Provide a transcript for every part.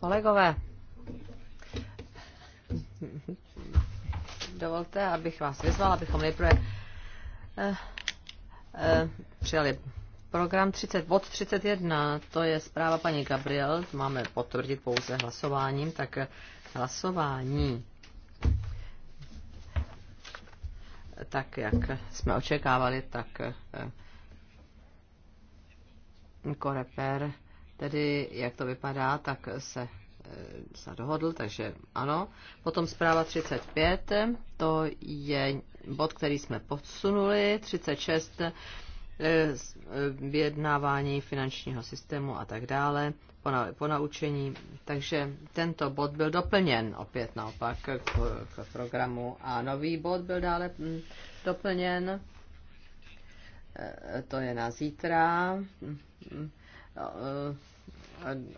Kolegové, dovolte, abych vás vyzval, abychom nejprve eh, eh, přijali program 30, bod 31, to je zpráva paní Gabriel, máme potvrdit pouze hlasováním, tak hlasování tak jak jsme očekávali, tak eh, Koreper, jako tedy jak to vypadá, tak se eh, se dohodl, takže ano. Potom zpráva 35, to je bod, který jsme podsunuli, 36 eh, eh, vyjednávání finančního systému a tak dále, po, naučení. Takže tento bod byl doplněn opět naopak k, k programu a nový bod byl dále hm, doplněn Eh, to je na zítra eh, eh,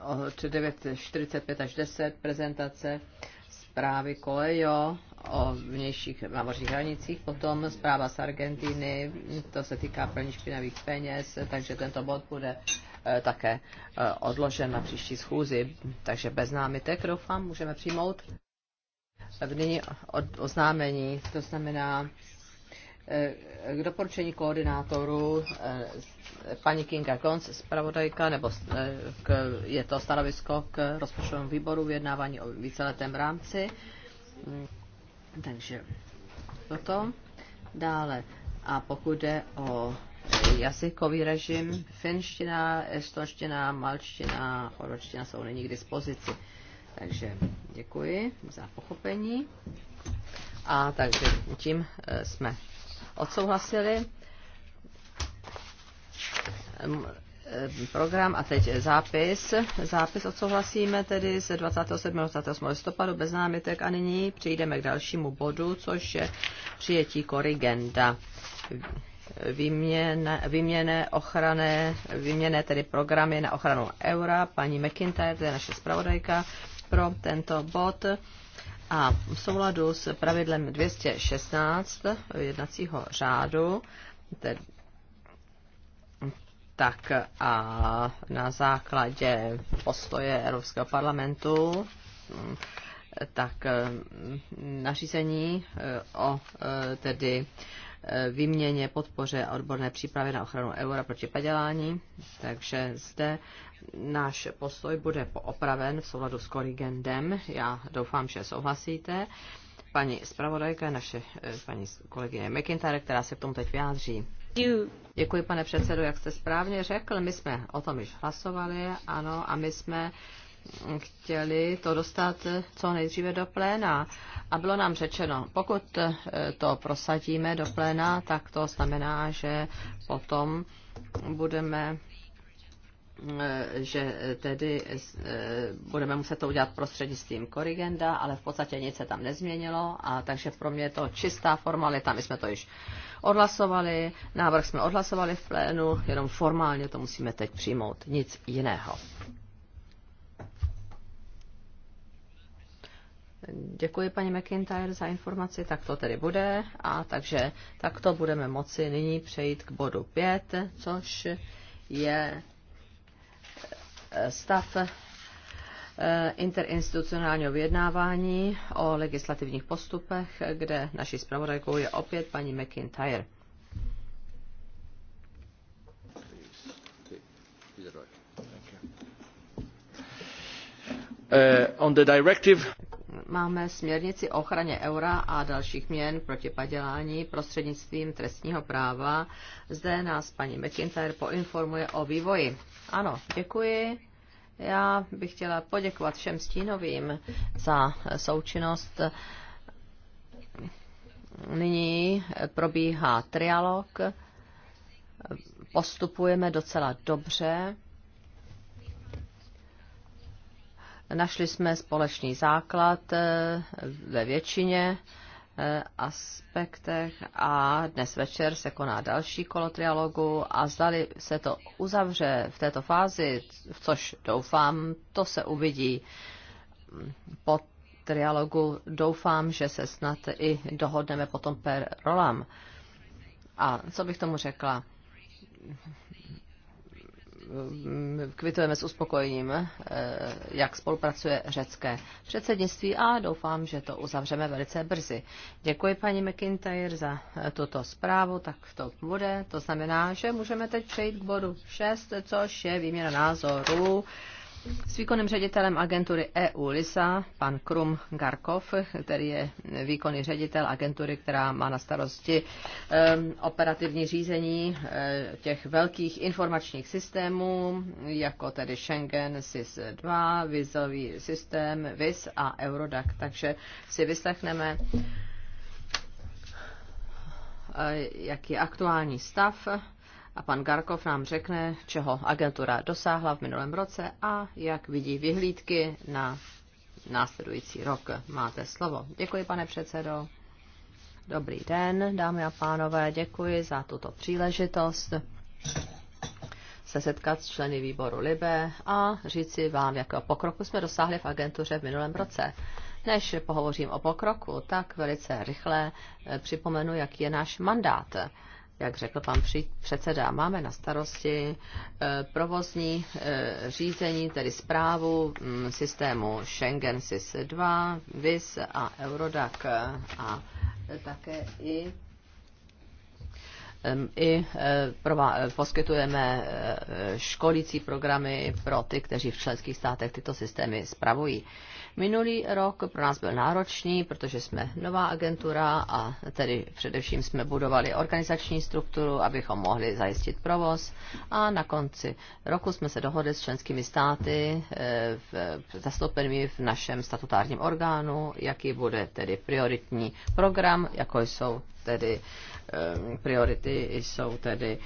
od 9.45 až 10 prezentace zprávy Kolejo o vnějších námořních hranicích, potom zpráva z Argentiny, to se týká plní špinavých peněz, takže tento bod bude také odložen na příští schůzi, takže bez námitek, doufám, můžeme přijmout. nyní oznámení, to znamená Eh, k doporučení koordinátorů eh, paní Kinga Konc, zpravodajka, nebo eh, k, je to stanovisko k rozpočtovému výboru vyjednávání o víceletém rámci. Mm, takže toto. Dále. A pokud jde o jazykový režim, finština, estonština, malština, chorvačtina jsou nyní k dispozici. Takže děkuji za pochopení. A takže tím jsme odsouhlasili program a teď zápis. Zápis odsouhlasíme tedy z 27. 28. listopadu bez námitek a nyní přejdeme k dalšímu bodu, což je přijetí korigenda. Výměne, výměné, ochrané, výměné tedy programy na ochranu eura. Paní McIntyre, to je naše zpravodajka pro tento bod. A v souladu s pravidlem 216 jednacího řádu, tedy tak a na základě postoje Evropského parlamentu, tak mm, nařízení eh, o eh, tedy eh, výměně, podpoře a odborné přípravy na ochranu eura proti padělání. Takže zde náš postoj bude opraven v souladu s korigendem. Já doufám, že souhlasíte. Paní zpravodajka, naše eh, paní kolegyně McIntyre, která se k tomu teď vyjádří. Děkuji, pane předsedo, jak jste správně řekl. My jsme o tom již hlasovali, ano, a my jsme chtěli to dostat eh, co nejdříve do pléna. A bylo nám řečeno, pokud eh, to prosadíme do pléna, tak to znamená, že potom budeme že tedy eh, budeme muset to udělat prostřednictvím korigenda, ale v podstatě nic se tam nezměnilo, a takže pro mě je to čistá formalita, my jsme to již odhlasovali, návrh jsme odhlasovali v plénu, jenom formálně to musíme teď přijmout, nic jiného. Děkuji paní McIntyre za informaci, tak to tedy bude. A takže takto budeme moci nyní přejít k bodu 5, což je stav eh, interinstitucionálního vyjednávání o legislativních postupech, kde naší zpravodajkou je opět paní McIntyre. Uh, on the directive máme směrnici o ochraně eura a dalších měn proti padělání prostřednictvím trestního práva. Zde nás paní McIntyre poinformuje o vývoji. Ano, děkuji. Já bych chtěla poděkovat všem stínovým za součinnost. Nyní probíhá trialog. Postupujeme docela dobře. Našli jsme společný základ eh, ve většině eh, aspektech a dnes večer se koná další kolo trialogu a zdali se to uzavře v této fázi, což doufám, to se uvidí po trialogu. Doufám, že se snad i dohodneme potom per rolam. A co bych tomu řekla? Eh, kvitujeme s uspokojením, eh, jak spolupracuje řecké předsednictví a doufám, že to uzavřeme velice brzy. Děkuji paní McIntyre za eh, tuto zprávu, tak to bude. To znamená, že můžeme teď přejít k bodu 6, což je výměna názorů s výkonným ředitelem agentury EU LISA, pan Krum Garkov, který je výkonný ředitel agentury, která má na starosti ehm, operativní řízení eh, těch velkých informačních systémů, jako tedy Schengen, SIS-2, vizový systém, VIS a Eurodac. Takže si vyslechneme eh, jaký je aktuální stav a pan Garkov nám řekne, čeho agentura dosáhla v minulém roce a jak vidí vyhlídky na následující rok. Máte slovo. Děkuji, pane předsedo. Dobrý den, dámy a pánové, děkuji za tuto příležitost se setkat s členy výboru Libe a říci vám, jakého pokroku jsme dosáhli v agentuře v minulém roce. Než pohovořím o pokroku, tak velice rychle připomenu, jaký je náš mandát jak řekl pan předseda, máme na starosti eh, provozní eh, řízení, tedy zprávu mm, systému Schengen SIS 2, VIS a Eurodac eh, a také i i poskytujeme školící programy pro ty, kteří v členských státech tyto systémy spravují. Minulý rok pro nás byl náročný, protože jsme nová agentura a tedy především jsme budovali organizační strukturu, abychom mohli zajistit provoz a na konci roku jsme se dohodli s členskými státy eh, v, zastoupenými v našem statutárním orgánu, jaký bude tedy prioritní program, jako jsou tedy eh, priority jsou tedy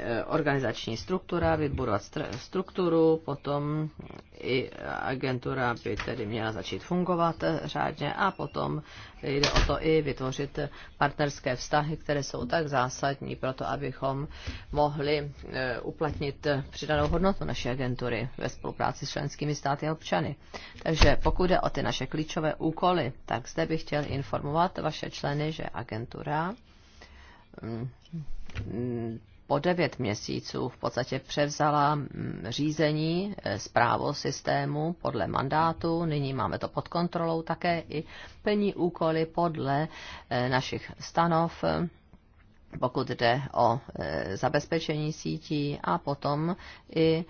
Eh, organizační struktura, vybudovat strukturu, potom i agentura by tedy měla začít fungovat eh, řádně a potom jde o to i vytvořit partnerské vztahy, které jsou tak zásadní pro to, abychom mohli eh, uplatnit přidanou hodnotu naší agentury ve spolupráci s členskými státy a občany. Takže pokud jde o ty naše klíčové úkoly, tak zde bych chtěl informovat vaše členy, že agentura mm, po devět měsíců v podstatě převzala mm, řízení eh, zprávu systému podle mandátu. Nyní máme to pod kontrolou také i plní úkoly podle eh, našich stanov eh, pokud jde o zabezpečení sítí a potom i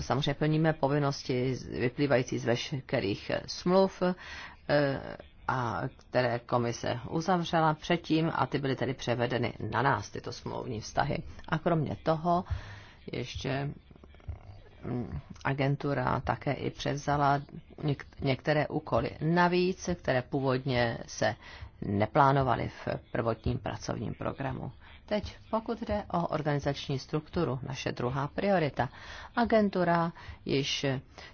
samozřejmě plníme povinnosti vyplývající z veškerých smluv a které komise uzavřela předtím a ty byly tedy převedeny na nás, tyto smlouvní vztahy. A kromě toho ještě mm, agentura také i převzala některé úkoly navíc, které původně se neplánovaly v prvotním pracovním programu. Teď pokud jde o organizační strukturu, naše druhá priorita. Agentura již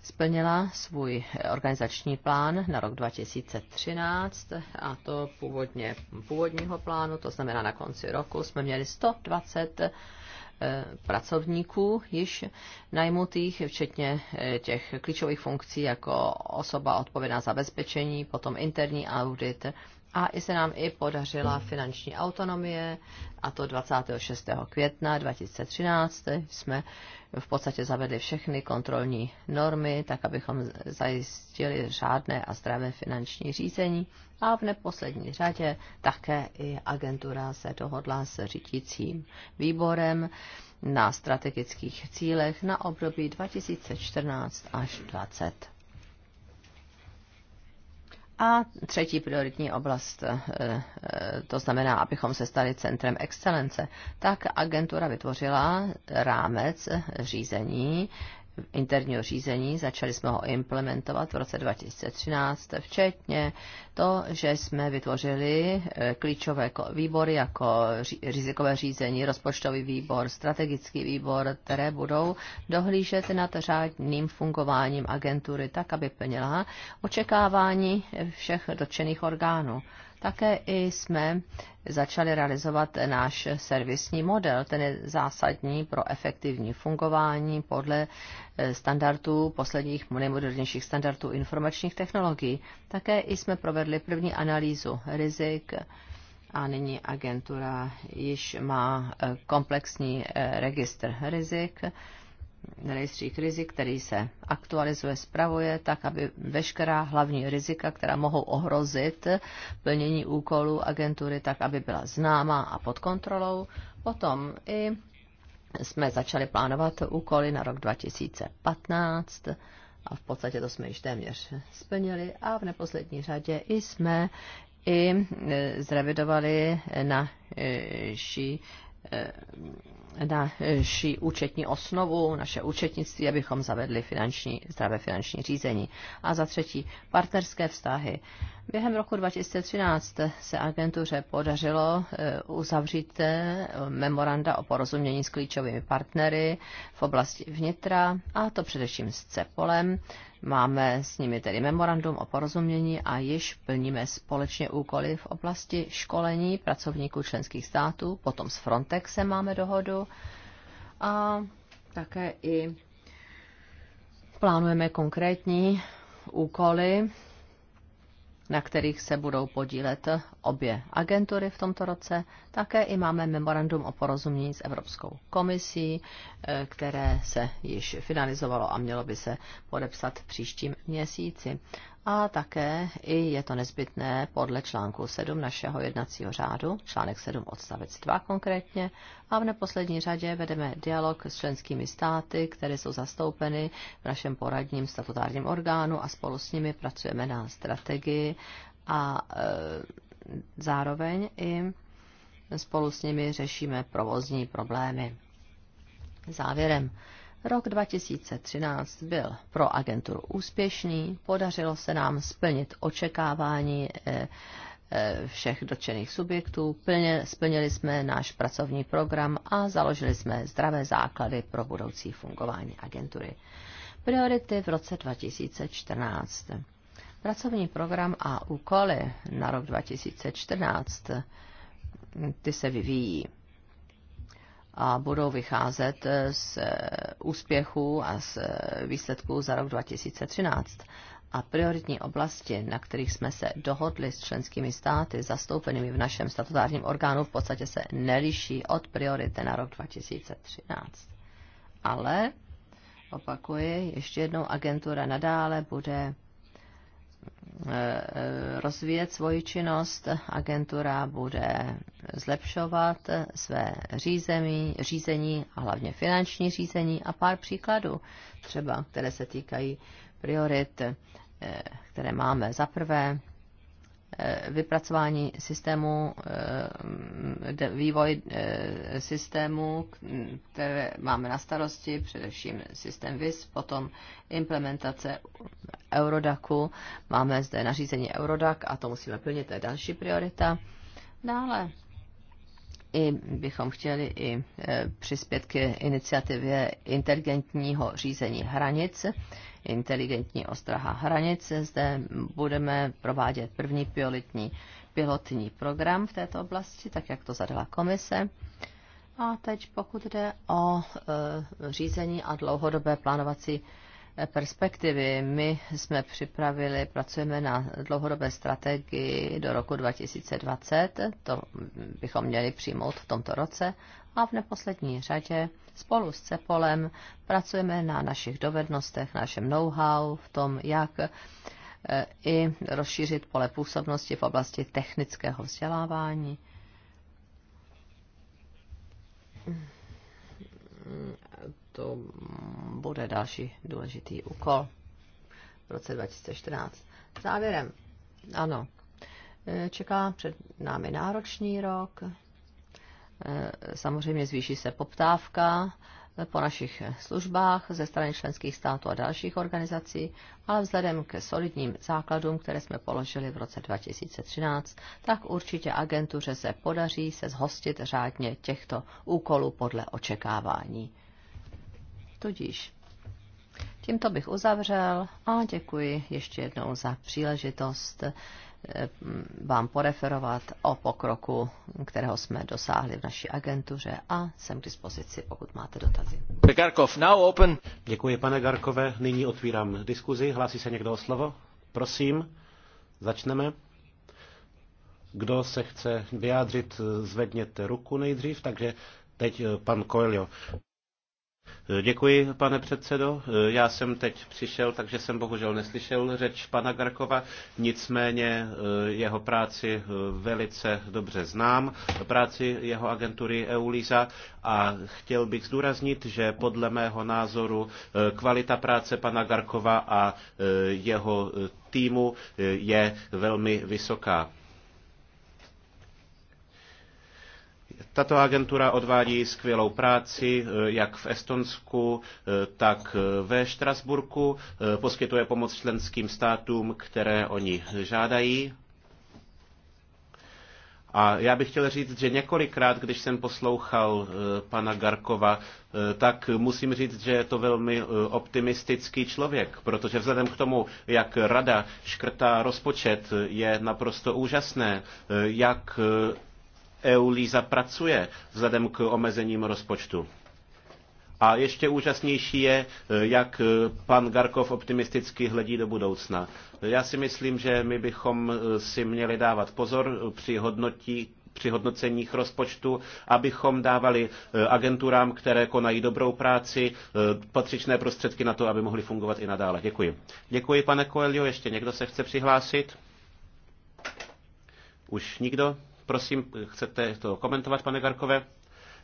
splnila svůj organizační plán na rok 2013 a to původně původního plánu, to znamená na konci roku jsme měli 120 eh, pracovníků již najmutých, včetně eh, těch klíčových funkcí jako osoba odpovědná za bezpečení, potom interní audit, a i se nám i podařila finanční autonomie, a to 26. května 2013 jsme v podstatě zavedli všechny kontrolní normy, tak abychom zajistili řádné a zdravé finanční řízení. A v neposlední řadě také i agentura se dohodla s řídícím výborem na strategických cílech na období 2014 až 2020. A třetí prioritní oblast, eh, eh, to znamená, abychom se stali centrem excelence, tak agentura vytvořila rámec řízení, interního řízení. Začali jsme ho implementovat v roce 2013, včetně to, že jsme vytvořili eh, klíčové výbory jako rizikové řízení, rozpočtový výbor, strategický výbor, které budou dohlížet nad řádným fungováním agentury tak, aby plnila očekávání všech dotčených orgánů. Také i jsme začali realizovat náš servisní model. Ten je zásadní pro efektivní fungování podle eh, standardů posledních nejmodernějších standardů informačních technologií. Také i jsme provedli první analýzu rizik a nyní agentura již má eh, komplexní eh, registr rizik rejstřík rizik, který se aktualizuje, zpravuje, tak aby veškerá hlavní rizika, která mohou ohrozit plnění úkolů agentury, tak aby byla známa a pod kontrolou. Potom i jsme začali plánovat úkoly na rok 2015 a v podstatě to jsme již téměř splnili a v neposlední řadě i jsme i e, zrevidovali naši e, naši účetní osnovu, naše účetnictví, abychom zavedli finanční, zdravé finanční řízení. A za třetí, partnerské vztahy. Během roku 2013 se agentuře podařilo eh, uzavřít eh, memoranda o porozumění s klíčovými partnery v oblasti vnitra, a to především s CEPOLem. Máme s nimi tedy memorandum o porozumění a již plníme společně úkoly v oblasti školení pracovníků členských států, potom s Frontexem máme dohodu a také i plánujeme konkrétní úkoly na kterých se budou podílet obě agentury v tomto roce. Také i máme memorandum o porozumění s Evropskou komisí, eh, které se již finalizovalo a mělo by se podepsat v příštím měsíci a také i je to nezbytné podle článku 7 našeho jednacího řádu, článek 7 odstavec 2 konkrétně, a v neposlední řadě vedeme dialog s členskými státy, které jsou zastoupeny v našem poradním statutárním orgánu a spolu s nimi pracujeme na strategii a e, zároveň i spolu s nimi řešíme provozní problémy. Závěrem Rok 2013 byl pro agenturu úspěšný, podařilo se nám splnit očekávání eh, eh, všech dotčených subjektů, plně, splnili jsme náš pracovní program a založili jsme zdravé základy pro budoucí fungování agentury. Priority v roce 2014. Pracovní program a úkoly na rok 2014 ty se vyvíjí a budou vycházet z úspěchů a z výsledků za rok 2013. A prioritní oblasti, na kterých jsme se dohodli s členskými státy, zastoupenými v našem statutárním orgánu, v podstatě se neliší od priority na rok 2013. Ale, opakuji, ještě jednou agentura nadále bude Eh, rozvíjet svoji činnost, agentura bude zlepšovat své řízení, řízení a hlavně finanční řízení a pár příkladů třeba, které se týkají priorit, eh, které máme. Za prvé Eh, vypracování systému, eh, vývoj eh, systému, které máme na starosti, především systém VIS, potom implementace Eurodaku, máme zde nařízení Eurodac a to musíme plnit, to je další priorita. Dále i bychom chtěli i přispět k iniciativě inteligentního řízení hranic, inteligentní ostraha hranic. Zde budeme provádět první pilotní, pilotní program v této oblasti, tak jak to zadala komise. A teď pokud jde o e, řízení a dlouhodobé plánovací perspektivy. My jsme připravili, pracujeme na dlouhodobé strategii do roku 2020, to bychom měli přijmout v tomto roce a v neposlední řadě spolu s CEPOLem pracujeme na našich dovednostech, našem know-how v tom, jak e, i rozšířit pole působnosti v oblasti technického vzdělávání to bude další důležitý úkol v roce 2014. Závěrem, ano, e, čeká před námi náročný rok, e, samozřejmě zvýší se poptávka e, po našich službách ze strany členských států a dalších organizací, ale vzhledem k solidním základům, které jsme položili v roce 2013, tak určitě agentuře se podaří se zhostit řádně těchto úkolů podle očekávání. Tudíž tímto bych uzavřel a děkuji ještě jednou za příležitost eh, vám poreferovat o pokroku, kterého jsme dosáhli v naší agentuře a jsem k dispozici, pokud máte dotazy. Garkov, now open. Děkuji, pane Garkové. Nyní otvírám diskuzi. Hlásí se někdo o slovo? Prosím, začneme. Kdo se chce vyjádřit, zvedněte ruku nejdřív, takže teď eh, pan Koelio. Děkuji, pane předsedo. Já jsem teď přišel, takže jsem bohužel neslyšel řeč pana Garkova, nicméně eh, jeho práci eh, velice dobře znám, práci jeho agentury EULISA a chtěl bych zdůraznit, že podle mého názoru eh, kvalita práce pana Garkova a jeho týmu je velmi vysoká. Tato agentura odvádí skvělou práci e, jak v Estonsku, e, tak e, ve Štrasburku. Poskytuje pomoc členským státům, které oni žádají. A já bych chtěl říct, že několikrát, když jsem poslouchal pana Garkova, tak musím říct, že je to velmi optimistický člověk, protože vzhledem k tomu, jak rada škrtá rozpočet, je naprosto úžasné, jak EULISA pracuje vzhledem k omezením rozpočtu. A ještě úžasnější je, jak pan Garkov optimisticky hledí do budoucna. Já si myslím, že my bychom si měli dávat pozor při hodnotí při hodnoceních rozpočtu, abychom dávali agenturám, které konají dobrou práci, patřičné prostředky na to, aby mohly fungovat i nadále. Děkuji. Děkuji, pane Coelho. Ještě někdo se chce přihlásit? Už nikdo? Prosím, chcete to komentovat, pane Garkové?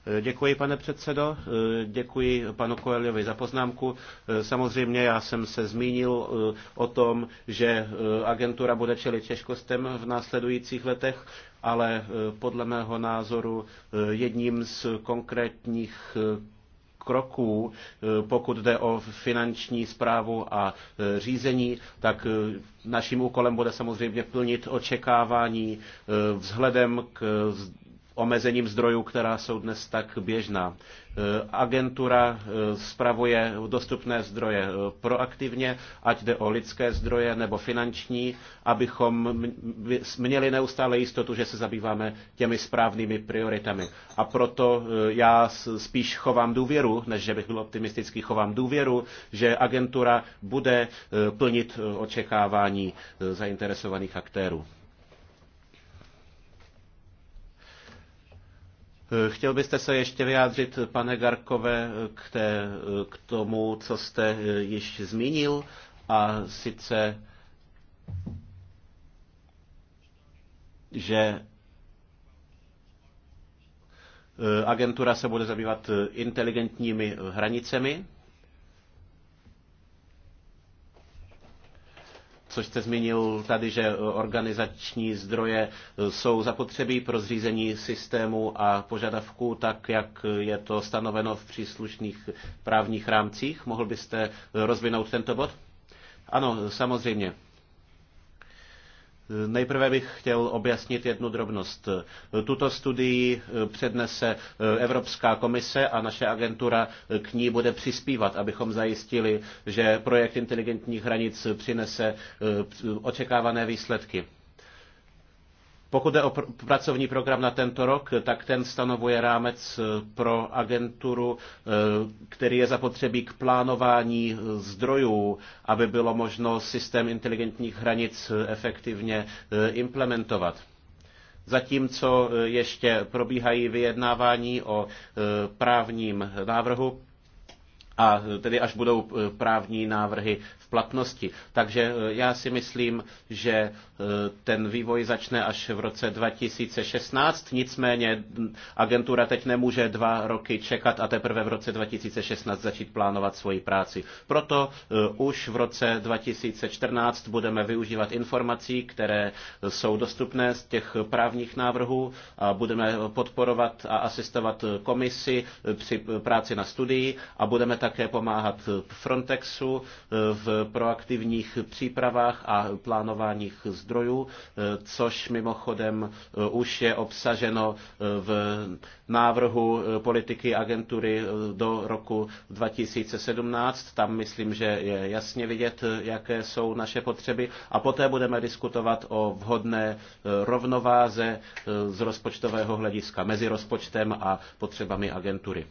Eh, děkuji, pane předsedo, eh, děkuji panu Koeliovi za poznámku. Eh, samozřejmě já jsem se zmínil o tom, že agentura bude čelit těžkostem v následujících letech, ale podle mého názoru jedním z konkrétních kroků, e, pokud jde o finanční zprávu a e, řízení, tak e, naším úkolem bude samozřejmě plnit očekávání vzhledem k omezením zdrojů, která jsou dnes tak běžná. E, agentura e, spravuje dostupné zdroje e, proaktivně, ať jde o lidské zdroje nebo finanční, abychom měli neustále jistotu, že se zabýváme těmi správnými prioritami. A proto já spíš chovám důvěru, než že bych byl optimistický, chovám důvěru, že agentura bude plnit očekávání zainteresovaných aktérů. Chtěl byste se ještě vyjádřit, pane Garkové, k, té, k tomu, co jste eh, již zmínil, a sice, že eh, agentura se bude zabývat eh, inteligentními hranicemi což jste zmínil tady, že organizační zdroje e, jsou zapotřebí pro zřízení systému a požadavků, tak jak je to stanoveno v příslušných právních rámcích. Mohl byste e, rozvinout tento bod? Ano, samozřejmě. Nejprve bych chtěl objasnit jednu drobnost. Tuto studii eh, přednese eh, Evropská komise a naše agentura eh, k ní bude přispívat, abychom zajistili, že projekt inteligentních hranic přinese očekávané výsledky. Pokud jde o pr- pracovní program na tento rok, tak ten stanovuje rámec eh, pro agenturu, eh, který je zapotřebí k plánování eh, zdrojů, aby bylo možno systém inteligentních hranic efektivně implementovat. Zatímco ještě probíhají vyjednávání o právním návrhu, a tedy až budou eh, právní návrhy v platnosti. Takže eh, já si myslím, že eh, ten vývoj začne až v roce 2016, nicméně mm, agentura teď nemůže dva roky čekat a teprve v roce 2016 začít plánovat svoji práci. Proto už v roce 2014 budeme využívat informací, které jsou dostupné z těch právních návrhů a budeme podporovat a asistovat komisi při práci na studii a budeme také pomáhat Frontexu eh, v proaktivních přípravách a plánováních zdrojů, eh, což mimochodem eh, už je obsaženo v návrhu politiky agentury do roku 2017. Tam myslím, že je jasně vidět, jaké jsou naše potřeby. A poté budeme diskutovat o vhodné rovnováze z rozpočtového hlediska mezi rozpočtem a potřebami agentury.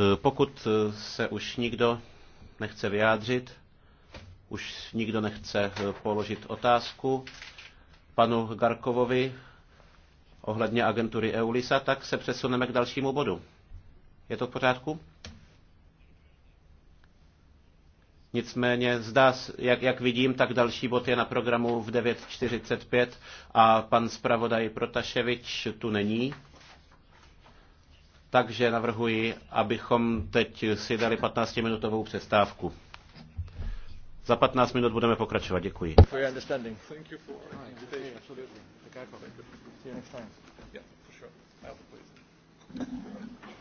Eh, pokud eh, se už nikdo nechce vyjádřit, už nikdo nechce eh, položit otázku panu Garkovovi ohledně agentury EULISA, tak se přesuneme k dalšímu bodu. Je to v pořádku? Nicméně zdá, jak, jak vidím, tak další bod je na programu v 9.45 a pan zpravodaj Protaševič tu není takže navrhuji, abychom teď si dali 15-minutovou přestávku. Za 15 minut budeme pokračovat. Děkuji. Thank you.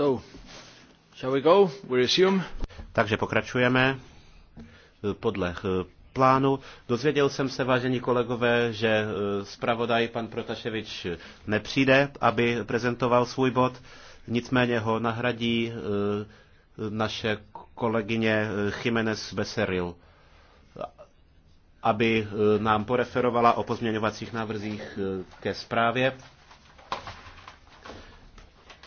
So, shall we go? We resume. Takže pokračujeme podle eh, plánu. Dozvěděl jsem se, vážení kolegové, že eh, zpravodaj pan Protaševič nepřijde, aby prezentoval svůj bod, nicméně ho nahradí eh, naše kolegyně Jiménez Beseril, aby nám poreferovala o pozměňovacích návrzích ke zprávě.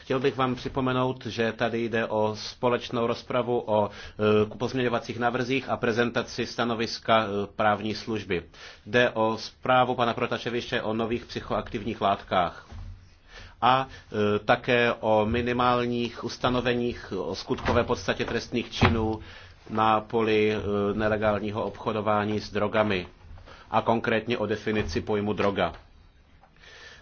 Chtěl bych vám připomenout, že tady jde o společnou rozpravu o e, pozměňovacích návrzích a prezentaci stanoviska e, právní služby. Jde o zprávu pana Protačeviše o nových psychoaktivních látkách a e, také o minimálních ustanoveních o skutkové podstatě trestných činů na poli nelegálního obchodování s drogami a konkrétně o definici pojmu droga.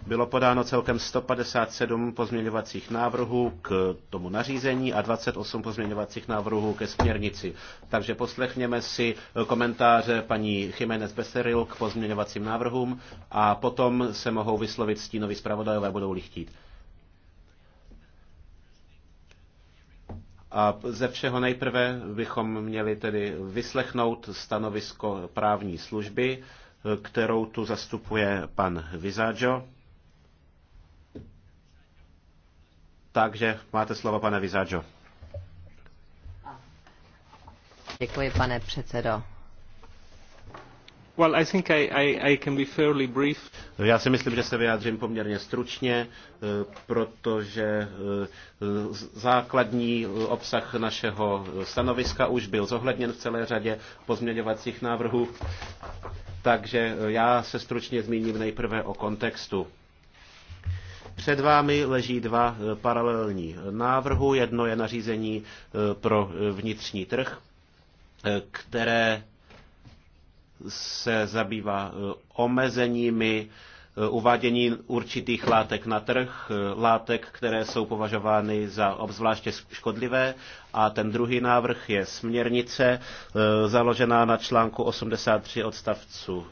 Bylo podáno celkem 157 pozměňovacích návrhů k tomu nařízení a 28 pozměňovacích návrhů ke směrnici. Takže poslechněme si komentáře paní Jiménez Beseril k pozměňovacím návrhům a potom se mohou vyslovit stínoví zpravodajové, budou-li chtít. A ze všeho nejprve bychom měli tedy vyslechnout stanovisko právní služby, kterou tu zastupuje pan Vizáčo. Takže máte slovo, pane Vizáčo. Děkuji, pane předsedo. Well, I think I, I, I can be fairly brief. Já si myslím, že se vyjádřím poměrně stručně, eh, protože eh, základní eh, obsah našeho stanoviska už byl zohledněn v celé řadě pozměňovacích návrhů, takže já se stručně zmíním nejprve o kontextu před vámi leží dva eh, paralelní návrhu. Jedno je nařízení eh, pro eh, vnitřní trh, které se zabývá omezeními Eh, uvádění určitých látek na trh, eh, látek, které jsou považovány za obzvláště škodlivé. A ten druhý návrh je směrnice eh, založená na článku 83 odstavcu,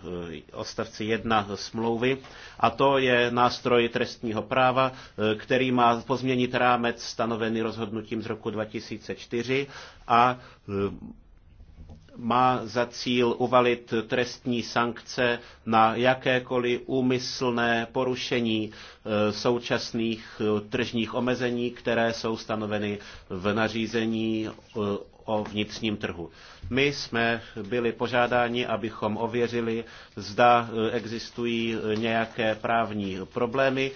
odstavci 1 smlouvy. A to je nástroj trestního práva, který má pozměnit rámec stanovený rozhodnutím z roku 2004 a má za cíl uvalit trestní sankce na jakékoliv úmyslné porušení e, současných e, tržních omezení, které jsou stanoveny v nařízení e, o vnitřním trhu. My jsme byli požádáni, abychom ověřili, zda existují nějaké právní problémy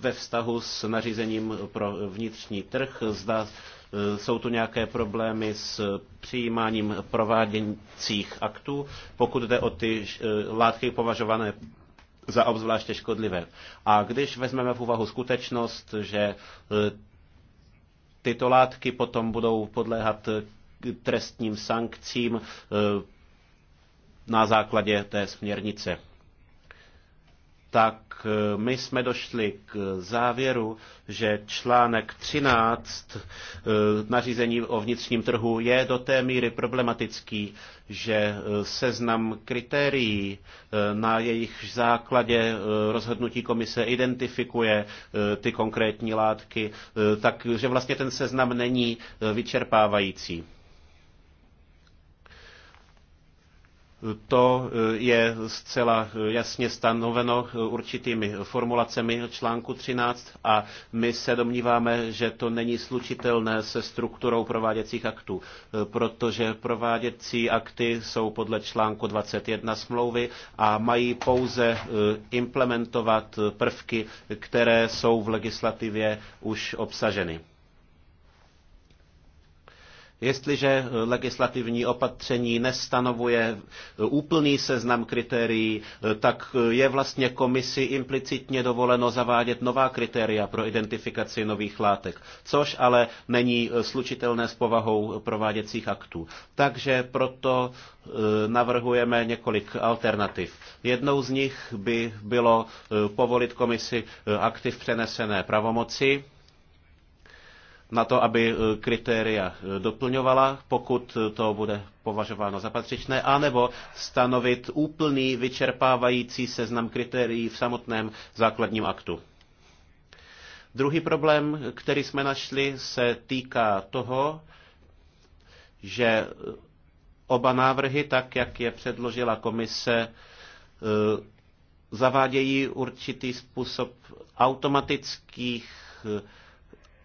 ve vztahu s nařízením pro vnitřní trh, zda Eh, jsou tu nějaké problémy s přijímáním prováděcích aktů, pokud jde o ty eh, látky považované za obzvláště škodlivé. A když vezmeme v úvahu skutečnost, že eh, tyto látky potom budou podléhat trestním sankcím na základě té směrnice tak eh, my jsme došli k závěru, že článek 13 eh, nařízení o vnitřním trhu je do té míry problematický, že eh, seznam kritérií, na jejich základě rozhodnutí komise identifikuje ty konkrétní látky, takže vlastně ten seznam není vyčerpávající. To eh, je zcela eh, jasně stanoveno eh, určitými formulacemi článku 13 a my se domníváme, že to není slučitelné se strukturou prováděcích aktů, protože prováděcí akty jsou podle článku 21 smlouvy a mají pouze implementovat prvky, které jsou v legislativě už obsaženy. Jestliže legislativní opatření nestanovuje úplný seznam kritérií, tak je vlastně komisi implicitně dovoleno zavádět nová kritéria pro identifikaci nových látek, což ale není slučitelné s povahou prováděcích aktů. Takže proto eh, navrhujeme několik alternativ. Jednou z nich by bylo eh, povolit komisi eh, aktiv přenesené pravomoci, na to, aby eh, kritéria eh, doplňovala, pokud eh, to bude považováno za patřičné, anebo stanovit úplný vyčerpávající seznam kritérií v samotném základním aktu. Druhý problém, který jsme našli, se týká toho, že oba návrhy, tak jak je předložila komise, zavádějí určitý způsob automatických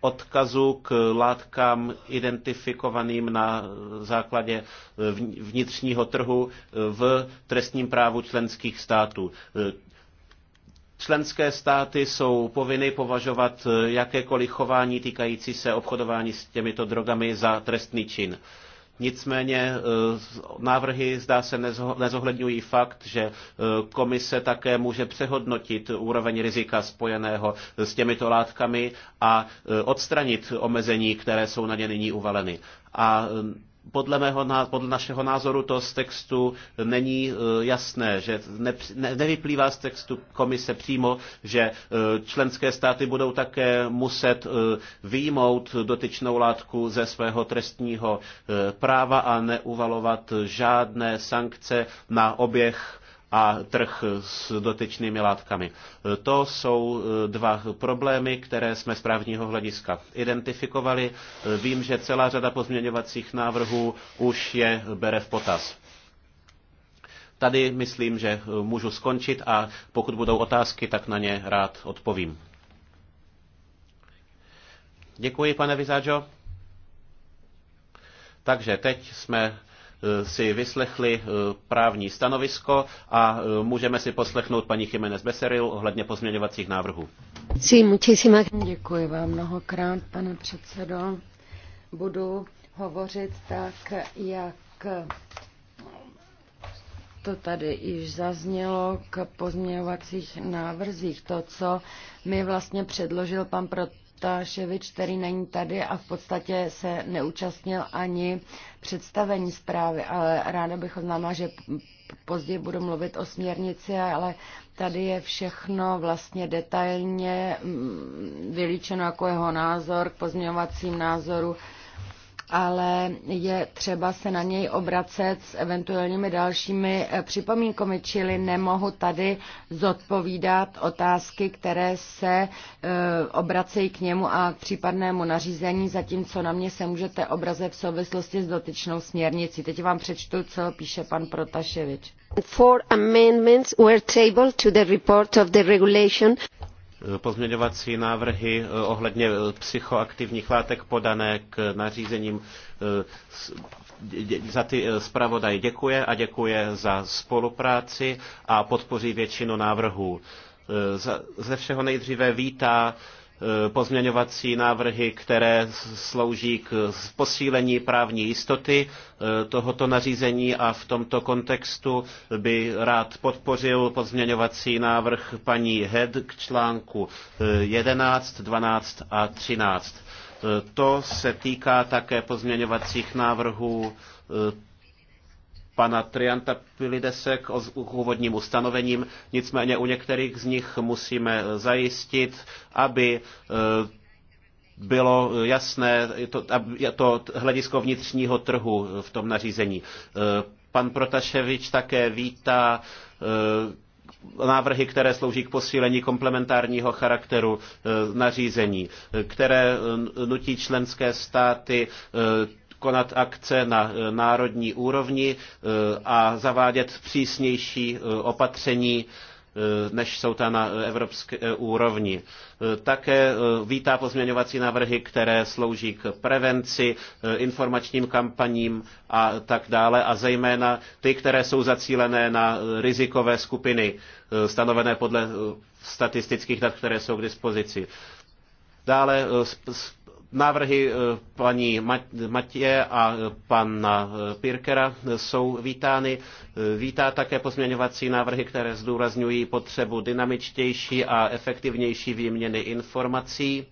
odkazu k látkám identifikovaným na základě vnitřního trhu v trestním právu členských států. Členské státy jsou povinny považovat jakékoliv chování týkající se obchodování s těmito drogami za trestný čin. Nicméně eh, návrhy zdá se nezohledňují fakt, že eh, komise také může přehodnotit úroveň rizika spojeného eh, s těmito látkami a odstranit omezení, které jsou na ně nyní uvaleny. A podle, mého, podle našeho názoru to z textu není e, jasné, že ne, ne, nevyplývá z textu komise přímo, že e, členské státy budou také muset e, výjmout dotyčnou látku ze svého trestního práva a neuvalovat žádné sankce na oběh a trh s dotečnými látkami. To jsou eh, dva problémy, které jsme z právního hlediska identifikovali. Vím, že celá řada pozměňovacích návrhů už je bere v potaz. Tady myslím, že eh, můžu skončit a pokud budou otázky, tak na ně rád odpovím. Děkuji, pane Vizáčo. Takže teď jsme Eh, si vyslechli eh, právní stanovisko a eh, můžeme si poslechnout paní Jiménez Beseril ohledně pozměňovacích návrhů. Děkuji vám mnohokrát, pane předsedo. Budu hovořit tak, jak to tady již zaznělo k pozměňovacích návrzích. To, co mi vlastně předložil pan Protaševič, který není tady a v podstatě se neúčastnil ani představení zprávy, ale ráda bych oznámila, že později budu mluvit o směrnici, ale tady je všechno vlastně detailně mm, vylíčeno jako jeho názor k pozměňovacím názoru ale je třeba se na něj obracet s eventuálními dalšími eh, připomínkami, čili nemohu tady zodpovídat otázky, které se eh, obracejí k němu a k případnému nařízení, zatímco na mě se můžete obrazit v souvislosti s dotyčnou směrnicí. Teď vám přečtu, co píše pan Protaševič. Four amendments were tabled to the report of the regulation pozměňovací návrhy eh, ohledně eh, psychoaktivních látek podané k nařízením eh, za ty zpravodaj děkuje a děkuje za spolupráci a podpoří většinu návrhů. Ze všeho nejdříve vítá Eh, pozměňovací návrhy, které slouží k posílení právní jistoty eh, tohoto nařízení a v tomto kontextu by rád podpořil pozměňovací návrh paní Head k článku 11, eh, 12 a 13. To se týká také pozměňovacích návrhů pana Trianta Pilidese k úvodním ustanovením, nicméně u některých z nich musíme zajistit, aby e, bylo jasné to, to hledisko vnitřního trhu v tom nařízení. E, pan Protaševič také vítá e, návrhy, které slouží k posílení komplementárního charakteru nařízení, které nutí členské státy konat akce na e, národní úrovni e, a zavádět přísnější e, opatření, než jsou ta na evropské úrovni. Také vítá pozměňovací návrhy, které slouží k prevenci, informačním kampaním a tak dále a zejména ty, které jsou zacílené na rizikové skupiny stanovené podle statistických dat, které jsou k dispozici. Dále Návrhy eh, paní Matě a eh, pana eh, Pirkera jsou vítány. Vítá také pozměňovací návrhy, které zdůrazňují potřebu dynamičtější a efektivnější výměny informací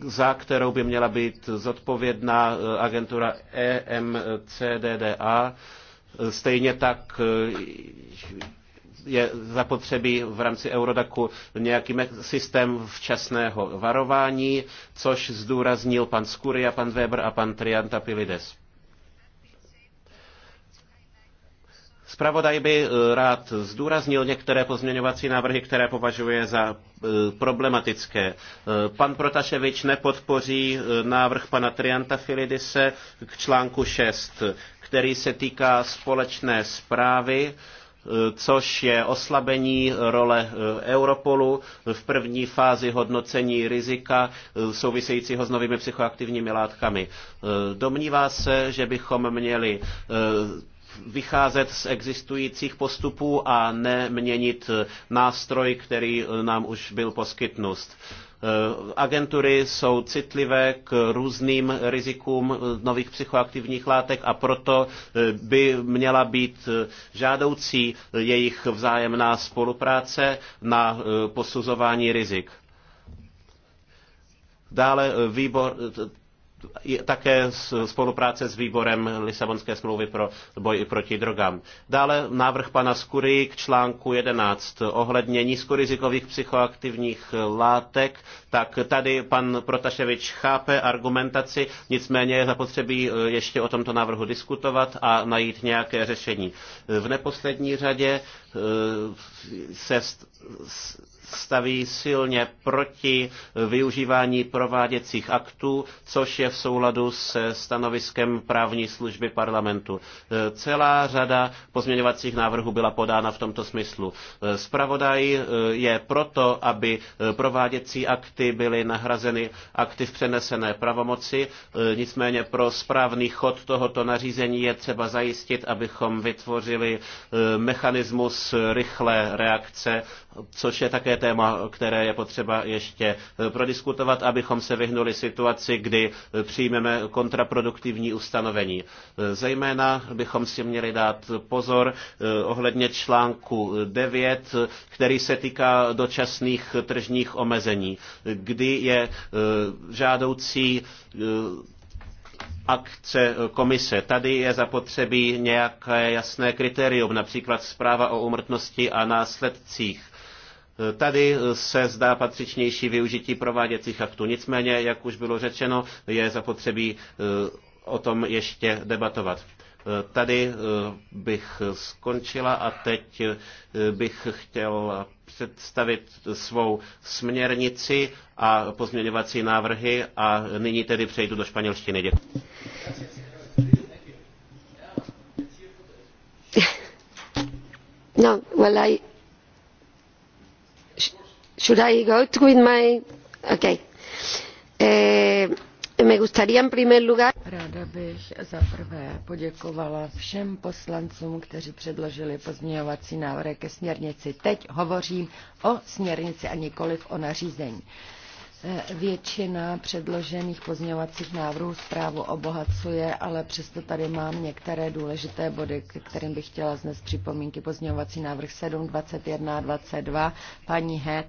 za kterou by měla být zodpovědná agentura EMCDDA. Stejně tak je zapotřebí v rámci Eurodaku nějaký systém včasného varování, což zdůraznil pan Skuria, pan Weber a pan Pilides. Spravodaj by e, rád zdůraznil některé pozměňovací návrhy, které považuje za e, problematické. E, pan Protaševič nepodpoří návrh pana Trianta Filidise k článku 6, který se týká společné zprávy Eh, což je oslabení role eh, Europolu v první fázi hodnocení rizika eh, souvisejícího s novými psychoaktivními látkami. Domnívá se, že bychom měli vycházet z existujících postupů a neměnit nástroj, který nám už byl poskytnut. Eh, agentury jsou citlivé k různým rizikům nových psychoaktivních látek a proto eh, by měla být eh, žádoucí jejich vzájemná spolupráce na posuzování rizik. Dále výbor, také spolupráce s výborem Lisabonské smlouvy pro boj proti drogám. Dále návrh pana Skury k článku 11 ohledně nízkorizikových psychoaktivních látek, tak tady pan Protaševič chápe argumentaci, nicméně je zapotřebí eh, ještě o tomto návrhu diskutovat a najít nějaké řešení. V neposlední řadě eh, se staví silně proti využívání prováděcích aktů, což je v souladu se stanoviskem právní služby parlamentu. E, celá řada pozměňovacích návrhů byla podána v tomto smyslu. Spravodaj e, e, je proto, aby prováděcí akty byly nahrazeny akty v přenesené pravomoci, nicméně pro správný chod tohoto nařízení je třeba zajistit, abychom vytvořili mechanismus rychlé reakce, což je také je téma, které je potřeba ještě eh, prodiskutovat, abychom se vyhnuli situaci, kdy eh, přijmeme kontraproduktivní ustanovení. Eh, zejména bychom si měli dát pozor ohledně článku 9, který se týká dočasných tržních omezení, kdy je žádoucí akce komise. Tady je zapotřebí nějaké jasné kritérium, například zpráva o umrtnosti a následcích Tady se zdá patřičnější využití prováděcích aktů. Nicméně, jak už bylo řečeno, je zapotřebí eh, o tom ještě debatovat. Eh, tady eh, bych skončila a teď bych chtěl představit svou směrnici a pozměňovací návrhy a nyní tedy přejdu do španělštiny. Děkuji. No, well, I should I go with my okay. Eh, me gustaría en primer lugar Ráda bych za prvé poděkovala všem poslancům, kteří předložili pozměňovací návrhy ke směrnici. Teď hovořím o směrnici a nikoliv o nařízení. Eh, Eh, většina předložených pozměňovacích návrhů zprávu obohacuje, ale přesto tady mám některé důležité body, k kterým bych chtěla znes připomínky. Pozměňovací návrh 7, 21 a 22. Paní Het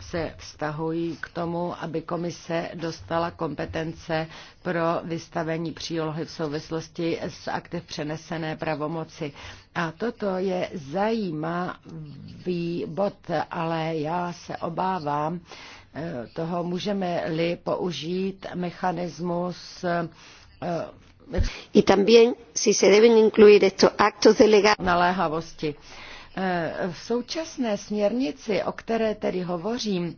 se vztahují k tomu, aby komise dostala kompetence pro vystavení přílohy v souvislosti s aktiv přenesené pravomoci. A toto je zajímavý bod, ale já se obávám, toho můžeme-li použít mechanismus eh, y también si se deben incluir estos actos delegados. Naléhavosti. Eh, v současné směrnici, o které tedy hovořím,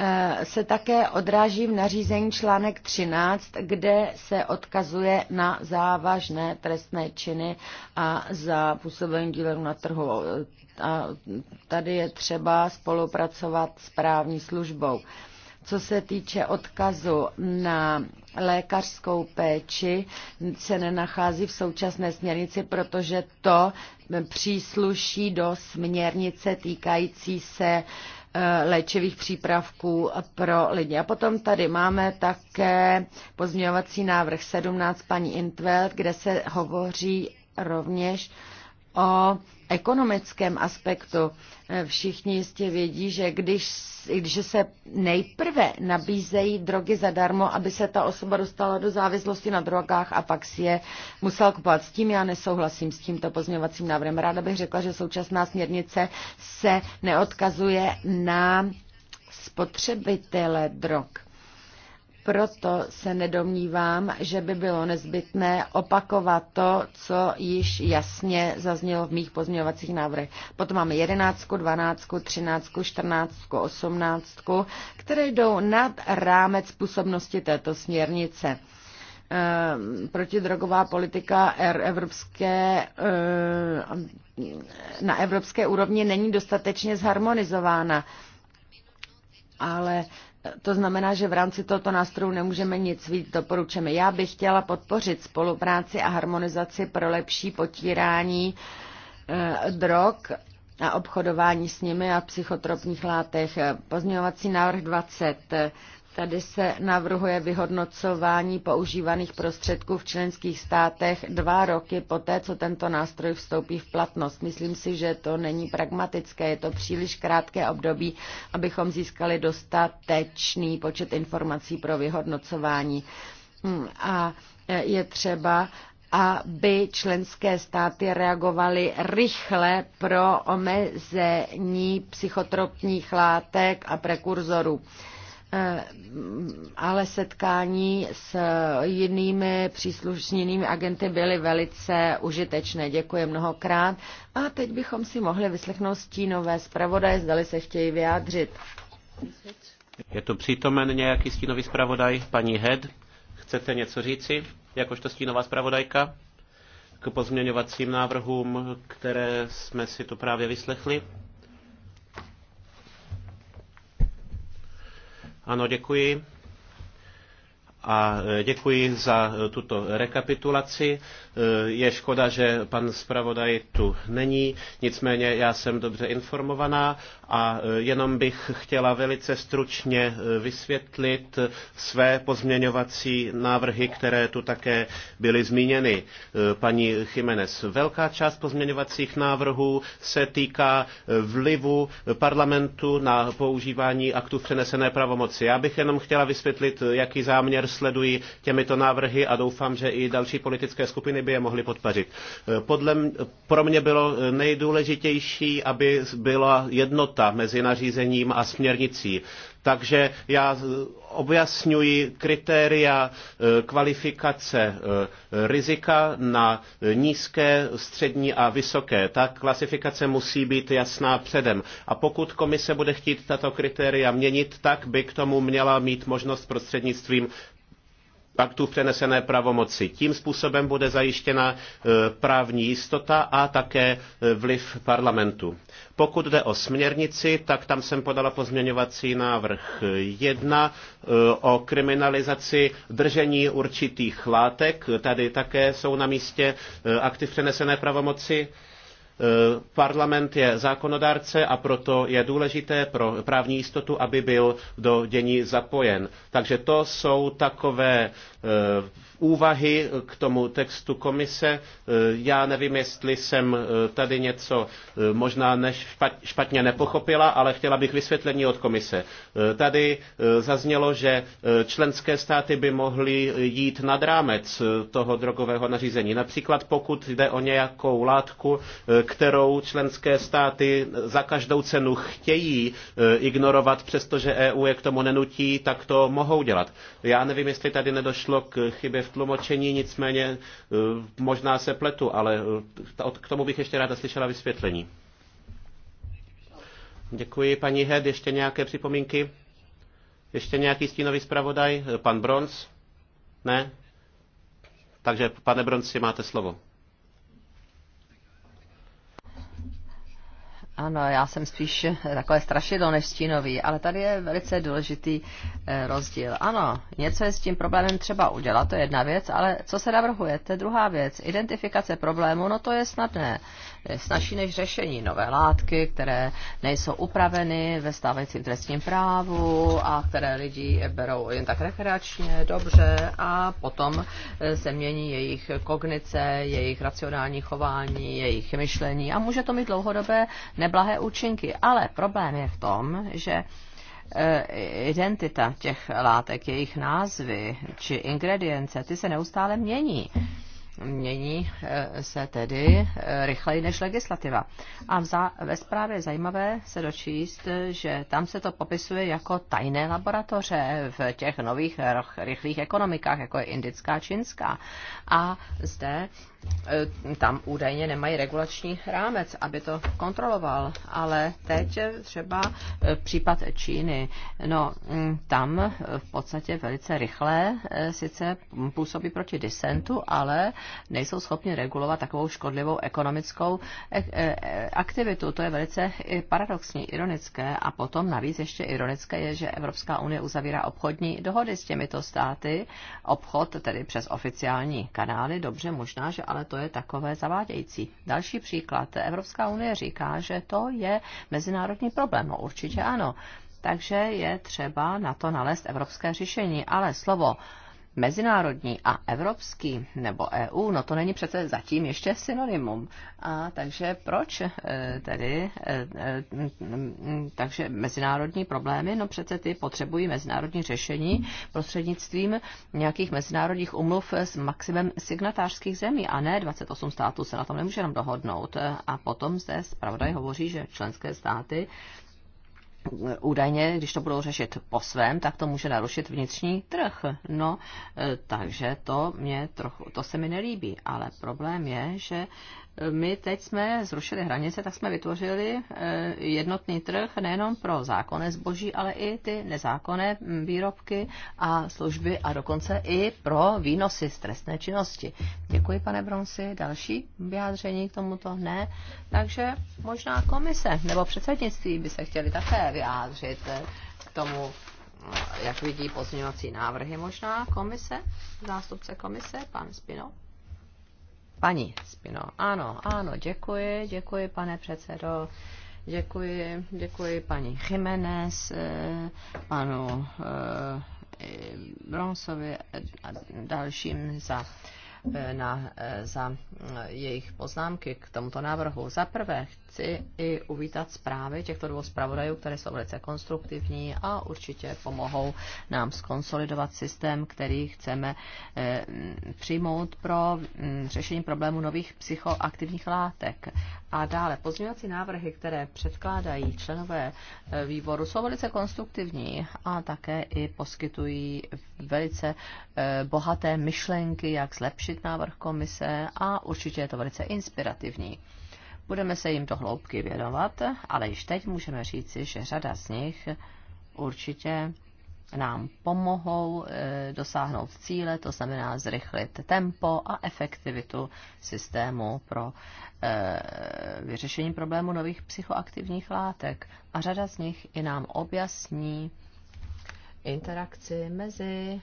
Eh, se také odráží v nařízení článek 13, kde se odkazuje na závažné trestné činy a za působení dílem na trhu. Eh, a tady je třeba spolupracovat s právní službou. Co se týče odkazu na lékařskou péči, se nenachází v současné směrnici, protože to přísluší do směrnice týkající se uh, Eh, léčivých přípravků pro lidi. A potom tady máme také pozměňovací návrh 17 paní Intveld, kde se hovoří rovněž o ekonomickém aspektu. Všichni jistě vědí, že když, když se nejprve nabízejí drogy zadarmo, aby se ta osoba dostala do závislosti na drogách a pak si je musel kupovat. S tím já nesouhlasím s tímto pozměňovacím návrhem. Ráda bych řekla, že současná směrnice se neodkazuje na spotřebitele drog proto se nedomnívám, že by bylo nezbytné opakovat to, co již jasně zaznělo v mých pozměňovacích návrhech. Potom máme 11, 12, 13, 14, 18, které jdou nad rámec působnosti této směrnice ehm, protidrogová politika er, evropské, ehm, na evropské úrovni není dostatečně zharmonizována. Ale to znamená, že v rámci tohoto nástroju nemůžeme nic víc doporučeme. Já bych chtěla podpořit spolupráci a harmonizaci pro lepší potírání eh, drog a obchodování s nimi a psychotropních látek. Pozměňovací návrh 20 Tady se navrhuje vyhodnocování používaných prostředků v členských státech dva roky poté, co tento nástroj vstoupí v platnost. Myslím si, že to není pragmatické, je to příliš krátké období, abychom získali dostatečný počet informací pro vyhodnocování. Hmm, a je třeba, aby členské státy reagovaly rychle pro omezení psychotropních látek a prekurzorů Eh, ale setkání s jinými příslušnými agenty byly velice užitečné. Děkuji mnohokrát. A teď bychom si mohli vyslechnout stínové zpravodaje, zdali se chtějí vyjádřit. Je tu přítomen nějaký stínový zpravodaj, paní Head? Chcete něco říci, jakožto stínová zpravodajka, k pozměňovacím návrhům, které jsme si tu právě vyslechli? Ano, děkuji. A e, děkuji za e, tuto rekapitulaci. E, je škoda, že pan zpravodaj tu není, nicméně já jsem dobře informovaná a jenom bych chtěla velice stručně vysvětlit své pozměňovací návrhy, které tu také byly zmíněny. Paní Jiménez, velká část pozměňovacích návrhů se týká vlivu parlamentu na používání aktů přenesené pravomoci. Já bych jenom chtěla vysvětlit, jaký záměr sledují těmito návrhy a doufám, že i další politické skupiny by je mohly podpořit. Podle mě, pro mě bylo nejdůležitější, aby byla jednota mezi nařízením a směrnicí. Takže já objasňuji kritéria e, kvalifikace e, rizika na nízké, střední a vysoké. Ta klasifikace musí být jasná předem. A pokud komise bude chtít tato kritéria měnit, tak by k tomu měla mít možnost prostřednictvím v přenesené pravomoci. Tím způsobem bude zajištěna e, právní jistota a také e, vliv parlamentu. Pokud jde o směrnici, tak tam jsem podala pozměňovací návrh 1 e, o kriminalizaci držení určitých látek. Tady také jsou na místě akty přenesené pravomoci. Eh, parlament je zákonodárce a proto je důležité pro právní jistotu, aby byl do dění zapojen. Takže to jsou takové eh, úvahy k tomu textu komise. E, já nevím, jestli jsem e, tady něco e, možná než špatně nepochopila, ale chtěla bych vysvětlení od komise. Tady zaznělo, že členské státy by mohly jít nad rámec toho drogového nařízení. Například pokud jde o nějakou látku, kterou členské státy za každou cenu chtějí ignorovat, přestože EU je k tomu nenutí, tak to mohou dělat. Já nevím, jestli tady nedošlo k chybě v tlumočení, nicméně eh, možná se pletu, ale eh, k tomu bych ještě ráda slyšela vysvětlení. Děkuji, paní Hed. Ještě nějaké připomínky? Ještě nějaký stínový zpravodaj? Eh, pan Bronz? Ne? Takže, pane Bronz, máte slovo. Ano, já jsem spíš takové strašidlo než stínový, ale tady je velice důležitý eh, rozdíl. Ano, něco je s tím problémem třeba udělat, to je jedna věc, ale co se navrhuje, to je druhá věc. Identifikace problému, no to je snadné snažší než řešení. Nové látky, které nejsou upraveny ve stávajícím trestním právu a které lidi berou jen tak rekreačně, dobře a potom eh, se mění jejich kognice, jejich racionální chování, jejich myšlení a může to mít dlouhodobé neblahé účinky. Ale problém je v tom, že eh, identita těch látek, jejich názvy či ingredience, ty se neustále mění mění eh, se tedy eh, rychleji než legislativa. A vza, ve zprávě je zajímavé se dočíst, že tam se to popisuje jako tajné laboratoře v těch nových rychlých ekonomikách, jako je indická, čínská. A zde E, tam údajně nemají regulační rámec, aby to kontroloval. Ale teď třeba e, případ Číny. No, mm, tam v podstatě velice rychle e, sice působí proti disentu, ale nejsou schopni regulovat takovou škodlivou ekonomickou aktivitu. To je velice paradoxní, ironické. A potom navíc ještě ironické je, že Evropská unie uzavírá obchodní dohody s těmito státy. Obchod tedy přes oficiální kanály, dobře, možná, že ale ale to je takové zavádějící. Další příklad. Evropská unie říká, že to je mezinárodní problém. No určitě ano. Takže je třeba na to nalézt evropské řešení. Ale slovo mezinárodní a evropský nebo EU, no to není přece zatím ještě synonymum. A takže proč eh, tedy, eh, eh, takže mezinárodní problémy, no přece ty potřebují mezinárodní řešení prostřednictvím nějakých mezinárodních umluv s maximem signatářských zemí a ne 28 států se na tom nemůže jenom dohodnout. A potom zde zpravodaj hovoří, že členské státy údajně, když to budou řešit po svém, tak to může narušit vnitřní trh. No, eh, takže to, mě trochu, to se mi nelíbí, ale problém je, že my teď jsme zrušili hranice, tak jsme vytvořili eh, jednotný trh nejenom pro zákonné zboží, ale i ty nezákonné mm, výrobky a služby a dokonce i pro výnosy z trestné činnosti. Děkuji, pane Bronsi. Další vyjádření k tomuto ne. Takže možná komise nebo předsednictví by se chtěli také vyjádřit eh, k tomu, eh, jak vidí pozměňovací návrhy možná komise, zástupce komise, pan Spino. Paní Spino, ano, ano, děkuji, děkuji, pane předsedo. Děkuji, děkuji paní Jiménez, eh, panu eh, Bronsovi a dalším za, eh, na, za jejich poznámky k tomuto návrhu. Za prvé chci i uvítat zprávy těchto dvou zpravodajů, které jsou velice konstruktivní a určitě pomohou nám skonsolidovat systém, který chceme eh, přijmout pro mm, řešení problému nových psychoaktivních látek. A dále pozměňovací návrhy, které předkládají členové eh, výboru, jsou velice konstruktivní a také i poskytují velice eh, bohaté myšlenky, jak zlepšit návrh komise a určitě je to velice inspirativní. Budeme se jim do hloubky věnovat, ale již teď můžeme říci, že řada z nich určitě nám pomohou eh, dosáhnout cíle, to znamená zrychlit tempo a efektivitu systému pro eh, vyřešení problému nových psychoaktivních látek. A řada z nich i nám objasní interakci mezi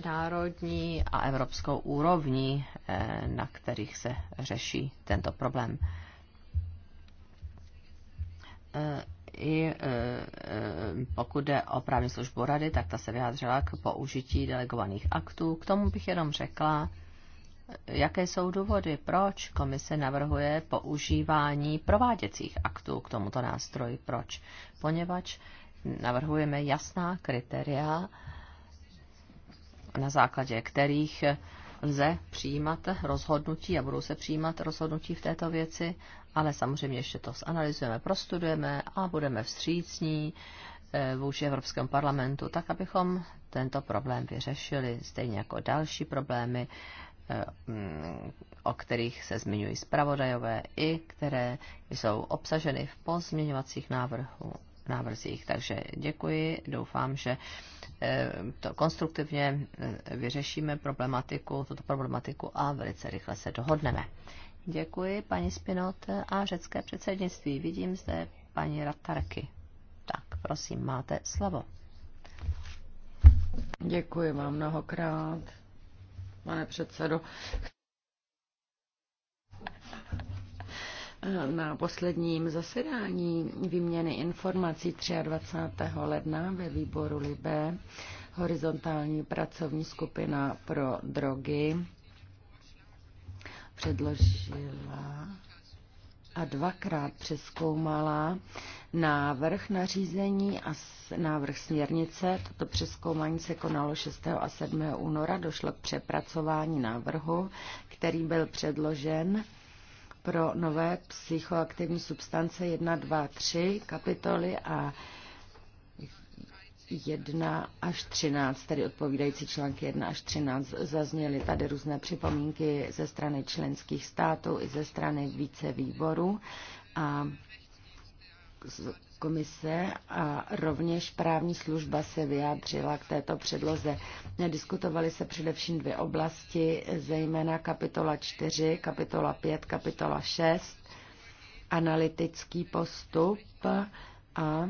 národní a evropskou úrovni, eh, na kterých se řeší tento problém. Eh, I eh, pokud jde o právní službu rady, tak ta se vyjádřila k použití delegovaných aktů. K tomu bych jenom řekla, jaké jsou důvody, proč komise navrhuje používání prováděcích aktů k tomuto nástroji. Proč? Poněvadž navrhujeme jasná kritéria, na základě kterých lze přijímat rozhodnutí a budou se přijímat rozhodnutí v této věci, ale samozřejmě ještě to zanalizujeme, prostudujeme a budeme vstřícní eh, vůči Evropskému parlamentu, tak abychom tento problém vyřešili, stejně jako další problémy, eh, mm, o kterých se zmiňují zpravodajové i které jsou obsaženy v pozměňovacích návrhu, návrzích. Takže děkuji, doufám, že eh, to konstruktivně eh, vyřešíme problematiku, tuto problematiku a velice rychle se dohodneme. Děkuji, paní Spinot a řecké předsednictví. Vidím zde paní Ratarky. Tak, prosím, máte slovo. Děkuji vám mnohokrát, pane předsedo. na posledním zasedání výměny informací 23. ledna ve výboru Libe horizontální pracovní skupina pro drogy předložila a dvakrát přeskoumala návrh nařízení a návrh směrnice. Toto přeskoumání se konalo 6. a 7. února. Došlo k přepracování návrhu, který byl předložen pro nové psychoaktivní substance 1, 2, 3 kapitoly a 1 až 13, tedy odpovídající články 1 až 13, zazněly tady různé připomínky ze strany členských států i ze strany více výborů a komise a rovněž právní služba se vyjádřila k této předloze. Diskutovaly se především dvě oblasti, zejména kapitola 4, kapitola 5, kapitola 6, analytický postup a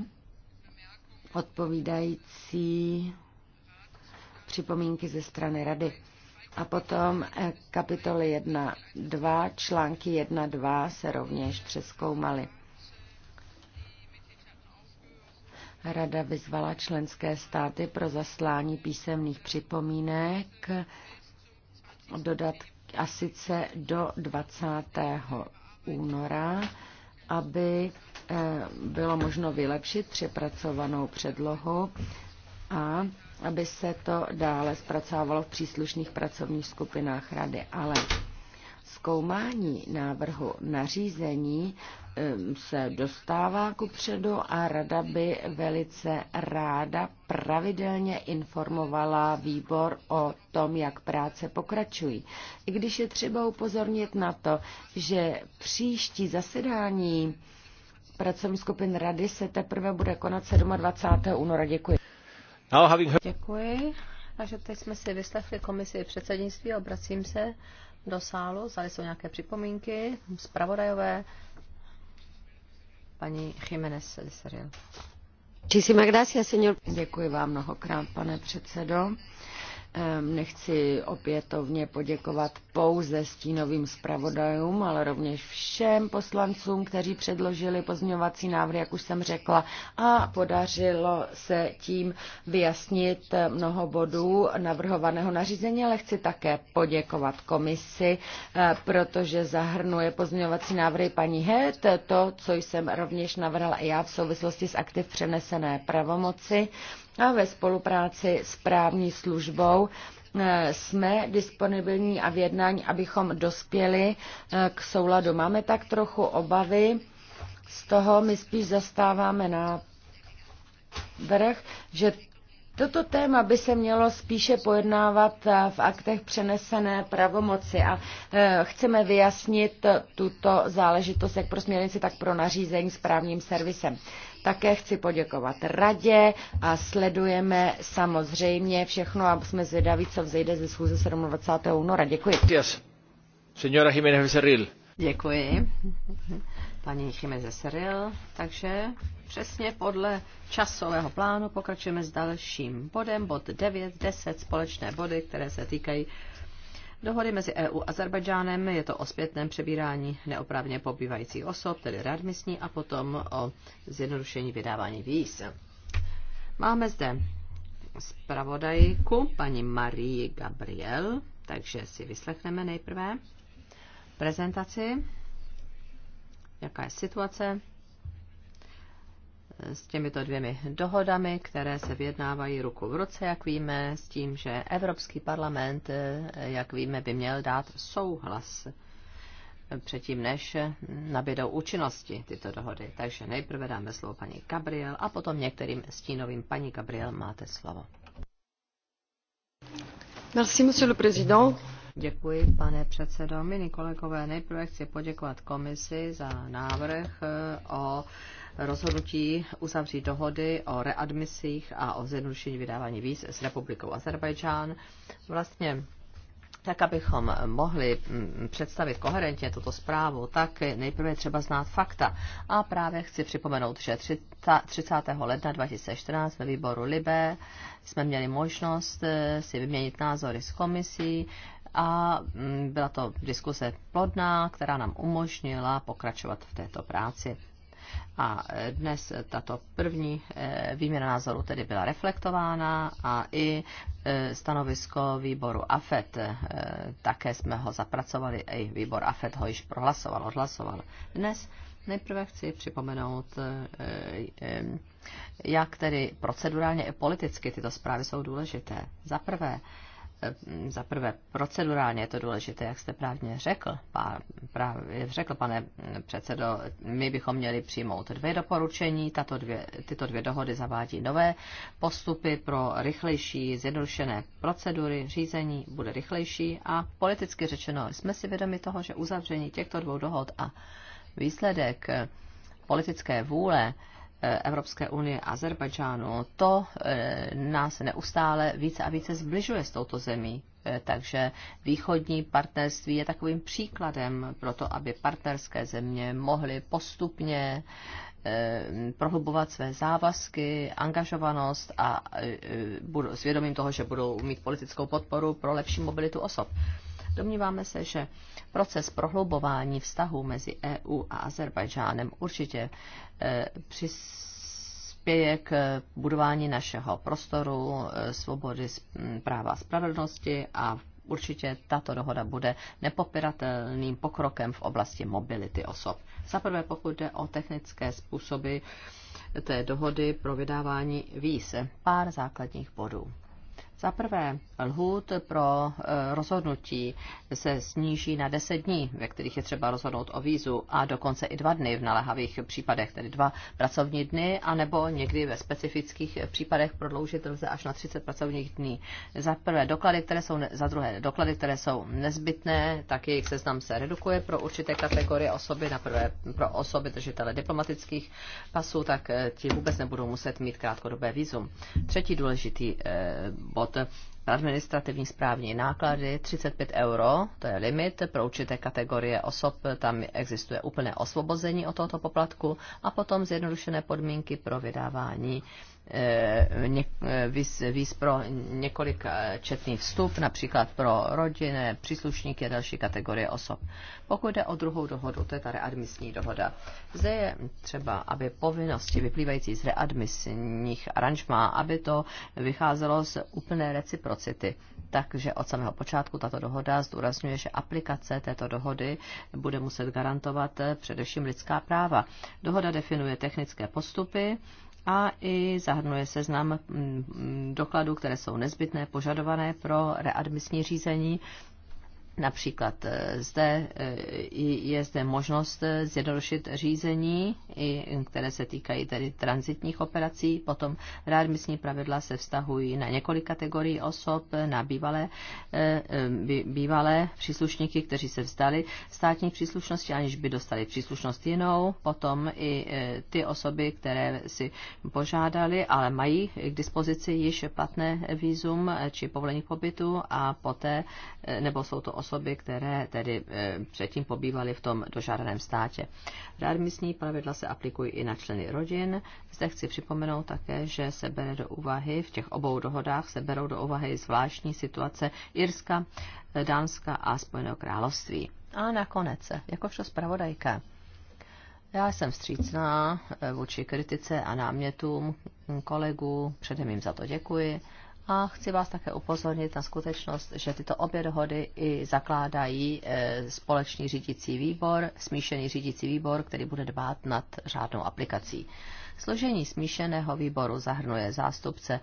odpovídající připomínky ze strany rady. A potom eh, kapitoly 1.2, články 1.2 se rovněž přeskoumaly. Rada vyzvala členské státy pro zaslání písemných připomínek dodat a sice do 20. února, aby eh, bylo možno vylepšit přepracovanou předlohu a aby se to dále zpracovalo v příslušných pracovních skupinách rady. Ale zkoumání návrhu nařízení se dostává ku předu a rada by velice ráda pravidelně informovala výbor o tom, jak práce pokračují. I když je třeba upozornit na to, že příští zasedání pracovní skupin rady se teprve bude konat 27. února. Děkuji. Děkuji. Takže teď jsme si vyslechli komisi předsednictví, obracím se do sálu, zali jsou nějaké připomínky, zpravodajové paní Jiménez Seril. Děkuji vám mnohokrát, pane předsedo. Nechci opětovně poděkovat pouze stínovým zpravodajům, ale rovněž všem poslancům, kteří předložili pozměňovací návrhy, jak už jsem řekla, a podařilo se tím vyjasnit mnoho bodů navrhovaného nařízení, ale chci také poděkovat komisi, eh, protože zahrnuje pozměňovací návrhy paní Het, to, co jsem rovněž navrhla i já v souvislosti s aktiv přenesené pravomoci a ve spolupráci s právní službou eh, jsme disponibilní a v jednání, abychom dospěli eh, k souladu. Máme tak trochu obavy, z toho my spíš zastáváme na vrch, že Toto téma by se mělo spíše pojednávat eh, v aktech přenesené pravomoci a eh, chceme vyjasnit tuto záležitost jak pro směrnici, tak pro nařízení s právním servisem. Také chci poděkovat radě a sledujeme samozřejmě všechno a jsme zvědaví, co vzejde ze schůze 27. února. Děkuji. Děkuji. Senora Jiménez Děkuji paní Chimeze Seril, takže přesně podle časového plánu pokračujeme s dalším bodem, bod 9, 10 společné body, které se týkají dohody mezi EU a Azerbajdžánem. Je to o zpětném přebírání neoprávně pobývajících osob, tedy radmisní, a potom o zjednodušení vydávání víz. Máme zde zpravodajku paní Marie Gabriel, takže si vyslechneme nejprve prezentaci jaká je situace s těmito dvěmi dohodami, které se vyjednávají ruku v ruce, jak víme, s tím, že Evropský parlament, jak víme, by měl dát souhlas předtím, než nabídou účinnosti tyto dohody. Takže nejprve dáme slovo paní Gabriel a potom některým stínovým. Paní Gabriel, máte slovo. Merci, monsieur le président. Děkuji, pane předsedo. Mini kolegové, nejprve chci poděkovat komisi za návrh eh, o rozhodnutí uzavřít dohody o readmisích a o zjednodušení vydávání víz s republikou Azerbajdžán. Vlastně tak abychom mohli mm, představit koherentně tuto zprávu, tak nejprve třeba znát fakta. A právě chci připomenout, že 30. ledna 2014 ve výboru Libe jsme měli možnost eh, si vyměnit názory s komisí a mm, byla to diskuse plodná, která nám umožnila pokračovat v této práci. A e, dnes tato první e, výměna názoru tedy byla reflektována a i e, stanovisko výboru AFET, také jsme ho zapracovali, i výbor AFET ho již prohlasoval, odhlasoval. Dnes nejprve chci připomenout, jak tedy procedurálně i politicky tyto zprávy jsou důležité. Za prvé, Ehm, za prvé procedurálně je to důležité, jak jste právně řekl, pá, právě řekl pane ehm, předsedo, my bychom měli přijmout dvě doporučení, tato dvě, tyto dvě dohody zavádí nové postupy pro rychlejší, zjednodušené procedury, řízení bude rychlejší a politicky řečeno jsme si vědomi toho, že uzavření těchto dvou dohod a výsledek politické vůle Evropské unie a Azerbajdžánu, to eh, nás neustále více a více zbližuje s touto zemí. Eh, takže východní partnerství je takovým příkladem pro to, aby partnerské země mohly postupně eh, prohlubovat své závazky, angažovanost a svědomím toho, že budou mít politickou podporu pro lepší mobilitu osob. Domníváme se, že proces prohlubování vztahů mezi EU a Azerbajdžánem určitě eh, přispěje k budování našeho prostoru eh, svobody, práva a spravedlnosti a určitě tato dohoda bude nepopiratelným pokrokem v oblasti mobility osob. Za prvé, pokud jde o technické způsoby eh, té dohody pro vydávání víz, pár základních bodů. Za prvé, lhůt pro e, rozhodnutí se sníží na 10 dní, ve kterých je třeba rozhodnout o vízu a dokonce i dva dny v naléhavých případech, tedy dva pracovní dny, anebo někdy ve specifických případech prodloužit lze až na 30 pracovních dní. Za prvé doklady, které jsou, za druhé doklady, které jsou nezbytné, tak jejich seznam se redukuje pro určité kategorie osoby, na prvé pro osoby držitele diplomatických pasů, tak e, ti vůbec nebudou muset mít krátkodobé vízum. Třetí důležitý e, bod od administrativní správní náklady 35 euro, to je limit, pro určité kategorie osob tam existuje úplné osvobození od tohoto poplatku a potom zjednodušené podmínky pro vydávání Eh, eh, víz pro několik eh, četný vstup, například pro rodiny, příslušníky a další kategorie osob. Pokud jde o druhou dohodu, to je ta readmisní dohoda. Zde je třeba, aby povinnosti vyplývající z readmisních aranžmá, aby to vycházelo z úplné reciprocity. Takže od samého počátku tato dohoda zdůrazňuje, že aplikace této dohody bude muset garantovat především lidská práva. Dohoda definuje technické postupy, a i zahrnuje seznam mm, mm, dokladů, které jsou nezbytné, požadované pro readmisní řízení Například eh, zde eh, je zde možnost eh, zjednodušit řízení, které se týkají tedy transitních operací. Potom readmisní pravidla se vztahují na několik kategorií osob, na bývalé, bývalé příslušníky, kteří se vzdali státní příslušnosti, aniž by dostali příslušnost jinou. Potom i ty osoby, které si požádali, ale mají k dispozici již platné výzum či povolení pobytu a poté, nebo jsou to osoby, které tedy eh, předtím pobývaly v tom dožádaném státě. Readmisní pravidla se aplikují i na členy rodin. Zde chci připomenout také, že se bere do úvahy, v těch obou dohodách se berou do úvahy zvláštní situace Irska, eh, Dánska a Spojeného království. A nakonec, eh, jakožto zpravodajka, já jsem vstřícná vůči kritice a námětům kolegů, předem jim za to děkuji. A chci vás také upozornit na skutečnost, že tyto obě dohody i zakládají e, společný řídící výbor, smíšený řídící výbor, který bude dbát nad řádnou aplikací. Složení smíšeného výboru zahrnuje zástupce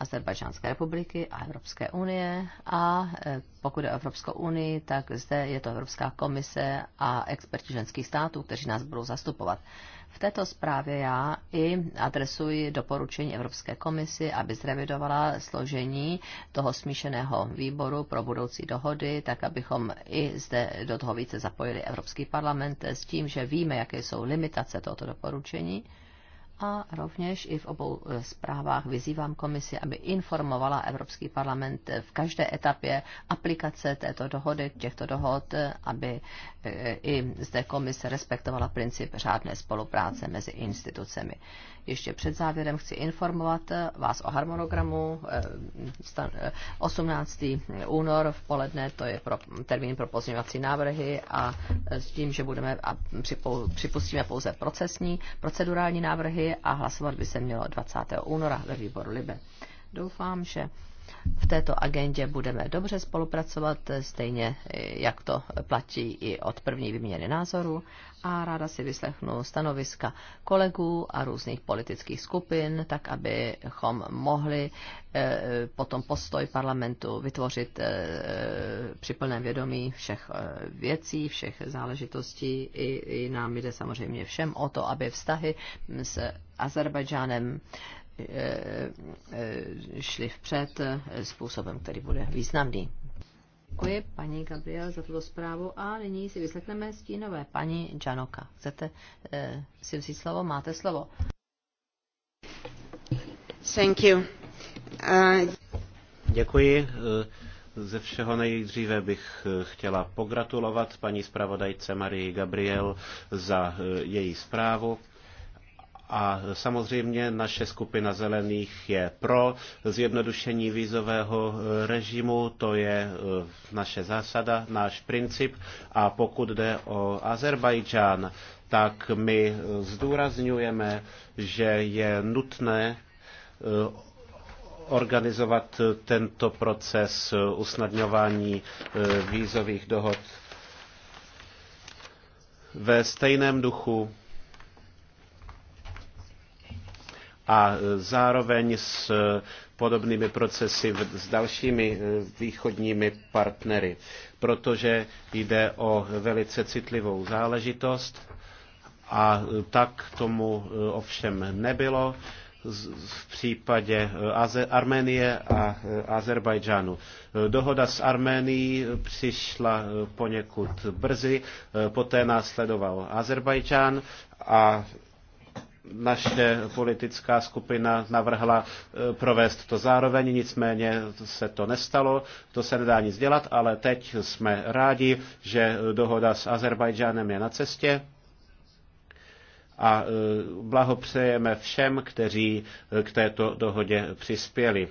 Azerbajdžánské republiky a Evropské unie. A e, pokud je o Evropskou unii, tak zde je to Evropská komise a experti ženských států, kteří nás budou zastupovat. V této zprávě já i adresuji doporučení Evropské komisi, aby zrevidovala složení toho smíšeného výboru pro budoucí dohody, tak abychom i zde do toho více zapojili Evropský parlament s tím, že víme, jaké jsou limitace tohoto doporučení a rovněž i v obou e, zprávách vyzývám komisi, aby informovala Evropský parlament v každé etapě aplikace této dohody, těchto dohod, e, aby e, i zde komise respektovala princip řádné spolupráce mezi institucemi. Ještě před závěrem chci informovat eh, vás o harmonogramu. 18. Eh, eh, únor v poledne, to je pro, termín pro pozměňovací návrhy a s tím, že budeme a připustíme pouze procesní, procedurální návrhy a hlasovat by se mělo 20. února ve výboru Libe. Doufám, že v této agendě budeme dobře spolupracovat, stejně eh, jak to platí i od první výměny názoru. A ráda si vyslechnu stanoviska kolegů a různých politických skupin, tak abychom mohli eh, potom postoj parlamentu vytvořit eh, při plném vědomí všech věcí, všech záležitostí. I, i nám jde samozřejmě všem o to, aby vztahy s Azerbajdžánem Eh, eh, šli vpřed eh, způsobem, který bude významný. Děkuji paní Gabriel za tuto zprávu a nyní si vyslechneme stínové paní Janoka. Chcete eh, si vzít slovo? Máte slovo. Thank you. Uh... Děkuji. Ze všeho nejdříve bych chtěla pogratulovat paní zpravodajce Marii Gabriel za její zprávu a samozřejmě naše skupina zelených je pro zjednodušení vízového režimu, to je eh, naše zásada, náš princip. A pokud jde o Azerbajdžán, tak my eh, zdůrazňujeme, že je nutné eh, organizovat tento proces usnadňování vízových dohod ve stejném duchu a zároveň s eh, podobnými procesy s dalšími eh, východními partnery, protože jde o velice citlivou záležitost a tak tomu eh, ovšem nebylo v případě Arménie a Azerbajdžánu. Dohoda s Arménií přišla poněkud brzy, poté následoval Azerbajdžán a naše politická skupina navrhla eh, provést to zároveň, nicméně se to nestalo, to se nedá nic dělat, ale teď jsme rádi, že dohoda s Azerbajdžánem je na cestě a eh, blahopřejeme všem, kteří eh, k této dohodě přispěli.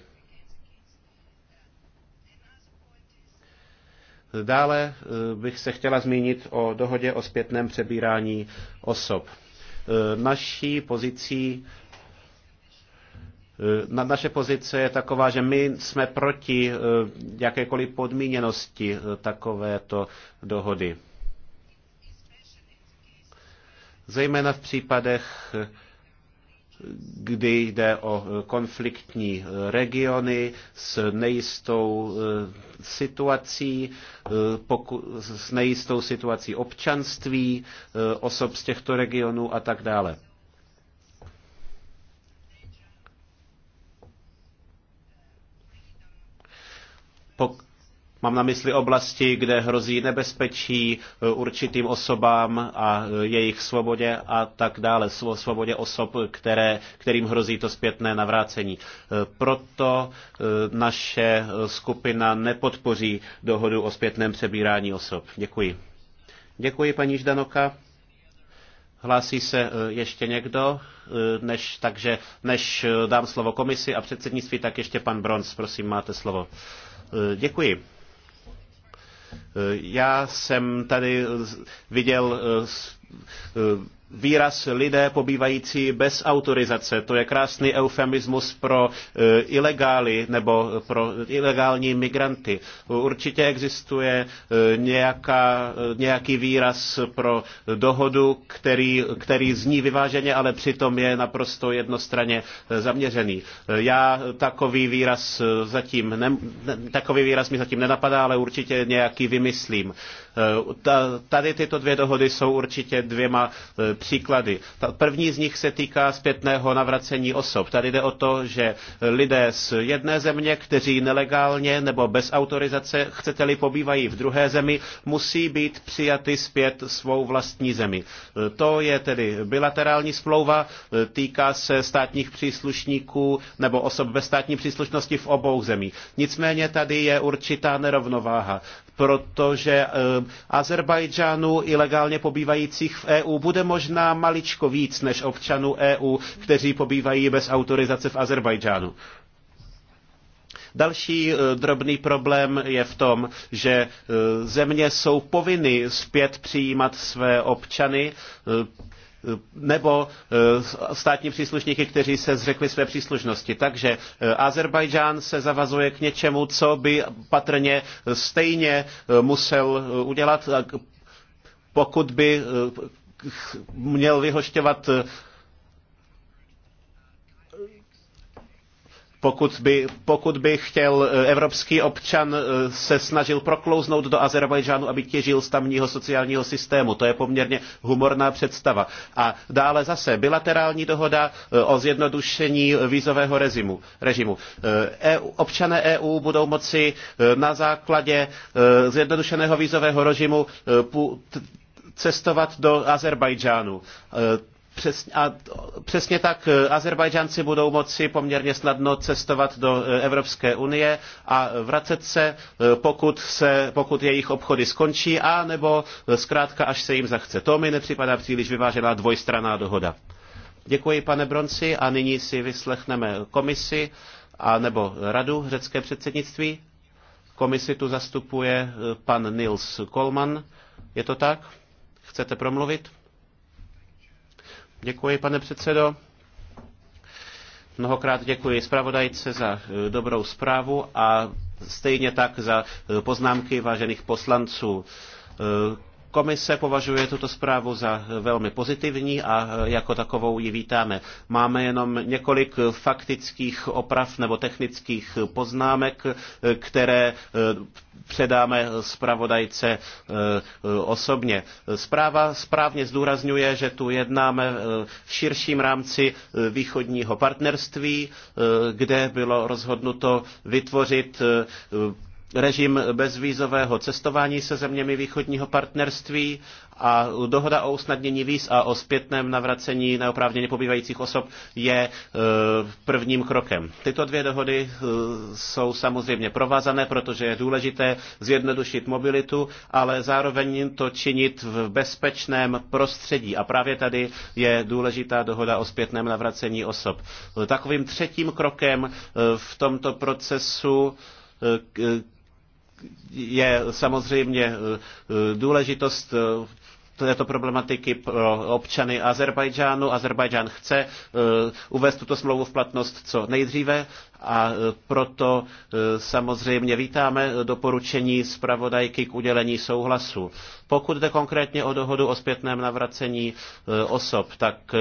Dále bych se chtěla zmínit o dohodě o zpětném přebírání osob. Eh, naší pozicí eh, na naše pozice je taková, že my jsme proti eh, jakékoliv podmíněnosti takovéto dohody. Zejména v případech kdy jde o konfliktní regiony s nejistou eh, situací, eh, poku, s nejistou situací občanství, eh, osob z těchto regionů a tak dále. Pok- Mám na mysli oblasti, kde hrozí nebezpečí e, určitým osobám a e, jejich svobodě a tak dále, svobodě osob, které, kterým hrozí to zpětné navrácení. E, proto naše skupina nepodpoří dohodu o zpětném přebírání osob. Děkuji. Děkuji, paní Ždanoka. Hlásí se ještě někdo, než, takže než dám slovo komisi a předsednictví, tak ještě pan Bronz, prosím, máte slovo. Děkuji. Eh, já jsem tady viděl eh, eh, výraz lidé pobývající bez autorizace. To je krásný eufemismus pro e, ilegály nebo pro ilegální migranty. Určitě existuje e, nějaká, e, nějaký výraz pro dohodu, který, který zní vyváženě, ale přitom je naprosto jednostranně zaměřený. Já takový výraz zatím ne, takový výraz mi zatím nenapadá, ale určitě nějaký vymyslím. Eh, tady tyto dvě dohody jsou určitě dvěma eh, příklady. První z nich se týká zpětného navracení osob. Tady jde o to, že lidé z jedné země, kteří nelegálně nebo bez autorizace, chcete-li, pobývají v druhé zemi, musí být přijaty zpět svou vlastní zemi. Eh, to je tedy bilaterální smlouva, týká se státních příslušníků nebo osob ve státní příslušnosti v obou zemích. Nicméně tady je určitá nerovnováha protože eh, Azerbajdžánů ilegálně pobývajících v EU bude možná maličko víc než občanů EU, kteří pobývají bez autorizace v Azerbajdžánu. Další eh, drobný problém je v tom, že eh, země jsou povinny zpět přijímat své občany, nebo eh, státní příslušníky, kteří se zřekli své příslušnosti. Takže eh, Azerbajdžán se zavazuje k něčemu, co by patrně eh, stejně musel udělat, pokud by měl vyhošťovat Pokud by, pokud by chtěl eh, evropský občan eh, se snažil proklouznout do Azerbajdžánu, aby těžil z tamního sociálního systému. To je poměrně humorná představa. A dále zase bilaterální dohoda eh, o zjednodušení vízového režimu. režimu. E EU, občané EU budou moci na základě zjednodušeného vízového režimu cestovat do Azerbajdžánu přesně, a přesně tak eh, Azerbajdžanci budou moci poměrně snadno cestovat do eh, Evropské unie a vracet se, eh, pokud, se, pokud jejich obchody skončí, a nebo zkrátka, až se jim zachce. To mi nepřipadá příliš vyvážená dvojstranná dohoda. Děkuji, pane Bronci, a nyní si vyslechneme komisi a nebo radu řecké předsednictví. Komisi tu zastupuje pan Nils Kolman. Je to tak? Chcete promluvit? Děkuji, pane předsedo. Mnohokrát děkuji zpravodajce za eh, dobrou zprávu a stejně tak za eh, poznámky vážených poslanců. Eh, Komise považuje tuto zprávu za velmi pozitivní a jako takovou ji vítáme. Máme jenom několik faktických oprav nebo technických poznámek, které eh, předáme zpravodajce eh, osobně. Zpráva správně zdůrazňuje, že tu jednáme eh, v širším rámci východního partnerství, kde bylo rozhodnuto vytvořit režim bezvízového cestování se zeměmi východního partnerství a dohoda o usnadnění víz a o zpětném navracení neoprávněně pobývajících osob je e, prvním krokem. Tyto dvě dohody e, jsou samozřejmě provázané, protože je důležité zjednodušit mobilitu, ale zároveň to činit v bezpečném prostředí. A právě tady je důležitá dohoda o zpětném navracení osob. E, takovým třetím krokem v tomto procesu je samozřejmě eh, eh, důležitost eh, této problematiky pro občany Azerbajdžánu. Azerbajdžán chce uvést tuto smlouvu v platnost co nejdříve a proto samozřejmě vítáme doporučení zpravodajky k udělení souhlasu. Pokud jde konkrétně o dohodu o zpětném navracení osob, tak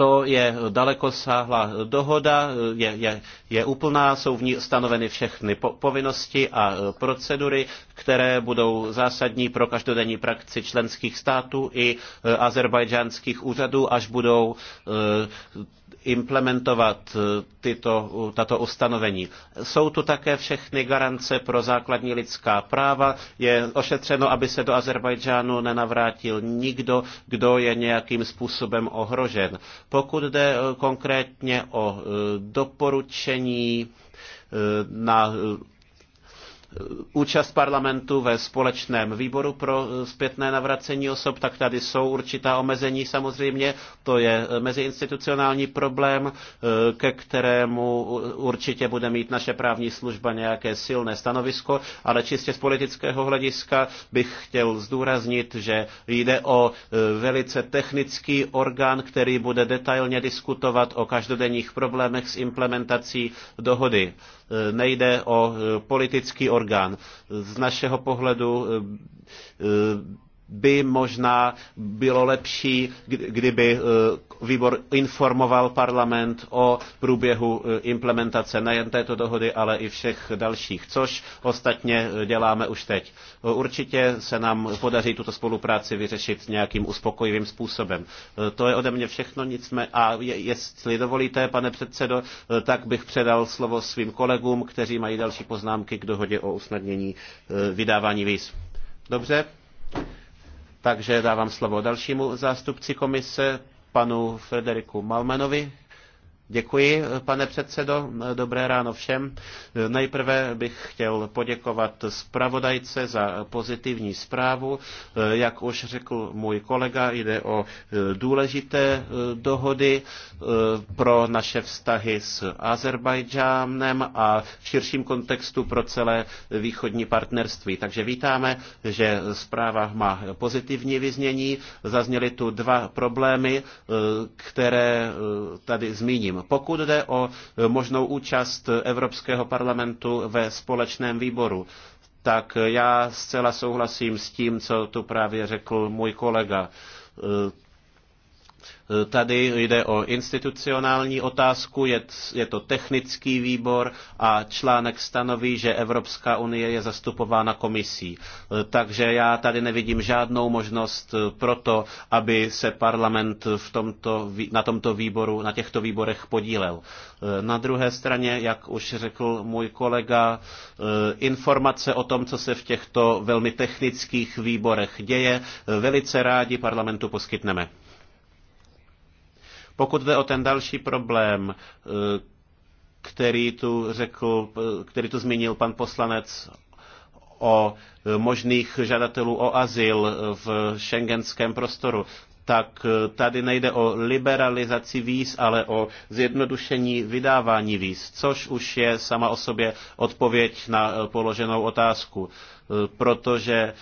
to je dalekosáhlá dohoda, je, je, je úplná, jsou v ní stanoveny všechny po, povinnosti a e, procedury, které budou zásadní pro každodenní praxi členských států i e, azerbajdžánských úřadů, až budou e, implementovat eh, tyto, tato ustanovení. Jsou tu také všechny garance pro základní lidská práva. Je ošetřeno, aby se do Azerbajdžánu nenavrátil nikdo, kdo je nějakým způsobem ohrožen. Pokud jde eh, konkrétně o eh, doporučení na účast parlamentu ve společném výboru pro eh, zpětné navracení osob, tak tady jsou určitá omezení samozřejmě. To je eh, meziinstitucionální problém, eh, ke kterému určitě bude mít naše právní služba nějaké silné stanovisko, ale čistě z politického hlediska bych chtěl zdůraznit, že jde o velice technický orgán, který bude detailně diskutovat o každodenních problémech s implementací dohody. Eh, nejde o eh, politický orgán. Z našeho pohledu eh, by možná bylo lepší, kdyby eh, výbor informoval parlament o průběhu eh, implementace nejen této dohody, ale i všech dalších, což ostatně eh, děláme už teď. Určitě se nám podaří tuto spolupráci vyřešit nějakým uspokojivým způsobem. To je ode mě všechno, nicme. a jestli dovolíte, pane předsedo, tak bych předal slovo svým kolegům, kteří mají další poznámky k dohodě o usnadnění vydávání víz. Dobře? Takže dávám slovo dalšímu zástupci komise, panu Frederiku Malmenovi. Děkuji, pane předsedo. Dobré ráno všem. Nejprve bych chtěl poděkovat zpravodajce za pozitivní zprávu. Jak už řekl můj kolega, jde o důležité dohody e, pro naše vztahy s Azerbajdžánem a v širším kontextu pro celé východní partnerství. Takže vítáme, že zpráva má pozitivní vyznění. Zazněly tu dva problémy, e, které e, tady zmíním. Pokud jde o e, možnou účast Evropského parlamentu ve společném výboru, tak já zcela souhlasím s tím, co tu právě řekl můj kolega e, Tady jde o institucionální otázku, je, je to technický výbor a článek stanoví, že Evropská unie je zastupována komisí. Takže já tady nevidím žádnou možnost pro to, aby se parlament v tomto, na tomto výboru, na těchto výborech podílel. Na druhé straně, jak už řekl můj kolega, informace o tom, co se v těchto velmi technických výborech děje, velice rádi parlamentu poskytneme. Pokud jde o ten další problém, eh, který tu řekl, eh, který tu zmínil pan poslanec o eh, možných žadatelů o azyl v šengenském prostoru, tak tady nejde o liberalizaci víz, ale o zjednodušení vydávání víz, což už je sama o sobě odpověď na položenou otázku, protože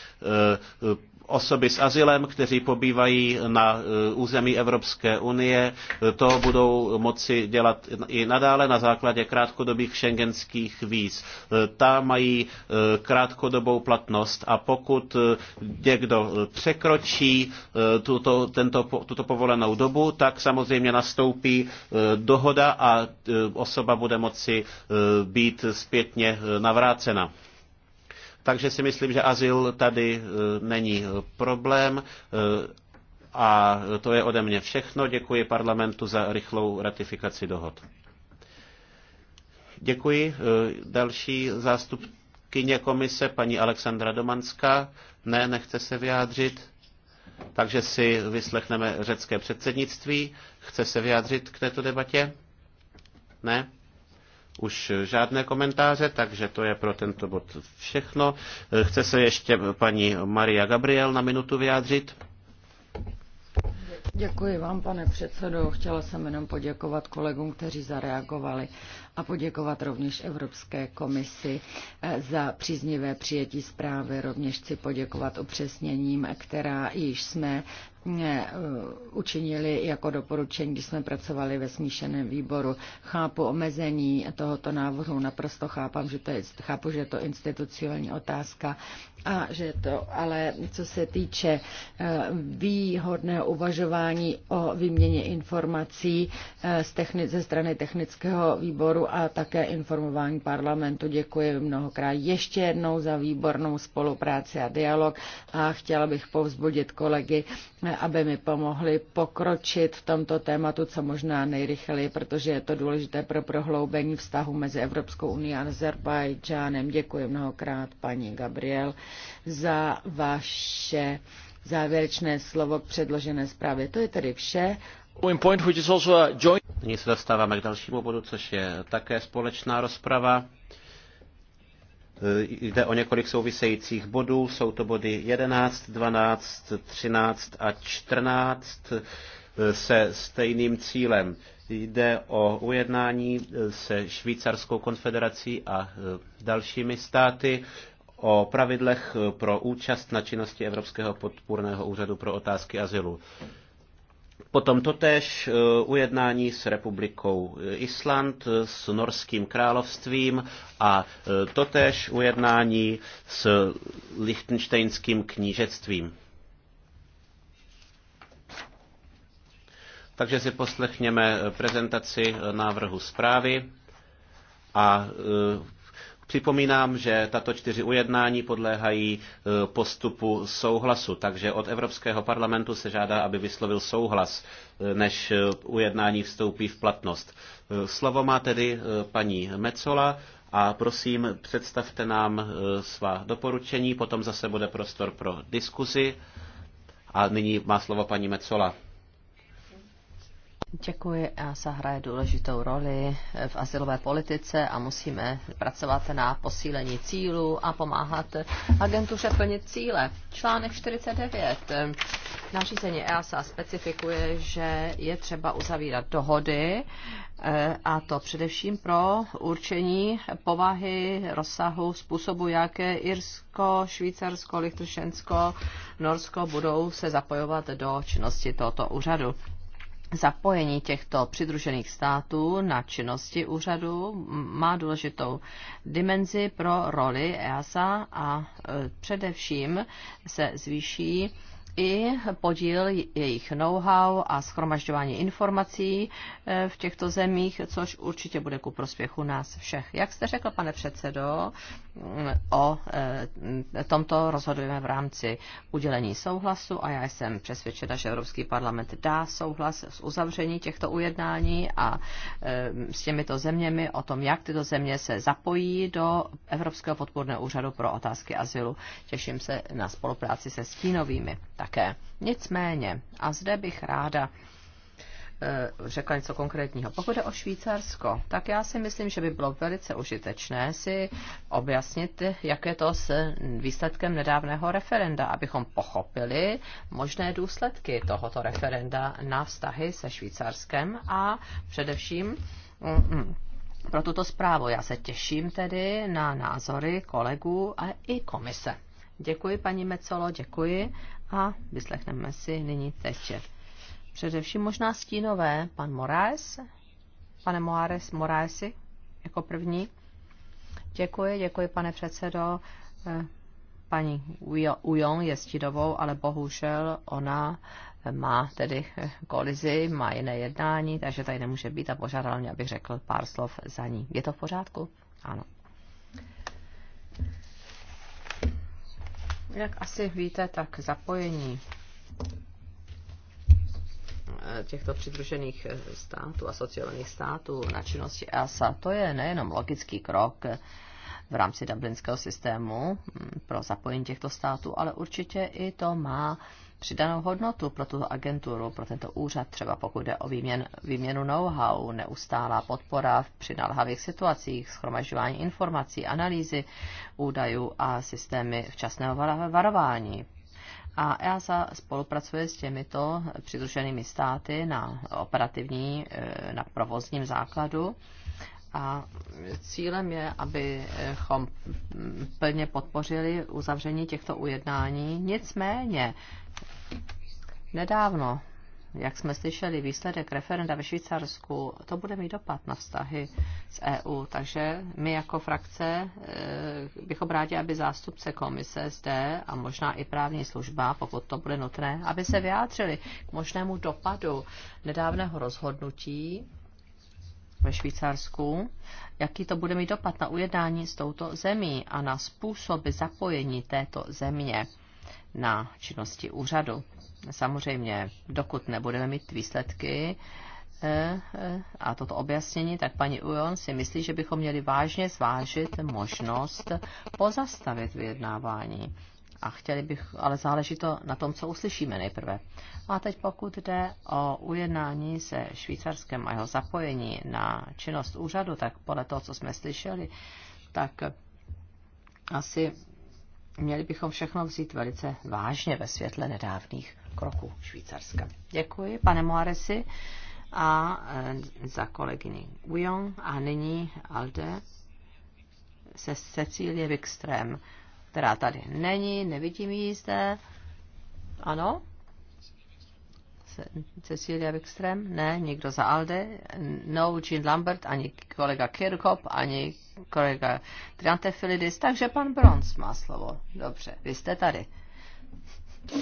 osoby s azylem, kteří pobývají na eh, území Evropské unie, to budou moci dělat i nadále na základě krátkodobých šengenských víz. Eh, Ta mají eh, krátkodobou platnost a pokud někdo překročí tuto, tento, tuto povolenou dobu, tak samozřejmě nastoupí dohoda a osoba bude moci být zpětně navrácena. Takže si myslím, že azyl tady e, není e, problém. E, a to je ode mě všechno. Děkuji parlamentu za rychlou ratifikaci dohod. Děkuji. Další zástupkyně komise, paní Alexandra Domanská. Ne, nechce se vyjádřit. Takže si vyslechneme řecké předsednictví. Chce se vyjádřit k této debatě? Ne? už žádné komentáře, takže to je pro tento bod všechno. Chce se ještě paní Maria Gabriel na minutu vyjádřit? Děkuji vám, pane předsedo. Chtěla jsem jenom poděkovat kolegům, kteří zareagovali a poděkovat rovněž Evropské komisi eh, za příznivé přijetí zprávy. Rovněž chci poděkovat upřesněním, která již jsme Eh, učinili jako doporučení, když jsme pracovali ve smíšeném výboru. Chápu omezení tohoto návrhu, naprosto chápám, že to je, chápu, že je to institucionální otázka, a že to, ale co se týče eh, výhodného uvažování o výměně informací eh, z techni- ze strany technického výboru a také informování parlamentu, děkuji mnohokrát ještě jednou za výbornou spolupráci a dialog a chtěla bych povzbudit kolegy, aby mi pomohli pokročit v tomto tématu co možná nejrychleji, protože je to důležité pro prohloubení vztahu mezi Evropskou unii a Azerbajdžánem. Děkuji mnohokrát, paní Gabriel, za vaše závěrečné slovo k předložené zprávě. To je tedy vše. Nyní se dostáváme k dalšímu bodu, což je také společná rozprava. Eh, jde o několik souvisejících bodů, jsou to body 11, 12, 13 a 14 eh, se stejným cílem. Jde o ujednání eh, se Švýcarskou konfederací a dalšími státy o pravidlech pro účast na činnosti Evropského podpůrného úřadu pro otázky azylu. Potom totež eh, ujednání s republikou eh, Island, eh, s Norským královstvím a totež ujednání s Lichtenštejnským knížectvím. Takže si poslechněme prezentaci návrhu zprávy a Připomínám, že tato čtyři ujednání podléhají e, postupu souhlasu, takže od Evropského parlamentu se žádá, aby vyslovil souhlas, e, než e, ujednání vstoupí v platnost. Slovo má tedy paní Mecola a prosím, představte nám svá doporučení, potom zase bude prostor pro diskuzi. A nyní má slovo paní Mecola. Děkuji. EASA hraje důležitou roli v asilové politice a musíme pracovat na posílení cílu a pomáhat agentuře plnit cíle. Článek 49. Nařízení EASA specifikuje, že je třeba uzavírat dohody eh, a to především pro určení povahy, rozsahu, způsobu, jaké Irsko, Švýcarsko, Lichtenštensko, Norsko budou se zapojovat do činnosti tohoto úřadu. Zapojení těchto přidružených států na činnosti úřadu má důležitou dimenzi pro roli EASA a e, především se zvýší i podíl jejich know-how a schromažďování informací eh, v těchto zemích, což určitě bude ku prospěchu nás všech. Jak jste řekl, pane předsedo, mm, o eh, tomto rozhodujeme v rámci udělení souhlasu a já jsem přesvědčena, že Evropský parlament dá souhlas s uzavření těchto ujednání a eh, s těmito zeměmi o tom, jak tyto země se zapojí do Evropského podporného úřadu pro otázky azylu. Těším se na spolupráci se Stínovými. Tak také. Nicméně, a zde bych ráda eh, řekla něco konkrétního. Pokud je o Švýcarsko, tak já si myslím, že by bylo velice užitečné si objasnit, jak je to s výsledkem nedávného referenda, abychom pochopili možné důsledky tohoto referenda na vztahy se Švýcarskem a především mm, mm, pro tuto zprávu. Já se těším tedy na názory kolegů a i komise. Děkuji, paní Mecolo, děkuji a vyslechneme si nyní teče. Především možná stínové, pan Moraes, pane Moares, Moraesi, jako první. Děkuji, děkuji, pane předsedo. Eh, paní Ujong je stínovou, ale bohužel ona eh, má tedy eh, kolizi, má jiné jednání, takže tady nemůže být a požádala mě, abych řekl pár slov za ní. Je to v pořádku? Ano. Jak asi víte, tak zapojení těchto přidružených států, asociovaných států na činnosti EASA, to je nejenom logický krok v rámci dublinského systému mm, pro zapojení těchto států, ale určitě i to má přidanou hodnotu pro tuto agenturu, pro tento úřad, třeba pokud jde o výměn, výměnu know-how, neustálá podpora v přinalhavých situacích, schromažďování informací, analýzy údajů a systémy včasného varování. A EASA spolupracuje s těmito přidruženými státy na operativní, eh, na provozním základu a cílem je, abychom plně podpořili uzavření těchto ujednání. Nicméně, nedávno, jak jsme slyšeli, výsledek referenda ve Švýcarsku, to bude mít dopad na vztahy s EU. Takže my jako frakce eh, bychom rádi, aby zástupce komise zde a možná i právní služba, pokud to bude nutné, aby se vyjádřili k možnému dopadu nedávného rozhodnutí ve Švýcarsku, jaký to bude mít dopad na ujednání s touto zemí a na způsoby zapojení této země na činnosti úřadu. Samozřejmě, dokud nebudeme mít výsledky eh, eh, a toto objasnění, tak paní Ujon si myslí, že bychom měli vážně zvážit možnost pozastavit vyjednávání a chtěli bych, ale záleží to na tom, co uslyšíme nejprve. A teď pokud jde o ujednání se Švýcarskem a jeho zapojení na činnost úřadu, tak podle toho, co jsme slyšeli, tak asi měli bychom všechno vzít velice vážně ve světle nedávných kroků Švýcarska. Děkuji, pane Moaresi a e, za kolegyni Guillaume a nyní Alde se Cecílie Wikström která tady není, nevidím ji zde. Ano? Cecilia Wikström? Ne, nikdo za ALDE. No, Jean Lambert, ani kolega Kirkop, ani kolega Triantafilidis. Takže pan Bronz má slovo. Dobře, vy jste tady.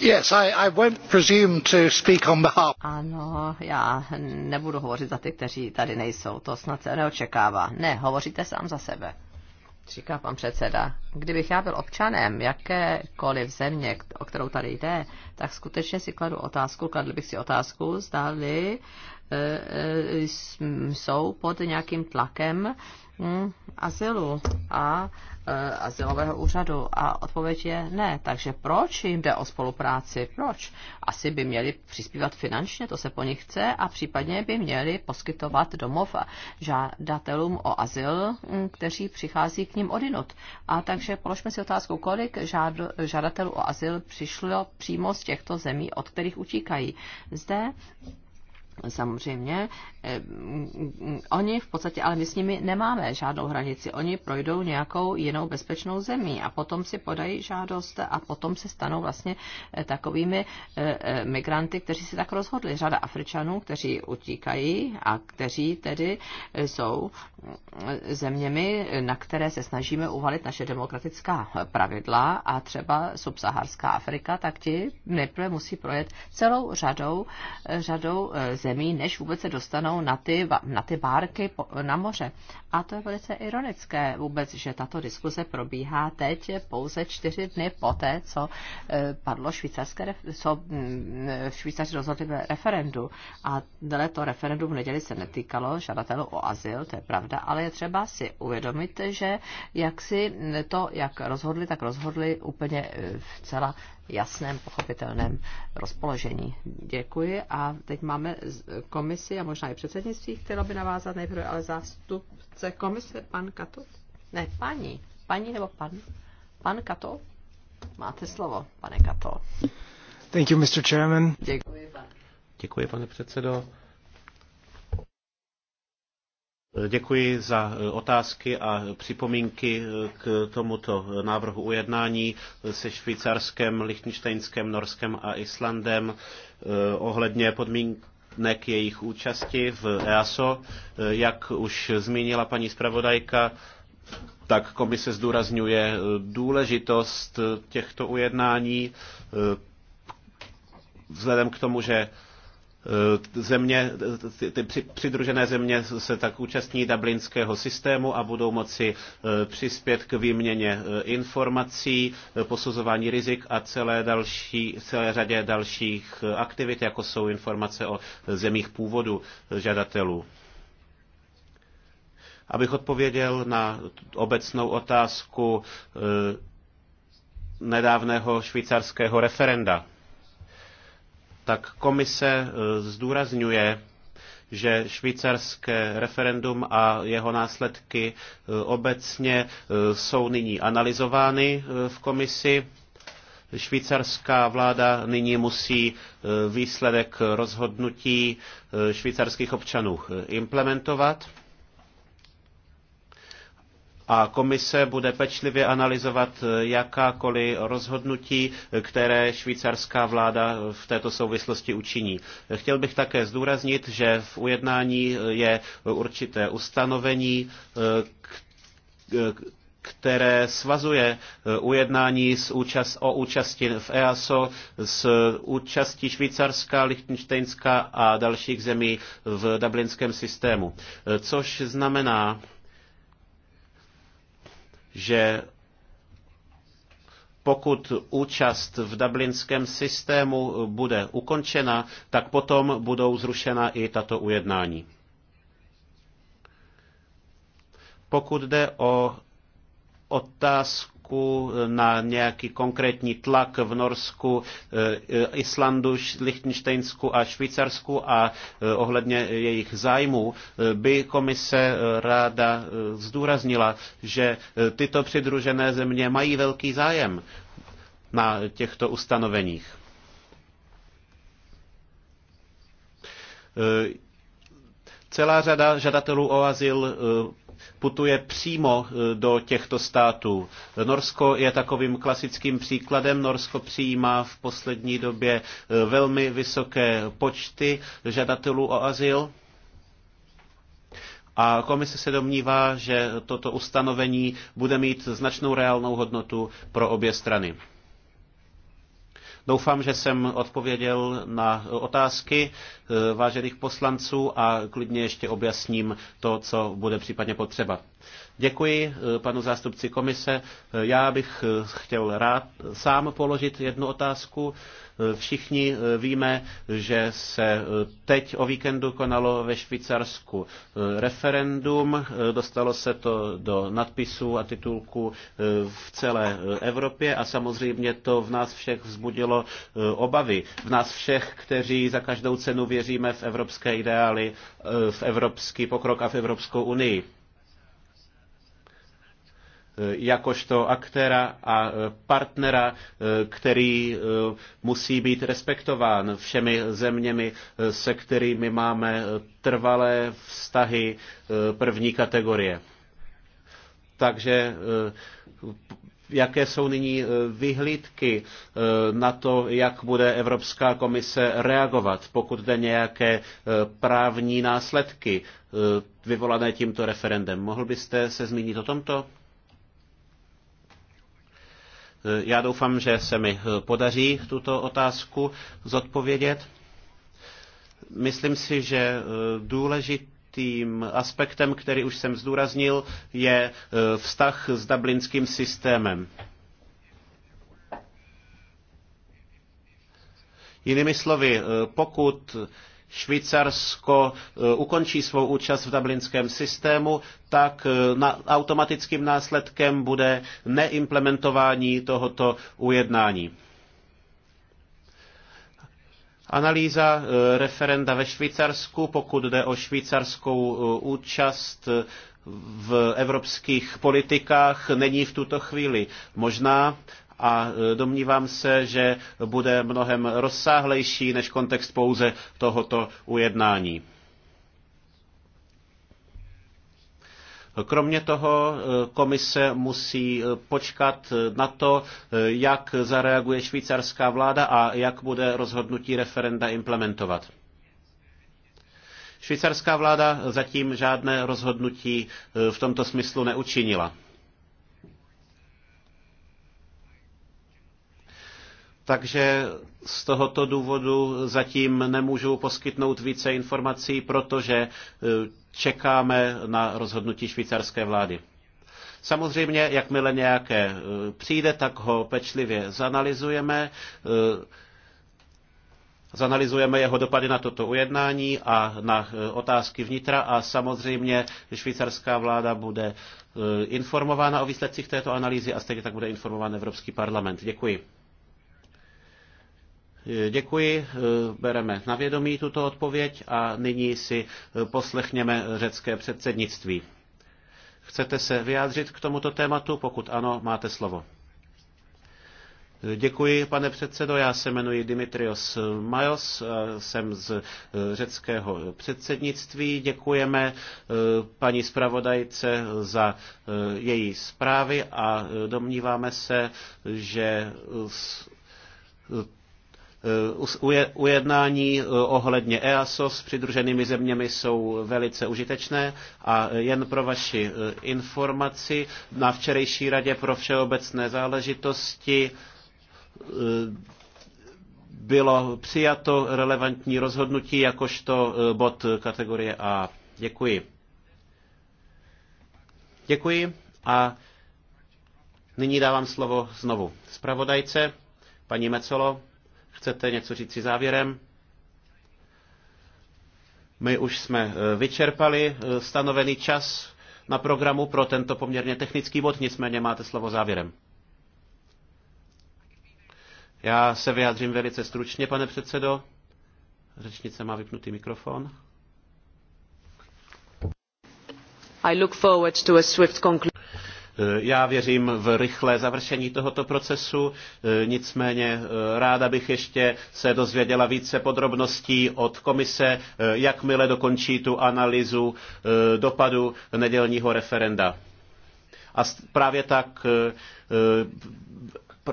Yes, I, I won't presume to speak on behalf. Ano, já nebudu hovořit za ty, kteří tady nejsou. To snad se neočekává. Ne, hovoříte sám za sebe říká pan předseda, kdybych já byl občanem jakékoliv země, o kterou tady jde, tak skutečně si kladu otázku, kladl bych si otázku, zdali e, e, jsou pod nějakým tlakem mm, azylu a E, azylového úřadu? A odpověď je ne. Takže proč jim jde o spolupráci? Proč? Asi by měli přispívat finančně, to se po nich chce, a případně by měli poskytovat domov žádatelům o azyl, kteří přichází k ním odinut. A takže položme si otázku, kolik žád, žadatelů o azyl přišlo přímo z těchto zemí, od kterých utíkají. Zde Samozřejmě, eh, oni v podstatě, ale my s nimi nemáme žádnou hranici. Oni projdou nějakou jinou bezpečnou zemí a potom si podají žádost a potom se stanou vlastně eh, takovými eh, migranty, kteří si tak rozhodli. Řada Afričanů, kteří utíkají a kteří tedy jsou zeměmi, na které se snažíme uvalit naše demokratická pravidla a třeba subsaharská Afrika, tak ti nejprve musí projet celou řadou, řadou eh, zemí, než vůbec se dostanou na ty, na ty bárky na moře. A to je velice ironické vůbec, že tato diskuze probíhá teď pouze čtyři dny poté, co eh, padlo švýcarské, co mm, eh, Švýcaři rozhodli referendu. A dle to referendum v neděli se netýkalo žadatelů o azyl, to je pravda, ale je třeba si uvědomit, že jak si to, jak rozhodli, tak rozhodli úplně eh, v celá jasném, pochopitelném rozpoložení. Děkuji a teď máme komisi a možná i předsednictví, které by navázat nejprve, ale zástupce komise, pan Kato? Ne, paní. Paní nebo pan? Pan Kato? Máte slovo, pane Kato. Thank you, Mr. Chairman. Děkuji, pan. Děkuji, pane předsedo. Děkuji za e, otázky a připomínky e, k tomuto návrhu ujednání e, se Švýcarskem, Lichtensteinskem, Norskem a Islandem ohledně podmínek k jejich účasti v EASO. Jak už zmínila paní zpravodajka, tak komise zdůrazňuje důležitost těchto ujednání vzhledem k tomu, že Eh, země, eh, ty přidružené země se tak účastní dublinského systému a budou moci eh, přispět k výměně informací, posuzování rizik a celé další, celé řadě dalších aktivit, jako jsou informace o zemích původu žadatelů. Abych odpověděl na obecnou otázku nedávného švýcarského referenda tak komise eh, zdůrazňuje, že švýcarské referendum a jeho následky eh, obecně eh, jsou nyní analyzovány v komisi. Švýcarská vláda nyní musí výsledek rozhodnutí švýcarských občanů implementovat a komise bude pečlivě analyzovat eh, jakákoliv rozhodnutí, eh, které švýcarská vláda eh, v této souvislosti učiní. Chtěl bych také zdůraznit, že v ujednání je určité ustanovení, které svazuje ujednání s účast, o účasti v EASO s účastí Švýcarska, Lichtensteinska a dalších zemí v dublinském systému. Což znamená, že pokud účast v dublinském systému bude ukončena, tak potom budou zrušena i tato ujednání. Pokud jde o otázku, tlaku e, na nějaký konkrétní tlak v Norsku, e, e, Islandu, Lichtensteinsku a Švýcarsku a ohledně jejich zájmů, by komise ráda zdůraznila, že tyto přidružené země mají velký zájem na těchto ustanoveních. Celá řada žadatelů o azyl putuje přímo e, do těchto států. Norsko je takovým klasickým příkladem. Norsko přijímá v poslední době e, velmi vysoké počty žadatelů o azyl. A komise se domnívá, že toto ustanovení bude mít značnou reálnou hodnotu pro obě strany. Doufám, že jsem odpověděl na otázky eh, vážených poslanců a klidně ještě objasním to, co bude případně potřeba. Děkuji eh, panu zástupci komise. Eh, já bych eh, chtěl rád sám položit jednu otázku. Všichni víme, že se teď o víkendu konalo ve Švýcarsku referendum. Dostalo se to do nadpisů a titulků v celé Evropě a samozřejmě to v nás všech vzbudilo obavy. V nás všech, kteří za každou cenu věříme v evropské ideály, v evropský pokrok a v Evropskou unii. Eh, jakožto aktéra a eh, partnera, eh, který musí být respektován všemi zeměmi, se kterými máme trvalé vztahy první kategorie. Takže jaké jsou nyní vyhlídky na to, jak bude Evropská komise reagovat, pokud jde nějaké právní následky vyvolané tímto referendem. Mohl byste se zmínit o tomto? Eh, já doufám, že se mi eh, podaří tuto otázku zodpovědět. Myslím si, že eh, důležitým aspektem, který už jsem zdůraznil, je vztah s dublinským systémem. Jinými slovy, pokud Švýcarsko eh, ukončí svou účast v dublinském systému, tak eh, na, automatickým následkem bude neimplementování tohoto ujednání. Analýza eh, referenda ve Švýcarsku, pokud jde o švýcarskou účast v evropských politikách, není v tuto chvíli možná a e, domnívám se, že bude mnohem rozsáhlejší než kontext pouze tohoto ujednání. Kromě toho e, komise musí e, počkat na to, jak zareaguje švýcarská vláda a jak bude rozhodnutí referenda implementovat. Švýcarská vláda zatím žádné rozhodnutí v tomto smyslu neučinila. Takže z tohoto důvodu zatím nemůžu poskytnout více informací, protože e, čekáme na rozhodnutí švýcarské vlády. Samozřejmě, jakmile nějaké e, přijde, tak ho pečlivě zanalizujeme. E, zanalizujeme jeho dopady na toto ujednání a na otázky vnitra a samozřejmě švýcarská vláda bude informována o výsledcích této analýzy a stejně tak bude informován Evropský parlament. Děkuji. Děkuji, bereme na vědomí tuto odpověď a nyní si poslechněme řecké předsednictví. Chcete se vyjádřit k tomuto tématu? Pokud ano, máte slovo. Děkuji, pane předsedo. Já se jmenuji Dimitrios Majos, jsem z řeckého předsednictví. Děkujeme eh, paní zpravodajce za eh, její zprávy a eh, domníváme se, že Eh, ujednání eh, ohledně EASO s přidruženými zeměmi jsou velice užitečné a eh, jen pro vaši informaci, na včerejší radě pro všeobecné záležitosti bylo přijato relevantní rozhodnutí jakožto bod kategorie A. Děkuji. Děkuji a nyní dávám slovo znovu zpravodajce, paní Mecolo. Chcete něco říct si závěrem? My už jsme eh, vyčerpali eh, stanovený čas na programu pro tento poměrně technický bod, nicméně máte slovo závěrem. Já se vyjádřím velice stručně, pane předsedo. Řečnice má vypnutý mikrofon. I look forward to a swift conclusion. Eh, já věřím v rychlé završení tohoto procesu, eh, nicméně eh, ráda bych ještě se dozvěděla více podrobností od komise, jakmile dokončí tu analýzu dopadu nedělního referenda. A právě tak,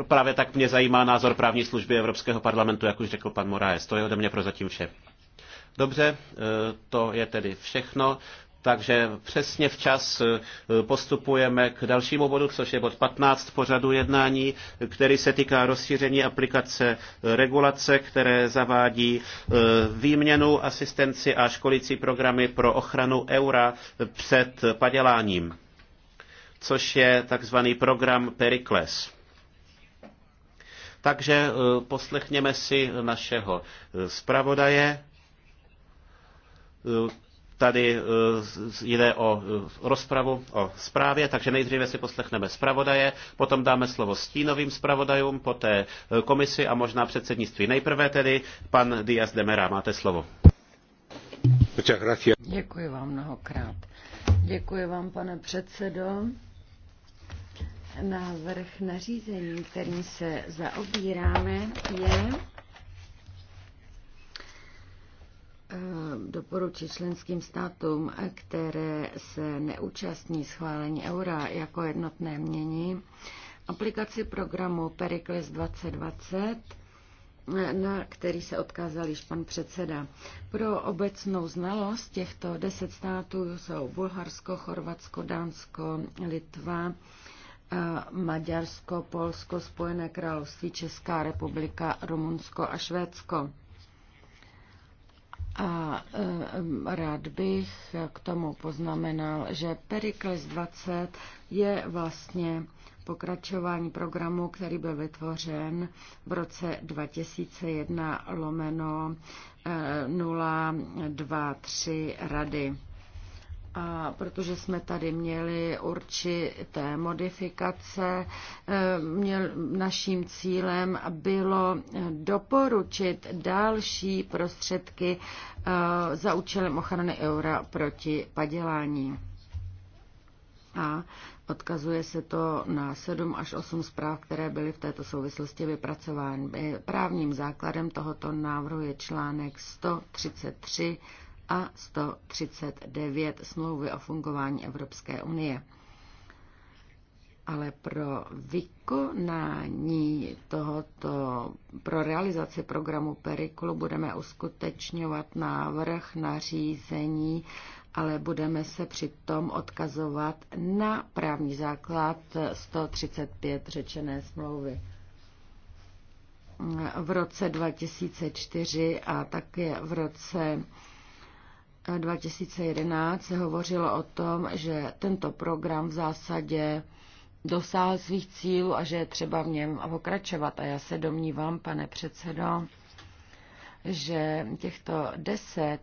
právě tak mě zajímá názor právní služby Evropského parlamentu, jak už řekl pan Moraes. To je ode mě pro zatím vše. Dobře, to je tedy všechno. Takže přesně včas eh, postupujeme k dalšímu bodu, což je bod 15 pořadu jednání, který se týká rozšíření aplikace eh, regulace, které zavádí eh, výměnu, asistenci a školící programy pro ochranu eura před paděláním, což je takzvaný program Pericles. Takže poslechněme si našeho zpravodaje Tady eh, jde o eh, rozpravu o zprávě, takže nejdříve si poslechneme zpravodaje, potom dáme slovo stínovým zpravodajům, poté eh, komisi a možná předsednictví. Nejprve tedy pan Díaz Demera, máte slovo. Děkuji vám mnohokrát. Děkuji vám, pane předsedo. Návrh nařízení, kterým se zaobíráme, je Eh, doporučit členským státům, které se neúčastní schválení eura jako jednotné mění, aplikaci programu Pericles 2020 eh, na který se odkázal již pan předseda. Pro obecnou znalost těchto deset států jsou Bulharsko, Chorvatsko, Dánsko, Litva, eh, Maďarsko, Polsko, Spojené království, Česká republika, Rumunsko a Švédsko. A rád bych k tomu poznamenal, že Perikles 20 je vlastně pokračování programu, který byl vytvořen v roce 2001 lomeno 023 eh, rady a protože jsme tady měli určité modifikace, eh, měl, naším cílem bylo doporučit další prostředky eh, za účelem ochrany eura proti padělání. A Odkazuje se to na 7 až 8 zpráv, které byly v této souvislosti vypracovány. Právním základem tohoto návrhu je článek 133 a 139 smlouvy o fungování Evropské unie. Ale pro vykonání tohoto, pro realizaci programu Periklu budeme uskutečňovat návrh na řízení, ale budeme se přitom odkazovat na právní základ 135 řečené smlouvy v roce 2004 a také v roce 2011 se hovořilo o tom, že tento program v zásadě dosáhl svých cílů a že je třeba v něm pokračovat. A já se domnívám, pane předsedo, že těchto deset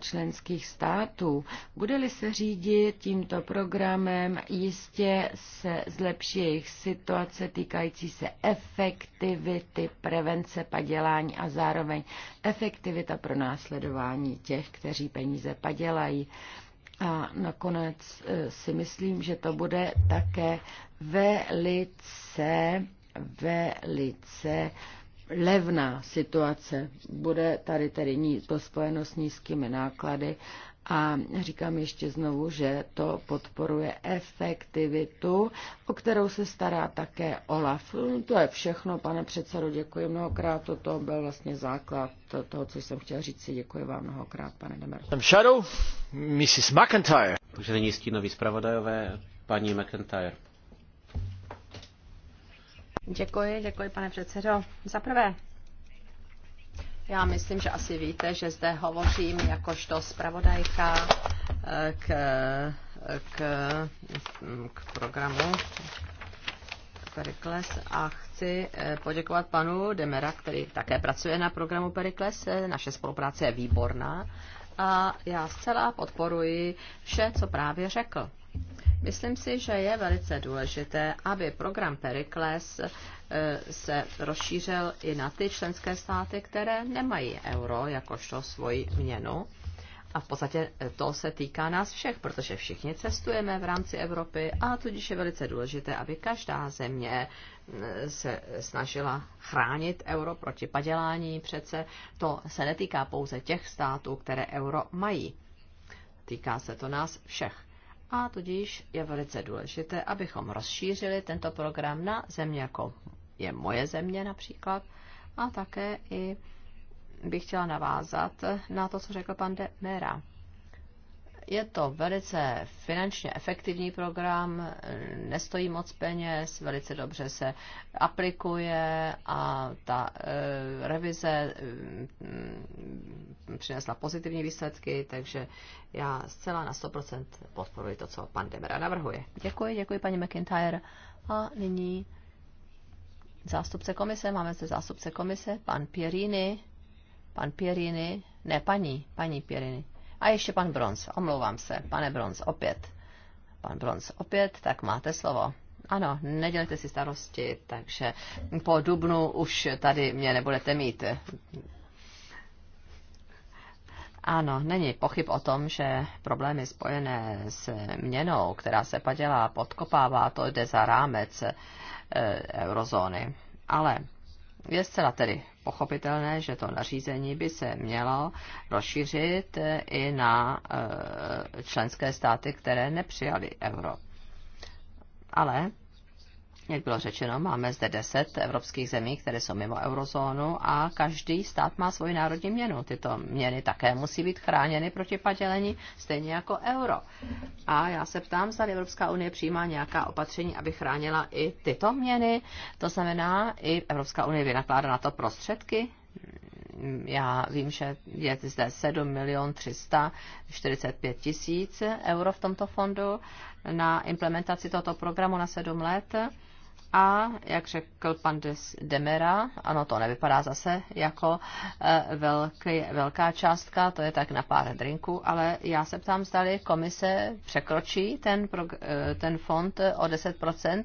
členských států. Bude-li se řídit tímto programem, jistě se zlepší jejich situace týkající se efektivity prevence padělání a zároveň efektivita pro následování těch, kteří peníze padělají. A nakonec e, si myslím, že to bude také velice, velice levná situace. Bude tady tedy níz, to spojeno s nízkými náklady a říkám ještě znovu, že to podporuje efektivitu, o kterou se stará také OLAF. No, to je všechno, pane předsedo, děkuji mnohokrát. Toto byl vlastně základ toho, co jsem chtěl říct. děkuji vám mnohokrát, pane Demer. Jsem Shadow, Mrs. McIntyre. Takže není stínový zpravodajové, paní McIntyre. Děkuji, děkuji, pane předsedo. Za prvé, já myslím, že asi víte, že zde hovořím jakožto zpravodajka eh, k, k, k programu Perikles a chci eh, poděkovat panu Demera, který také pracuje na programu Perikles. Eh, naše spolupráce je výborná a já zcela podporuji vše, co právě řekl. Myslím si, že je velice důležité, aby program Perikles eh, se rozšířil i na ty členské státy, které nemají euro jakožto svoji měnu. A v podstatě eh, to se týká nás všech, protože všichni cestujeme v rámci Evropy a tudíž je velice důležité, aby každá země eh, se snažila chránit euro proti padělání. Přece to se netýká pouze těch států, které euro mají. Týká se to nás všech a tudíž je velice důležité, abychom rozšířili tento program na země, jako je moje země například, a také i bych chtěla navázat na to, co řekl pan Demera. Je to velice finančně efektivní program, nestojí moc peněz, velice dobře se aplikuje a ta e, revize e, přinesla pozitivní výsledky, takže já zcela na 100% podporuji to, co pan Demera navrhuje. Děkuji, děkuji paní McIntyre. A nyní zástupce komise, máme zde zástupce komise, pan Pierini, pan Pierini, ne paní, paní Pierini. A ještě pan Bronz, omlouvám se, pane Bronz, opět. Pan Bronz, opět, tak máte slovo. Ano, nedělejte si starosti, takže po dubnu už tady mě nebudete mít. Ano, není pochyb o tom, že problémy spojené s měnou, která se padělá, podkopává, to jde za rámec eh, eurozóny. Ale je zcela tedy pochopitelné, že to nařízení by se mělo rozšířit i na eh, členské státy, které nepřijali euro. Ale jak bylo řečeno, máme zde deset evropských zemí, které jsou mimo eurozónu a každý stát má svoji národní měnu. Tyto měny také musí být chráněny proti padělení, stejně jako euro. A já se ptám, zda Evropská unie přijímá nějaká opatření, aby chránila i tyto měny. To znamená, i Evropská unie vynakládá na to prostředky. Já vím, že je zde 7 milion 345 tisíc euro v tomto fondu na implementaci tohoto programu na 7 let a jak řekl pan Demera, ano, to nevypadá zase jako eh, velký, velká částka, to je tak na pár drinků, ale já se ptám, zdali komise překročí ten, eh, ten fond o 10%?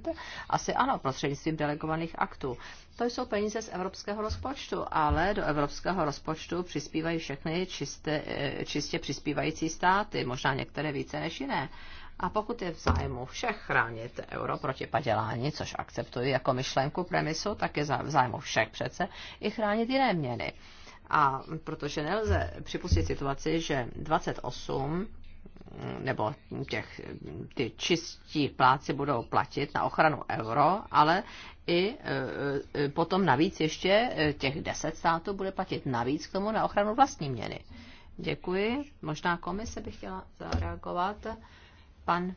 Asi ano, prostřednictvím delegovaných aktů. To jsou peníze z evropského rozpočtu, ale do evropského rozpočtu přispívají všechny čistě, eh, čistě přispívající státy, možná některé více než jiné. A pokud je v zájmu všech chránit euro proti padělání, což akceptuji jako myšlenku premisu, tak je v zájmu všech přece i chránit jiné měny. A protože nelze připustit situaci, že 28 mm, nebo těch, ty čistí pláci budou platit na ochranu euro, ale i e, e, potom navíc ještě e, těch 10 států bude platit navíc k tomu na ochranu vlastní měny. Děkuji. Možná komise by chtěla zareagovat. Pan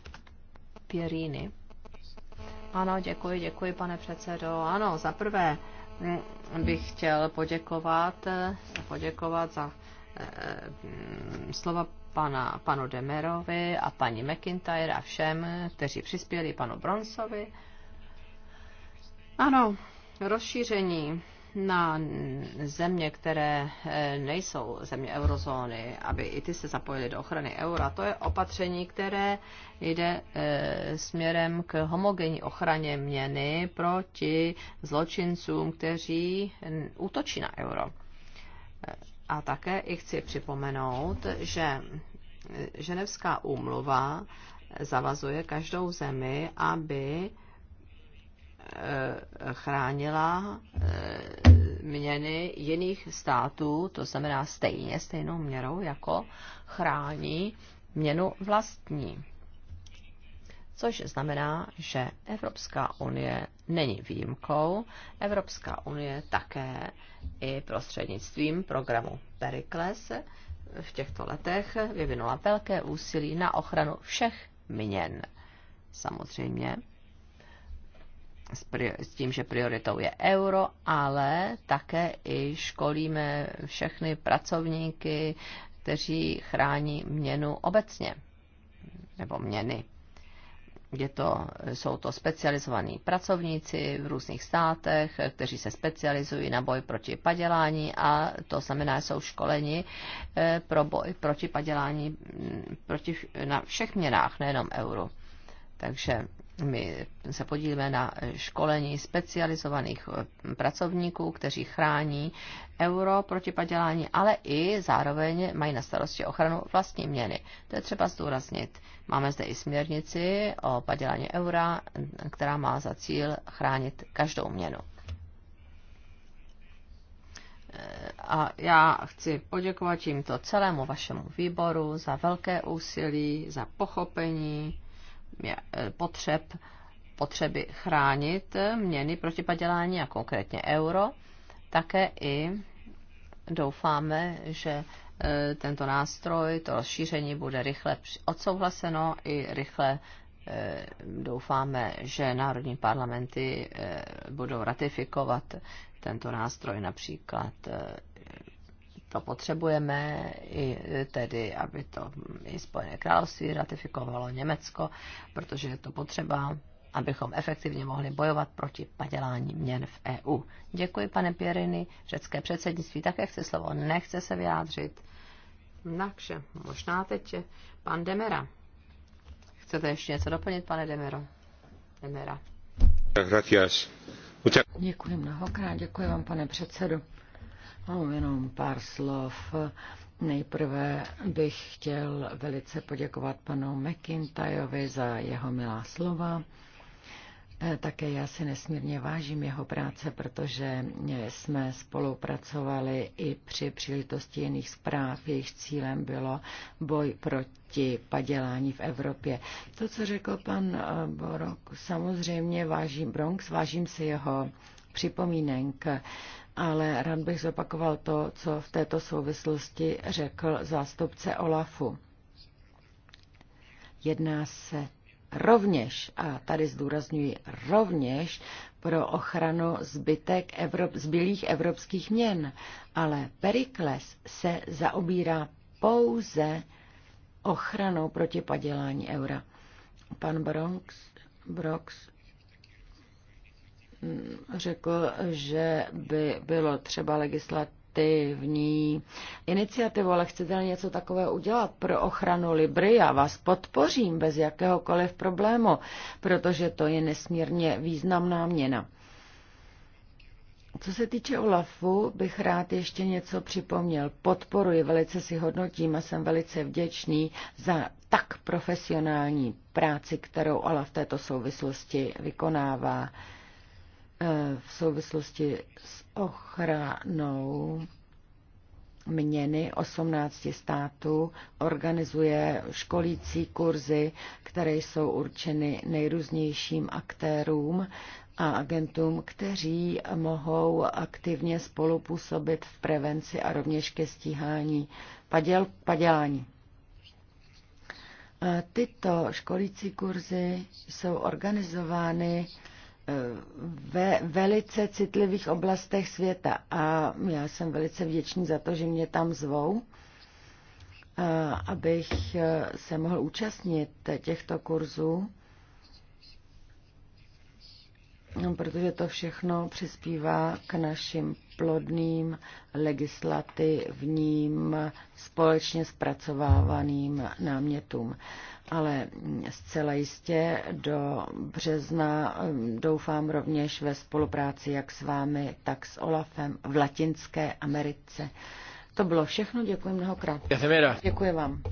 Pierini. Ano, děkuji, děkuji, pane předsedo. Ano, za prvé bych chtěl poděkovat, eh, poděkovat za eh, slova pana, panu Demerovi a paní McIntyre a všem, kteří přispěli panu Bronsovi. Ano, rozšíření na země, které eh, nejsou země eurozóny, aby i ty se zapojily do ochrany eura. To je opatření, které jde eh, směrem k homogenní ochraně měny proti zločincům, kteří útočí na euro. Eh, a také i chci připomenout, že Ženevská úmluva zavazuje každou zemi, aby Eh, chránila eh, měny jiných států, to znamená stejně, stejnou měrou, jako chrání měnu vlastní. Což znamená, že Evropská unie není výjimkou. Evropská unie také i prostřednictvím programu Pericles v těchto letech vyvinula velké úsilí na ochranu všech měn. Samozřejmě s tím, že prioritou je euro, ale také i školíme všechny pracovníky, kteří chrání měnu obecně, nebo měny. Je to, jsou to specializovaní pracovníci v různých státech, kteří se specializují na boj proti padělání a to znamená, jsou školeni eh, pro boj proti padělání mm, proti, na všech měnách, nejenom euru. Takže my se podílíme na školení specializovaných eh, pracovníků, kteří chrání euro proti padělání, ale i zároveň mají na starosti ochranu vlastní měny. To je třeba zdůraznit. Máme zde i směrnici o padělání eura, která má za cíl chránit každou měnu. Eh, a já chci poděkovat tímto celému vašemu výboru za velké úsilí, za pochopení Eh, potřeb, potřeby chránit měny proti padělání a konkrétně euro. Také i doufáme, že eh, tento nástroj, to rozšíření bude rychle odsouhlaseno i rychle eh, doufáme, že národní parlamenty budou ratifikovat tento nástroj například to potřebujeme, i e, tedy, aby to i Spojené království ratifikovalo Německo, protože je to potřeba, abychom efektivně mohli bojovat proti padělání měn v EU. Děkuji, pane Pěriny. Řecké předsednictví také chce slovo, nechce se vyjádřit. Takže možná teď je pan Demera. Chcete ještě něco doplnit, pane Demero? Demera. Děkuji mnohokrát, děkuji vám, pane předsedo. No, jenom pár slov. Nejprve bych chtěl velice poděkovat panu McIntyrovi za jeho milá slova. E, také já si nesmírně vážím jeho práce, protože e, jsme spolupracovali i při příležitosti jiných zpráv. Jejich cílem bylo boj proti padělání v Evropě. To, co řekl pan e, Borok, samozřejmě vážím Bronx, vážím si jeho připomínek ale rád bych zopakoval to, co v této souvislosti řekl zástupce Olafu. Jedná se rovněž, a tady zdůrazňuji rovněž, pro ochranu zbytek Evrop, zbylých evropských měn, ale Perikles se zaobírá pouze ochranou proti padělání eura. Pan Bronx, Brox řekl, že by bylo třeba legislativní iniciativu, ale chcete něco takového udělat pro ochranu Libry, já vás podpořím bez jakéhokoliv problému, protože to je nesmírně významná měna. Co se týče OLAFu, bych rád ještě něco připomněl. Podporuji, velice si hodnotím a jsem velice vděčný za tak profesionální práci, kterou OLAF v této souvislosti vykonává. Eh, v souvislosti s ochranou měny 18 států organizuje školící kurzy, které jsou určeny nejrůznějším aktérům a agentům, kteří mohou aktivně spolupůsobit v prevenci a rovněž ke stíhání paděl, padělání. Eh, tyto školící kurzy jsou organizovány ve velice citlivých oblastech světa. A já jsem velice vděčný za to, že mě tam zvou, abych eh, se mohl účastnit těchto kurzů No, protože to všechno přispívá k našim plodným legislativním společně zpracovávaným námětům. Ale zcela jistě do března doufám rovněž ve spolupráci jak s vámi, tak s Olafem v Latinské Americe. To bylo všechno, děkuji mnohokrát. Děkuji vám.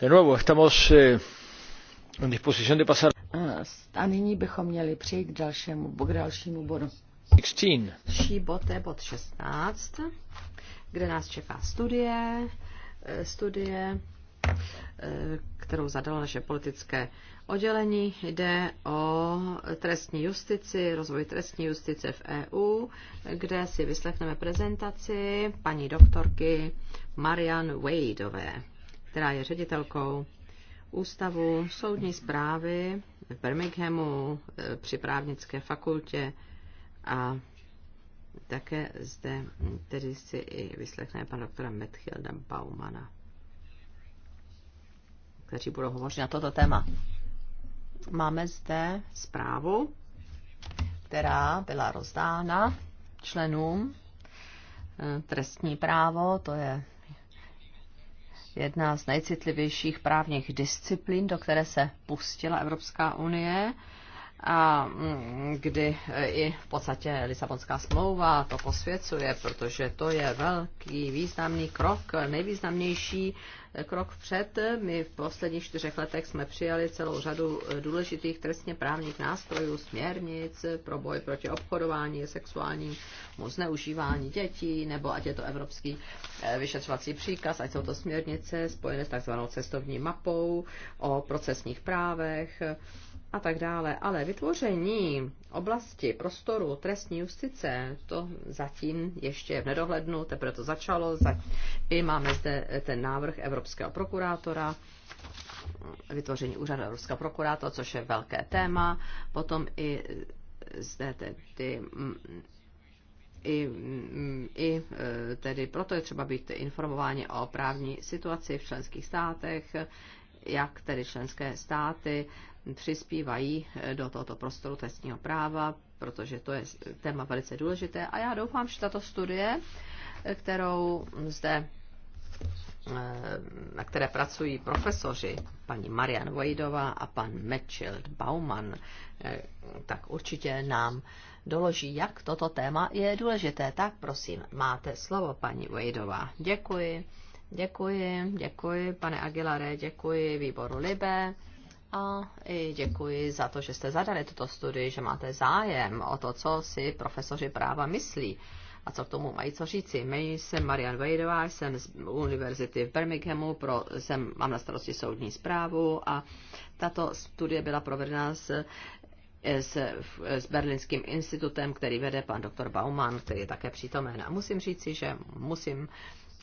De nuevo, estamos eh, en disposición de pasar Eh, a nyní bychom měli přijít k dalšímu, k dalšímu bodu. 16. Ší bod je bod 16, kde nás čeká studie, eh, studie, eh, kterou zadalo naše politické oddělení. Jde o trestní justici, rozvoj trestní justice v EU, kde si vyslechneme prezentaci paní doktorky Marian Wadeové, která je ředitelkou Ústavu soudní zprávy v Birminghamu eh, při právnické fakultě a také zde hm, tedy si i vyslechne pan doktora Methilda Baumana, kteří budou hovořit na toto téma. Máme zde zprávu, která byla rozdána členům. Eh, trestní právo, to je jedna z nejcitlivějších právních disciplín, do které se pustila Evropská unie a mm, kdy e, i v podstatě Lisabonská smlouva to posvěcuje, protože to je velký významný krok, nejvýznamnější e, krok před. My v posledních čtyřech letech jsme přijali celou řadu e, důležitých trestně právních nástrojů, směrnic pro boj proti obchodování, sexuálnímu zneužívání dětí, nebo ať je to evropský vyšetřovací příkaz, ať jsou to směrnice spojené s takzvanou cestovní mapou o procesních právech, a tak dále. Ale vytvoření oblasti prostoru trestní justice, to zatím ještě v nedohlednu, teprve to začalo. I máme zde eh, ten návrh Evropského prokurátora, vytvoření úřadu Evropského prokurátora, což je velké téma. Potom i eh, zde tedy mm, i, mm, i eh, tedy proto je třeba být informováni o právní situaci v členských státech, jak tedy členské státy přispívají eh, do tohoto prostoru trestního práva, protože to je téma velice důležité. A já doufám, že tato studie, eh, kterou zde eh, na které pracují profesoři, paní Marian Vojdová a pan Mechild Bauman, tak určitě nám doloží, jak toto téma je důležité. Tak prosím, máte slovo, paní Vojdová. Děkuji, děkuji, děkuji, pane Aguilare, děkuji výboru Libe a i děkuji za to, že jste zadali tuto studii, že máte zájem o to, co si profesoři práva myslí a co k tomu mají co říci. My jsem Marian Vejdová, jsem z Univerzity v Birminghamu, pro, jsem, mám na starosti soudní zprávu a tato studie byla provedena s s, s Berlínským institutem, který vede pan doktor Baumann, který je také přítomen. A musím říci, že musím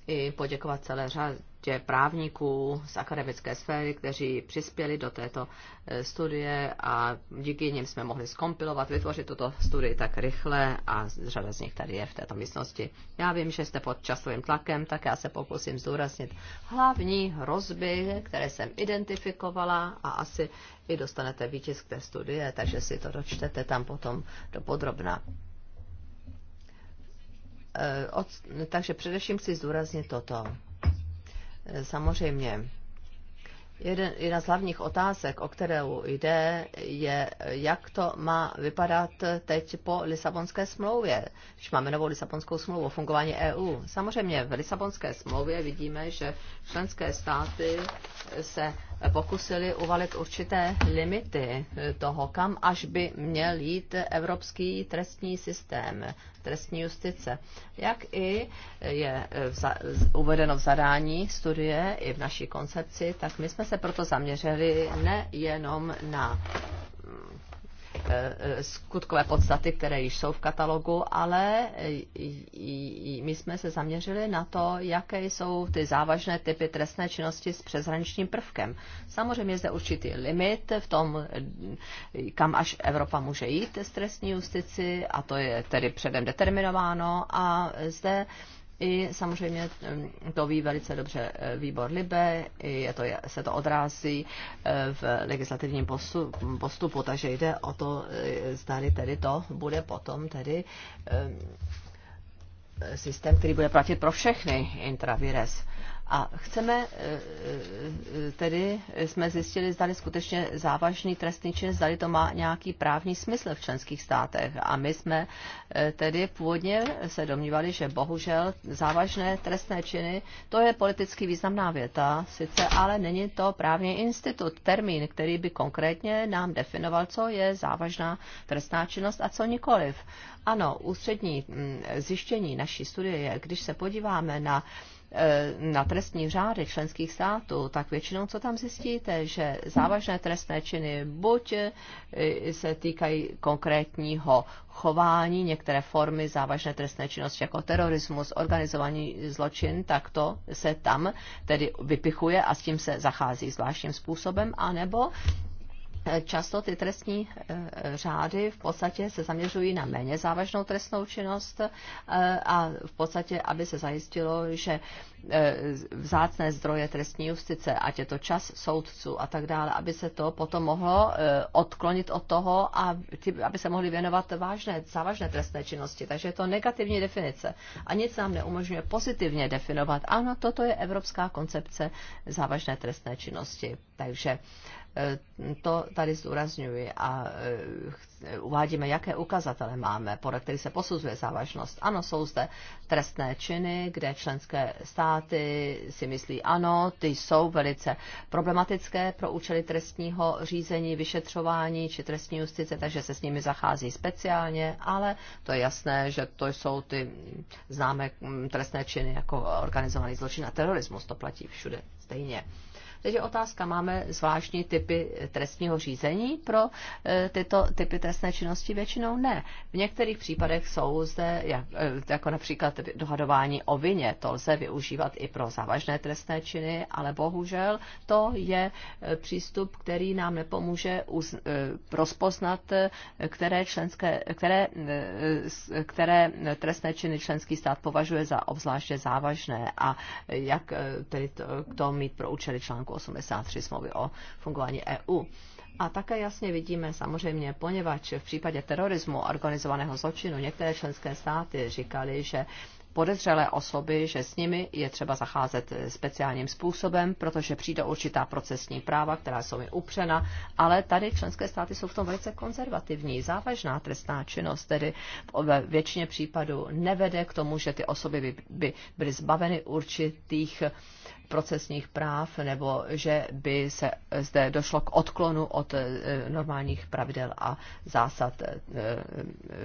i poděkovat celé řadě právníků z akademické sféry, kteří přispěli do této e, studie a díky nim jsme mohli skompilovat, vytvořit tuto studii tak rychle a řada z nich tady je v této místnosti. Já vím, že jste pod časovým tlakem, tak já se pokusím zdůraznit hlavní hrozby, které jsem identifikovala a asi i dostanete výtisk té studie, takže si to dočtete tam potom do podrobna. Eh, od, takže především chci zdůraznit toto. Eh, samozřejmě, jeden, jedna z hlavních otázek, o kterou jde, je, jak to má vypadat teď po Lisabonské smlouvě, když máme novou Lisabonskou smlouvu o fungování EU. Samozřejmě v Lisabonské smlouvě vidíme, že členské státy se pokusili uvalit určité limity toho, kam až by měl jít evropský trestní systém, trestní justice. Jak i je uvedeno v zadání studie i v naší koncepci, tak my jsme se proto zaměřili nejenom na Eh, eh, skutkové podstaty, které již jsou v katalogu, ale eh, my jsme se zaměřili na to, jaké jsou ty závažné typy trestné činnosti s přeshraničním prvkem. Samozřejmě je zde určitý limit v tom, kam až Evropa může jít s trestní justici, a to je tedy předem determinováno. A zde i samozřejmě mm, to ví velice dobře eh, výbor Libe, i je to, se to odrází eh, v legislativním postupu, takže jde o to, eh, zda tedy to bude potom tedy systém, který bude platit pro všechny intravires. A chceme, eh, eh, tedy jsme zjistili, zdali skutečně závažný trestný čin, zdali to má nějaký právní smysl v členských státech. A my jsme eh, tedy původně se domnívali, že bohužel závažné trestné činy, to je politicky významná věta, sice, ale není to právní institut, termín, který by konkrétně nám definoval, co je závažná trestná činnost a co nikoliv. Ano, ústřední mm, zjištění naší studie je, když se podíváme na Eh, na trestní řády členských států, tak většinou co tam zjistíte, že závažné trestné činy buď eh, se týkají konkrétního chování, některé formy závažné trestné činnosti jako terorismus, organizovaný zločin, tak to se tam tedy vypichuje a s tím se zachází zvláštním způsobem, anebo často ty trestní eh, řády v podstatě se zaměřují na méně závažnou trestnou činnost eh, a v podstatě, aby se zajistilo, že eh, vzácné zdroje trestní justice, ať je to čas soudců a tak dále, aby se to potom mohlo odklonit od toho a aby se mohli věnovat vážné, závažné trestné činnosti. Takže je to negativní definice a nic nám neumožňuje pozitivně definovat. Ano, toto je evropská koncepce závažné trestné činnosti. Takže Eh, to tady zdůrazňuji a eh, uvádíme, jaké ukazatele máme, podle kterých se posuzuje závažnost. Ano, jsou zde trestné činy, kde členské státy si myslí, ano, ty jsou velice problematické pro účely trestního řízení, vyšetřování či trestní justice, takže se s nimi zachází speciálně, ale to je jasné, že to jsou ty známé mm, trestné činy jako organizovaný zločin a terorismus, to platí všude stejně. Takže otázka, máme zvláštní typy trestního řízení pro eh, tyto typy trestné činnosti? Většinou ne. V některých případech jsou zde, eh, jako například dohadování o vině, to lze využívat i pro závažné trestné činy, ale bohužel to je eh, přístup, který nám nepomůže rozpoznat, které, členské, které, které trestné činy členský stát považuje za obzvláště závažné a jak tedy to, to mít pro účely článku článku 83 smlouvy o fungování EU. A také jasně vidíme samozřejmě, poněvadž v případě terorismu organizovaného zločinu některé členské státy říkali, že podezřelé osoby, že s nimi je třeba zacházet speciálním způsobem, protože přijde určitá procesní práva, která jsou mi upřena, ale tady členské státy jsou v tom velice konzervativní. Závažná trestná činnost tedy ve většině případů nevede k tomu, že ty osoby by, by byly zbaveny určitých procesních práv nebo že by se zde došlo k odklonu od eh, normálních pravidel a zásad eh, eh,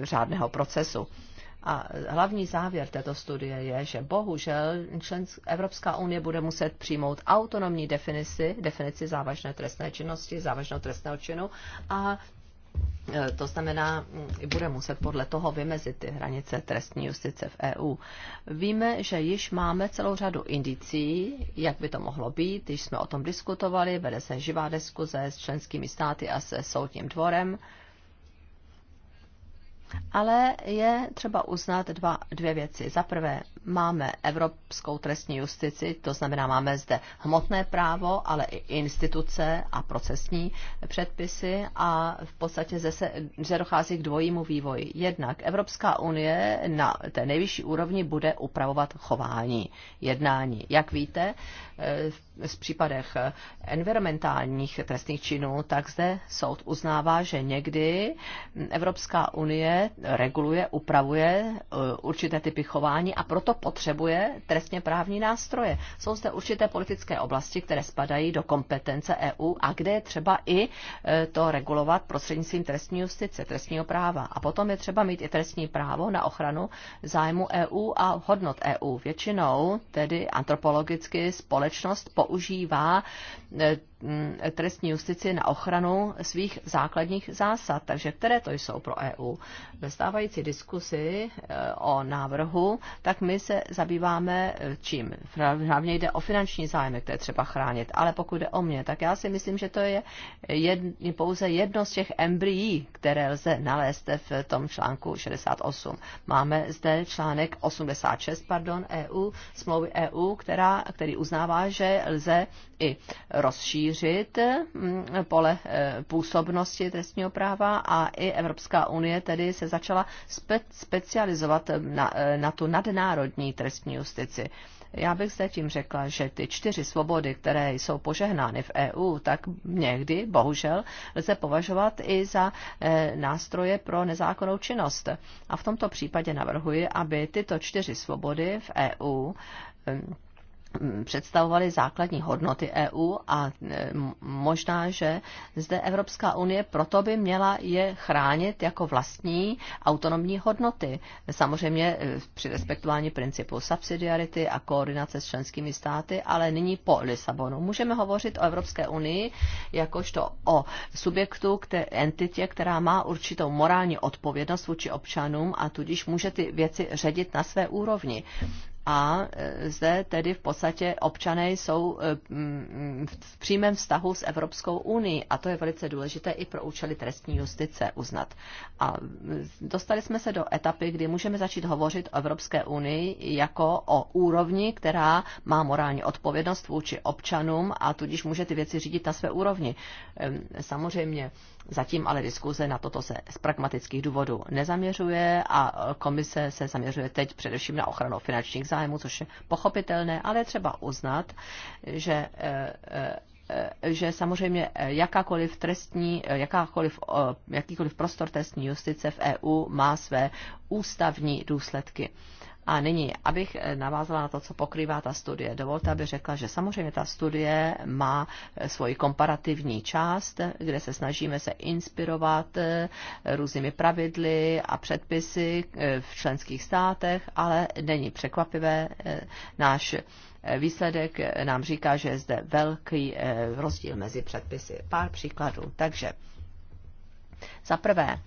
řádného procesu. A hlavní závěr této studie je, že bohužel Evropská unie bude muset přijmout autonomní definici, definici závažné trestné činnosti, závažného trestného činu a e, to znamená, bude muset podle toho vymezit ty hranice trestní justice v EU. Víme, že již máme celou řadu indicí, jak by to mohlo být, když jsme o tom diskutovali, vede se živá diskuze s členskými státy a se soudním dvorem ale je třeba uznat dva, dvě věci. Za prvé, máme evropskou trestní justici, to znamená, máme zde hmotné právo, ale i instituce a procesní předpisy a v podstatě zde, se, dochází k dvojímu vývoji. Jednak Evropská unie na té nejvyšší úrovni bude upravovat chování, jednání. Jak víte, eh, v v případech eh, environmentálních trestných činů, tak zde soud uznává, že někdy Evropská unie reguluje, upravuje eh, určité typy chování a proto potřebuje trestně právní nástroje. Jsou zde určité politické oblasti, které spadají do kompetence EU a kde je třeba i eh, to regulovat prostřednictvím trestní justice, trestního práva. A potom je třeba mít i trestní právo na ochranu zájmu EU a hodnot EU. Většinou tedy antropologicky společnost po používá eh, mm, trestní justici na ochranu svých základních zásad. Takže které to jsou pro EU? Ve stávající diskusi eh, o návrhu, tak my se zabýváme eh, čím? Hlavně jde o finanční zájmy, které třeba chránit. Ale pokud jde o mě, tak já si myslím, že to je jedn, pouze jedno z těch embryí, které lze nalézt v tom článku 68. Máme zde článek 86, pardon, EU, smlouvy EU, která, který uznává, že lze i rozšířit mm, pole eh, působnosti trestního práva a i Evropská unie tedy se začala spe- specializovat na, eh, na tu nadnárodní trestní justici. Já bych zde tím řekla, že ty čtyři svobody, které jsou požehnány v EU, tak někdy, bohužel, lze považovat i za eh, nástroje pro nezákonnou činnost. A v tomto případě navrhuji, aby tyto čtyři svobody v EU hm, Mm, představovaly základní hodnoty EU a e, možná, že zde Evropská unie proto by měla je chránit jako vlastní autonomní hodnoty. Samozřejmě e, při respektování principu subsidiarity a koordinace s členskými státy, ale nyní po Lisabonu. Můžeme hovořit o Evropské unii jakožto o subjektu, které, entitě, která má určitou morální odpovědnost vůči občanům a tudíž může ty věci ředit na své úrovni a e, zde tedy v podstatě občané jsou e, v přímém vztahu s Evropskou unii a to je velice důležité i pro účely trestní justice uznat. A e, dostali jsme se do etapy, kdy můžeme začít hovořit o Evropské unii jako o úrovni, která má morální odpovědnost vůči občanům a tudíž může ty věci řídit na své úrovni. Samozřejmě Zatím ale diskuze na toto se z pragmatických důvodů nezaměřuje a e, komise se zaměřuje teď především na ochranu finančních zájmů, což je pochopitelné, ale třeba uznat, že e, e, že samozřejmě jakákoliv trestní, jakákoliv, jakýkoliv prostor trestní justice v EU má své ústavní důsledky. A nyní, abych eh, navázala na to, co pokrývá ta studie, dovolte, aby řekla, že samozřejmě ta studie má eh, svoji komparativní část, kde se snažíme se inspirovat eh, různými pravidly a předpisy v členských státech, ale není překvapivé, náš výsledek nám říká, že je zde velký rozdíl mezi předpisy. Pár příkladů. Takže za prvé,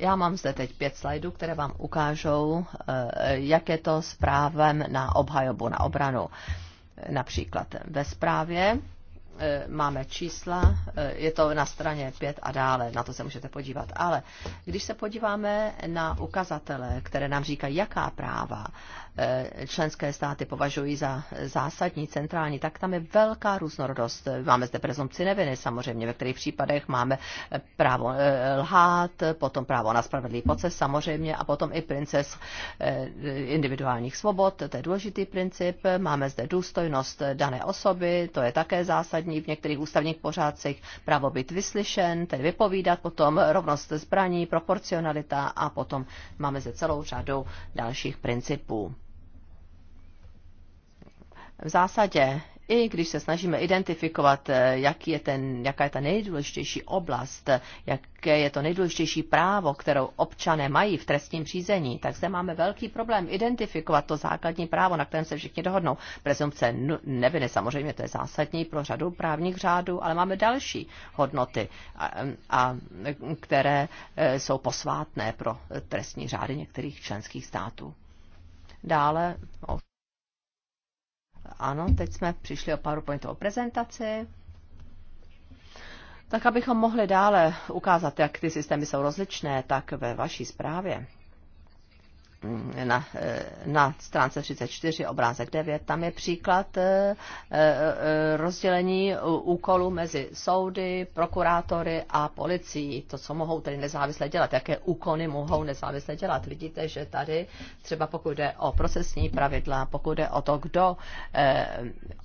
já mám zde teď pět slajdů, které vám ukážou, eh, jak je to s právem na obhajobu, na obranu. Například ve zprávě eh, máme čísla, eh, je to na straně 5 a dále, na to se můžete podívat. Ale když se podíváme na ukazatele, které nám říkají, jaká práva E, členské státy považují za zásadní, centrální, tak tam je velká různorodost. Máme zde prezumci neviny samozřejmě, ve kterých případech máme právo e, lhát, potom právo na spravedlivý proces samozřejmě a potom i princes e, individuálních svobod, to je důležitý princip. Máme zde důstojnost dané osoby, to je také zásadní v některých ústavních pořádcích, právo být vyslyšen, tedy vypovídat, potom rovnost zbraní, proporcionalita a potom máme zde celou řadu dalších principů v zásadě, i když se snažíme identifikovat, eh, jaký je ten, jaká je ta nejdůležitější oblast, jaké je to nejdůležitější právo, kterou občané mají v trestním řízení, tak zde máme velký problém identifikovat to základní právo, na kterém se všichni dohodnou. Prezumce neviny samozřejmě to je zásadní pro řadu právních řádů, ale máme další hodnoty, a, a, které eh, jsou posvátné pro trestní řády některých členských států. Dále, ano, teď jsme přišli o PowerPointovou prezentaci. Tak abychom mohli dále ukázat, jak ty systémy jsou rozličné, tak ve vaší zprávě na, eh, na stránce 34, obrázek 9, tam je příklad eh, eh, rozdělení úkolů mezi soudy, prokurátory a policií. To, co mohou tedy nezávisle dělat, jaké úkony mohou nezávisle dělat. Vidíte, že tady třeba pokud jde o procesní pravidla, pokud jde o to, kdo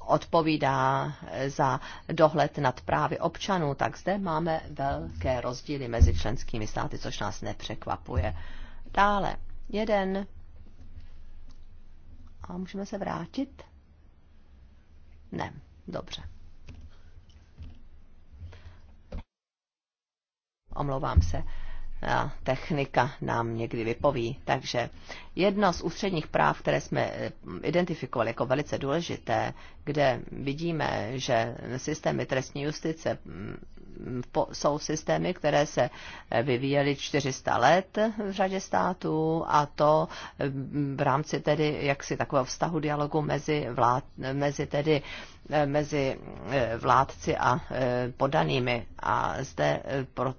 odpovídá za dohled nad právy občanů, tak zde máme velké rozdíly mezi členskými státy, což nás nepřekvapuje. Dále jeden. A můžeme se vrátit? Ne, dobře. Omlouvám se a technika nám někdy vypoví. Takže jedno z ústředních práv, které jsme eh, identifikovali jako velice důležité, kde vidíme, že systémy trestní justice mm, jsou systémy, které se eh, vyvíjely 400 let v řadě států a to eh, v rámci tedy jaksi takového vztahu dialogu mezi, vlád, mezi tedy Eh, mezi eh, vládci a eh, podanými. A zde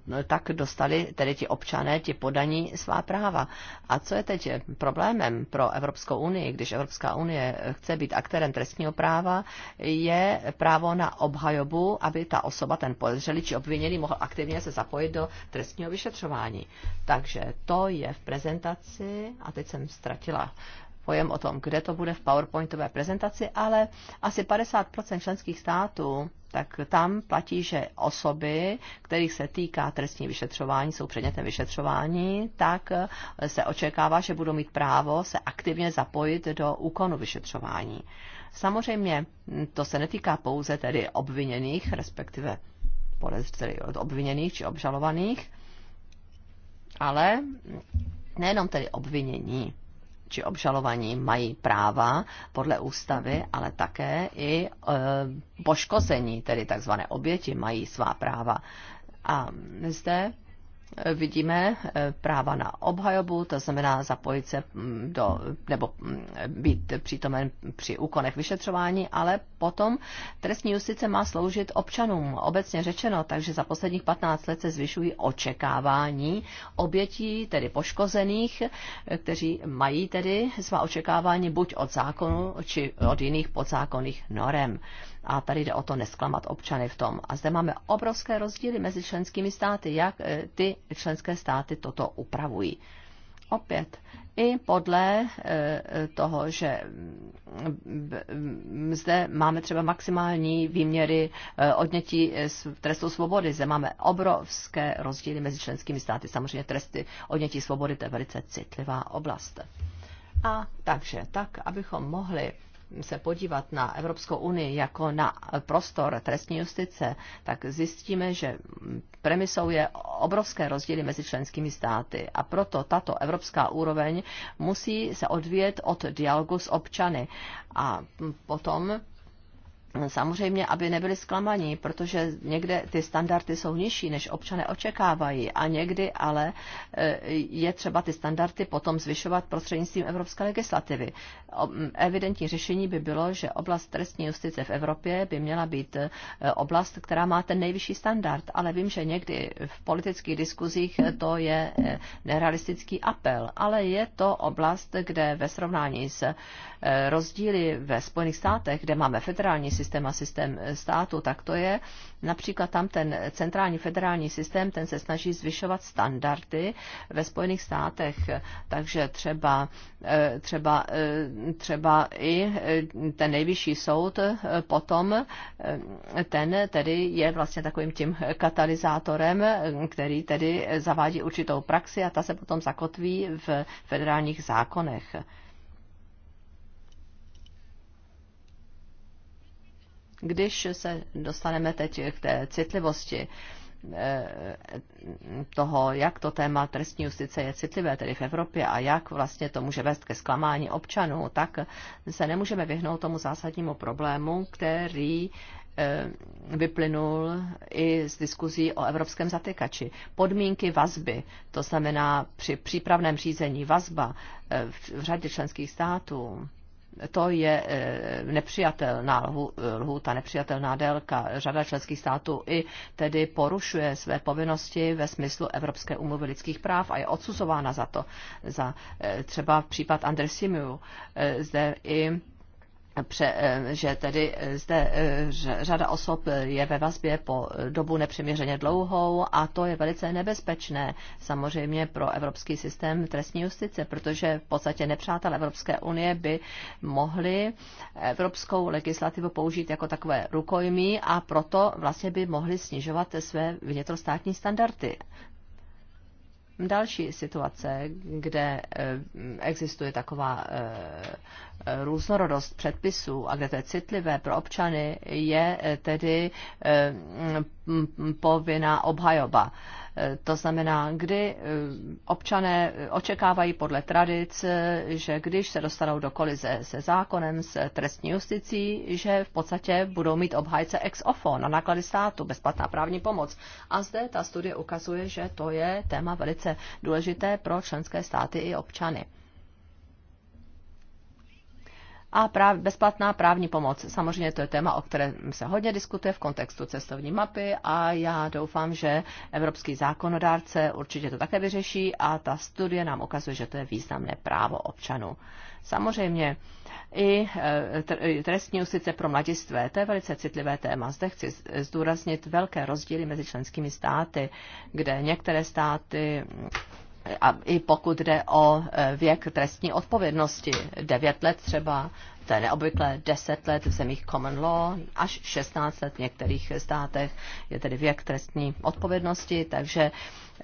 no, tak dostali tedy ti občané, ti podaní svá práva. A co je teď problémem pro Evropskou unii, když Evropská unie chce být aktérem trestního práva, je právo na obhajobu, aby ta osoba, ten podezřelý či obviněný, mohl aktivně se zapojit do trestního vyšetřování. Takže to je v prezentaci a teď jsem ztratila pojem o tom, kde to bude v PowerPointové prezentaci, ale asi 50% členských států, tak tam platí, že osoby, kterých se týká trestní vyšetřování, jsou předmětem vyšetřování, tak se očekává, že budou mít právo se aktivně zapojit do úkonu vyšetřování. Samozřejmě to se netýká pouze tedy obviněných, respektive obviněných či obžalovaných, ale nejenom tedy obvinění či obžalovaní mají práva podle ústavy, ale také i e, poškození, tedy takzvané oběti, mají svá práva. A zde vidíme eh, práva na obhajobu, to znamená zapojit se mm, do, nebo mm, být přítomen při úkonech vyšetřování, ale potom trestní justice má sloužit občanům. Obecně řečeno, takže za posledních 15 let se zvyšují očekávání obětí, tedy poškozených, eh, kteří mají tedy svá očekávání buď od zákonu, či od jiných podzákonných norem. A tady jde o to nesklamat občany v tom. A zde máme obrovské rozdíly mezi členskými státy, jak eh, ty členské státy toto upravují. Opět, i podle eh, toho, že mm, mm, zde máme třeba maximální výměry eh, odnětí trestu svobody. Zde máme obrovské rozdíly mezi členskými státy. Samozřejmě tresty odnětí svobody to je velice citlivá oblast. A takže tak, abychom mohli se podívat na Evropskou unii jako na prostor trestní justice, tak zjistíme, že premisou je obrovské rozdíly mezi členskými státy a proto tato evropská úroveň musí se odvíjet od dialogu s občany a potom samozřejmě, aby nebyli zklamaní, protože někde ty standardy jsou nižší, než občané očekávají a někdy ale eh, je třeba ty standardy potom zvyšovat prostřednictvím evropské legislativy. Evidentní řešení by bylo, že oblast trestní justice v Evropě by měla být eh, oblast, která má ten nejvyšší standard, ale vím, že někdy v politických diskuzích to je eh, nerealistický apel, ale je to oblast, kde ve srovnání s rozdíly ve Spojených státech, kde máme federální systém, systém a systém eh, státu, tak to je například tam ten centrální federální systém, ten se snaží zvyšovat standardy ve Spojených státech, takže třeba, eh, třeba, eh, třeba i ten nejvyšší soud potom, ten tedy je vlastně takovým tím katalyzátorem, který tedy zavádí určitou praxi a ta se potom zakotví v federálních zákonech. Když se dostaneme teď k té citlivosti, eh, toho, jak to téma trestní justice je citlivé tedy v Evropě a jak vlastně to může vést ke zklamání občanů, tak se nemůžeme vyhnout tomu zásadnímu problému, který eh, vyplynul i z diskuzí o evropském zatykači. Podmínky vazby, to znamená při přípravném řízení vazba eh, v řadě členských států, to je eh, nepřijatelná lhůta, nepřijatelná délka. Řada členských států i tedy porušuje své povinnosti ve smyslu Evropské umluvy lidských práv a je odsuzována za to. Za eh, třeba případ Andresimu eh, zde i Eh, že tedy eh, zde eh, řada osob je ve vazbě po dobu nepřiměřeně dlouhou a to je velice nebezpečné samozřejmě pro evropský systém trestní justice, protože v podstatě nepřátel Evropské unie by mohli evropskou legislativu použít jako takové rukojmí a proto vlastně by mohli snižovat své vnitrostátní standardy. Další situace, kde eh, existuje taková eh, různorodost předpisů a kde to je citlivé pro občany, je eh, tedy povinná obhajoba. To znamená, kdy eh, občané očekávají podle tradic, eh, že když se dostanou do kolize se zákonem, s trestní justicí, že v podstatě budou mít obhájce ex ofo na náklady státu, bezplatná právní pomoc. A zde ta studie ukazuje, že to je téma velice důležité pro členské státy i občany a práv, bezplatná právní pomoc. Samozřejmě to je téma, o kterém se hodně diskutuje v kontextu cestovní mapy a já doufám, že evropský zákonodárce určitě to také vyřeší a ta studie nám ukazuje, že to je významné právo občanů. Samozřejmě i e, trestní usice pro mladistvé, to je velice citlivé téma. Zde chci zdůraznit velké rozdíly mezi členskými státy, kde některé státy a i pokud jde o e, věk trestní odpovědnosti, devět let třeba, to je neobvyklé, 10 let v zemích common law, až 16 let v některých státech je tedy věk trestní odpovědnosti, takže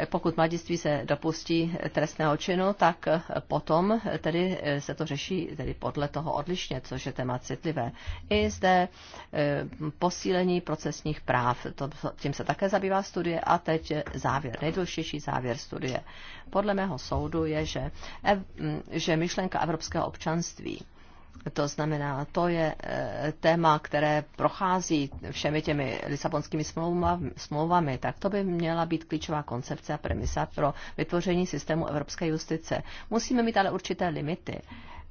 pokud mladiství se dopustí trestného činu, tak potom tedy se to řeší tedy podle toho odlišně, což je téma citlivé. I zde eh, posílení procesních práv, to, tím se také zabývá studie a teď závěr, nejdůležitější závěr studie. Podle mého soudu je, že, že myšlenka evropského občanství to znamená, to je eh, téma, které prochází všemi těmi lisabonskými smlouvami, tak to by měla být klíčová koncepce a premisa pro vytvoření systému evropské justice. Musíme mít ale určité limity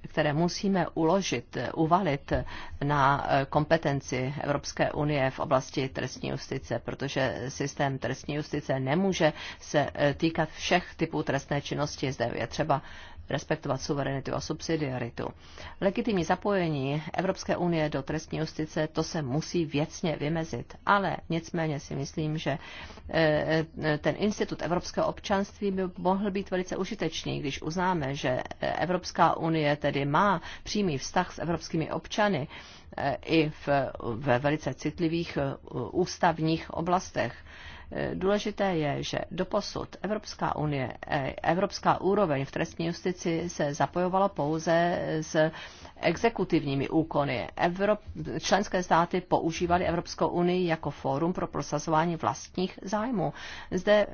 které musíme uložit, uvalit na eh, kompetenci Evropské unie v oblasti trestní justice, protože systém trestní justice nemůže se eh, týkat všech typů trestné činnosti. Zde je třeba respektovat suverenitu a subsidiaritu. Legitimní zapojení Evropské unie do trestní justice, to se musí věcně vymezit, ale nicméně si myslím, že e, e, ten institut Evropského občanství by mohl být velice užitečný, když uznáme, že Evropská unie tedy má přímý vztah s evropskými občany e, i v, ve velice citlivých ústavních oblastech. Důležité je, že doposud Evropská unie, evropská úroveň v trestní justici se zapojovala pouze s exekutivními úkony. Evrop, členské státy používaly Evropskou unii jako fórum pro prosazování vlastních zájmů. Zde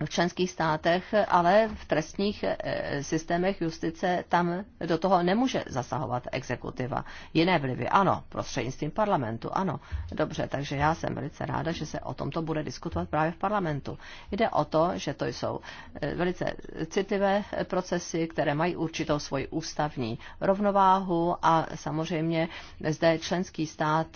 v členských státech, ale v trestních eh, systémech justice tam do toho nemůže zasahovat exekutiva. Jiné vlivy, ano, prostřednictvím parlamentu, ano. Dobře, takže já jsem velice ráda, že se o tomto bude diskutovat právě v parlamentu. Jde o to, že to jsou eh, velice citlivé eh, procesy, které mají určitou svoji ústavní rovnováhu a samozřejmě zde členský stát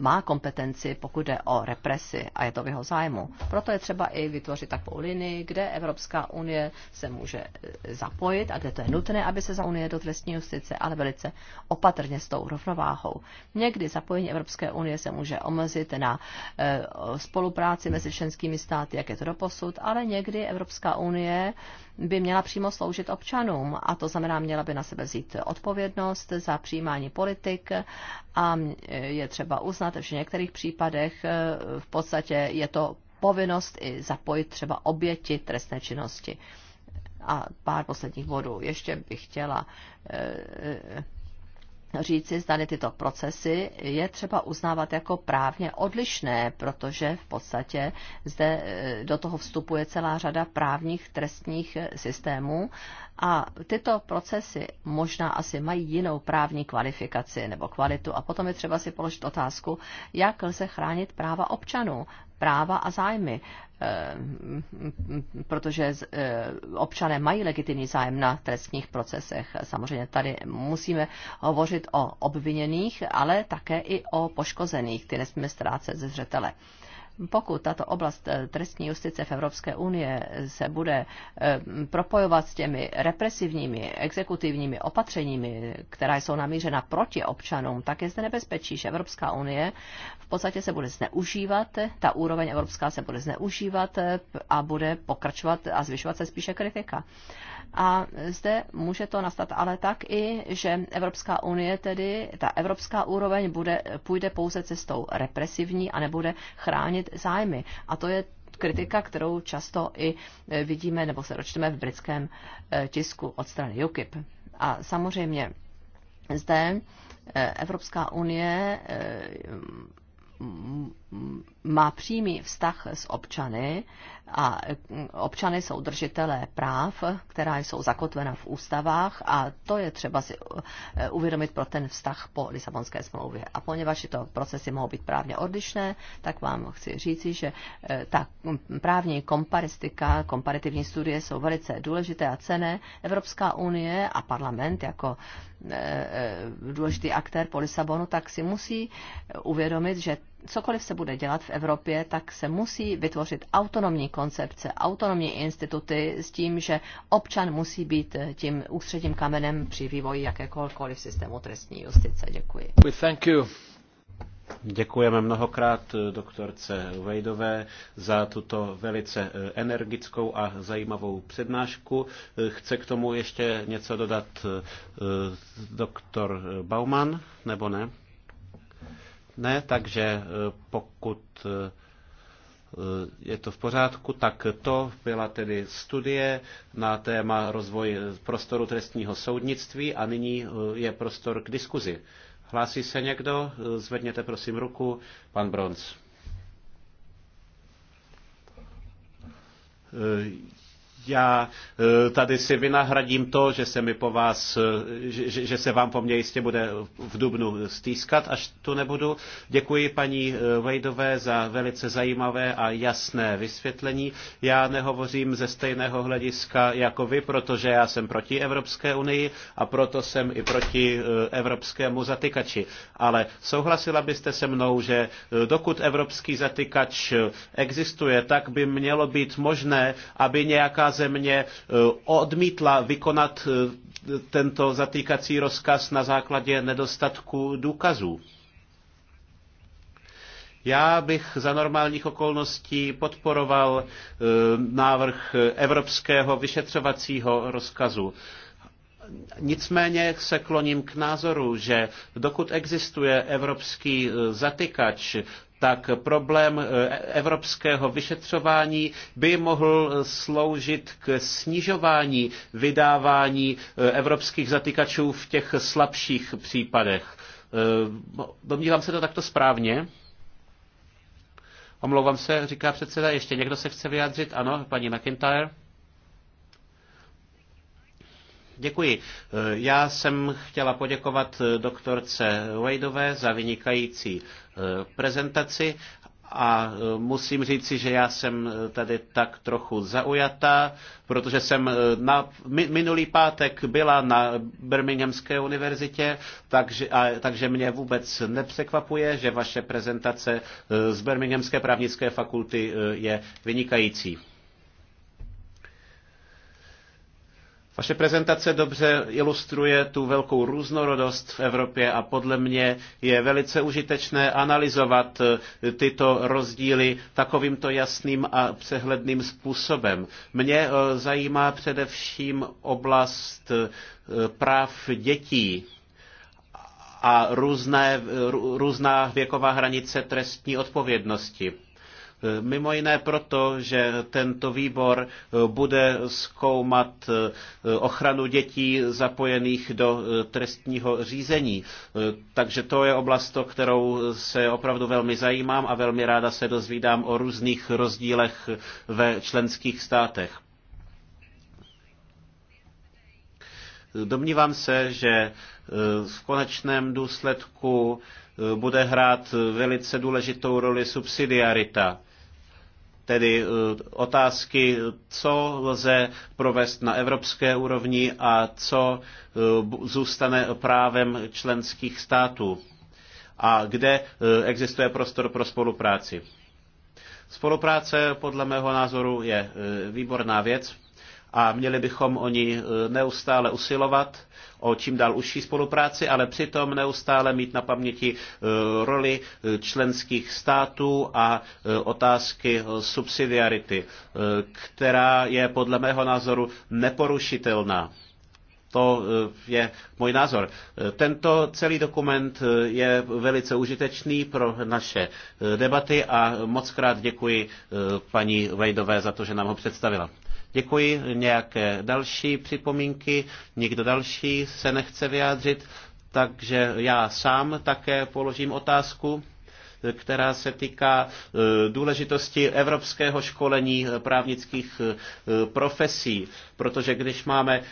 má kompetenci, pokud jde o represi a je to v jeho zájmu. Proto je třeba i vytvořit tak nějakou linii, kde Evropská unie se může e, zapojit a kde to je nutné, aby se za unie do trestní justice, ale velice opatrně s tou rovnováhou. Někdy zapojení Evropské unie se může omezit na e, spolupráci mezi členskými státy, jak je to doposud, ale někdy Evropská unie by měla přímo sloužit občanům a to znamená, měla by na sebe vzít odpovědnost za přijímání politik a e, je třeba uznat, že v některých případech v podstatě je to povinnost i zapojit třeba oběti trestné činnosti. A pár posledních bodů. Ještě bych chtěla eh, eh, říci, zdany tyto procesy je třeba uznávat jako právně odlišné, protože v podstatě zde eh, do toho vstupuje celá řada právních trestních systémů a tyto procesy možná asi mají jinou právní kvalifikaci nebo kvalitu a potom je třeba si položit otázku, jak lze chránit práva občanů práva a zájmy eh, protože eh, občané mají legitimní zájem na trestních procesech. Samozřejmě tady musíme hovořit o obviněných, ale také i o poškozených, ty nesmíme ztrácet ze zřetele pokud tato oblast eh, trestní justice v Evropské unie se bude eh, propojovat s těmi represivními, exekutivními opatřeními, která jsou namířena proti občanům, tak je zde nebezpečí, že Evropská unie v podstatě se bude zneužívat, ta úroveň evropská se bude zneužívat eh, a bude pokračovat a zvyšovat se spíše kritika. A zde může to nastat ale tak i, že Evropská unie tedy, ta evropská úroveň bude, půjde pouze cestou represivní a nebude chránit zájmy. A to je kritika, kterou často i e, vidíme nebo se dočteme v britském e, tisku od strany UKIP. A samozřejmě zde e, Evropská unie má přímý vztah s občany a mm, občany jsou držitelé práv, která jsou zakotvena v ústavách a to je třeba si eh, uvědomit pro ten vztah po Lisabonské smlouvě. A poněvadž tyto procesy mohou být právně odlišné, tak vám chci říci, že eh, ta mm, právní komparistika, komparativní studie jsou velice důležité a cené. Evropská unie a parlament jako eh, důležitý aktér po Lisabonu, tak si musí uvědomit, že cokoliv se bude dělat v Evropě, tak se musí vytvořit autonomní koncepce, autonomní instituty s tím, že občan musí být tím ústředním kamenem při vývoji jakékoliv systému trestní justice. Děkuji. thank you. Děkujeme mnohokrát doktorce Vejdové za tuto velice eh, energickou a zajímavou přednášku. Eh, chce k tomu ještě něco dodat eh, doktor Bauman, nebo ne? Ne, takže eh, pokud eh, je to v pořádku, tak to byla tedy studie na téma rozvoj eh, prostoru trestního soudnictví a nyní je prostor k diskuzi. Hlásí se někdo? Zvedněte prosím ruku. Pan Bronz já eh, tady si vynahradím to, že se mi po vás, eh, že, že se vám po mně jistě bude v Dubnu stýskat, až tu nebudu. Děkuji paní eh, Vejdové za velice zajímavé a jasné vysvětlení. Já nehovořím ze stejného hlediska jako vy, protože já jsem proti Evropské unii a proto jsem i proti evropskému zatykači. Ale souhlasila byste se mnou, že dokud evropský zatykač existuje, tak by mělo být možné, aby nějaká země eh, odmítla vykonat eh, tento zatýkací rozkaz na základě nedostatku důkazů. Já bych za normálních okolností podporoval eh, návrh evropského vyšetřovacího rozkazu. Nicméně se kloním k názoru, že dokud existuje evropský zatykač, tak problém eh, evropského vyšetřování by mohl sloužit k snižování vydávání eh, evropských zatykačů v těch slabších případech. Eh, domnívám se to takto správně? Omlouvám se, říká předseda. Ještě někdo se chce vyjádřit? Ano, paní McIntyre. Děkuji. Já jsem chtěla poděkovat doktorce Wadeové za vynikající Eh, prezentaci a eh, musím říci, že já jsem eh, tady tak trochu zaujatá, protože jsem na, minulý pátek byla na Birminghamské univerzitě, takže, a, takže mě vůbec nepřekvapuje, že vaše prezentace z Birminghamské právnické fakulty je vynikající. Vaše prezentace dobře ilustruje tu velkou různorodost v Evropě a podle mě je velice užitečné analyzovat eh, tyto rozdíly takovýmto jasným a přehledným způsobem. Mě eh, zajímá především oblast eh, práv dětí a různé, různá věková hranice trestní odpovědnosti. Mimo jiné proto, že tento výbor eh, bude zkoumat eh, ochranu dětí zapojených do eh, trestního řízení. Takže to je oblast, o kterou se opravdu velmi zajímám a velmi ráda se dozvídám o různých rozdílech ve členských státech. Domnívám se, že v konečném důsledku bude hrát velice důležitou roli subsidiarita Tedy eh, otázky, co lze provést na evropské úrovni a co eh, zůstane právem členských států a kde eh, existuje prostor pro spolupráci. Spolupráce podle mého názoru je výborná věc a měli bychom o ní neustále usilovat o čím dál užší spolupráci, ale přitom neustále mít na paměti eh, roli eh, členských států a eh, otázky subsidiarity, která je podle mého názoru neporušitelná. To je můj názor. Tento celý dokument je velice užitečný pro naše debaty a moc krát děkuji paní Vejdové za to, že nám ho představila. Děkuji. Nějaké další připomínky? Nikdo další se nechce vyjádřit? Takže já sám také položím otázku která se týká e, důležitosti evropského školení právnických e, profesí, protože když máme e,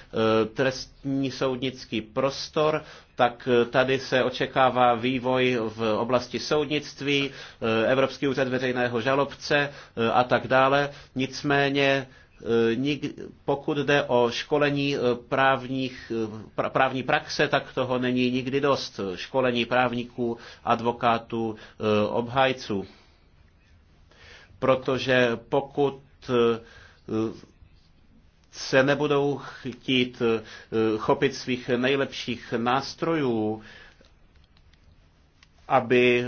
trestní soudnický prostor, tak tady se očekává vývoj v oblasti soudnictví, Evropský úřad veřejného žalobce a tak dále. Nicméně Eh, pokud jde o školení eh, právních, eh, právní praxe, tak toho není nikdy dost. Školení právníků, advokátů, obhájců. Protože pokud se nebudou chtít chopit svých nejlepších nástrojů, aby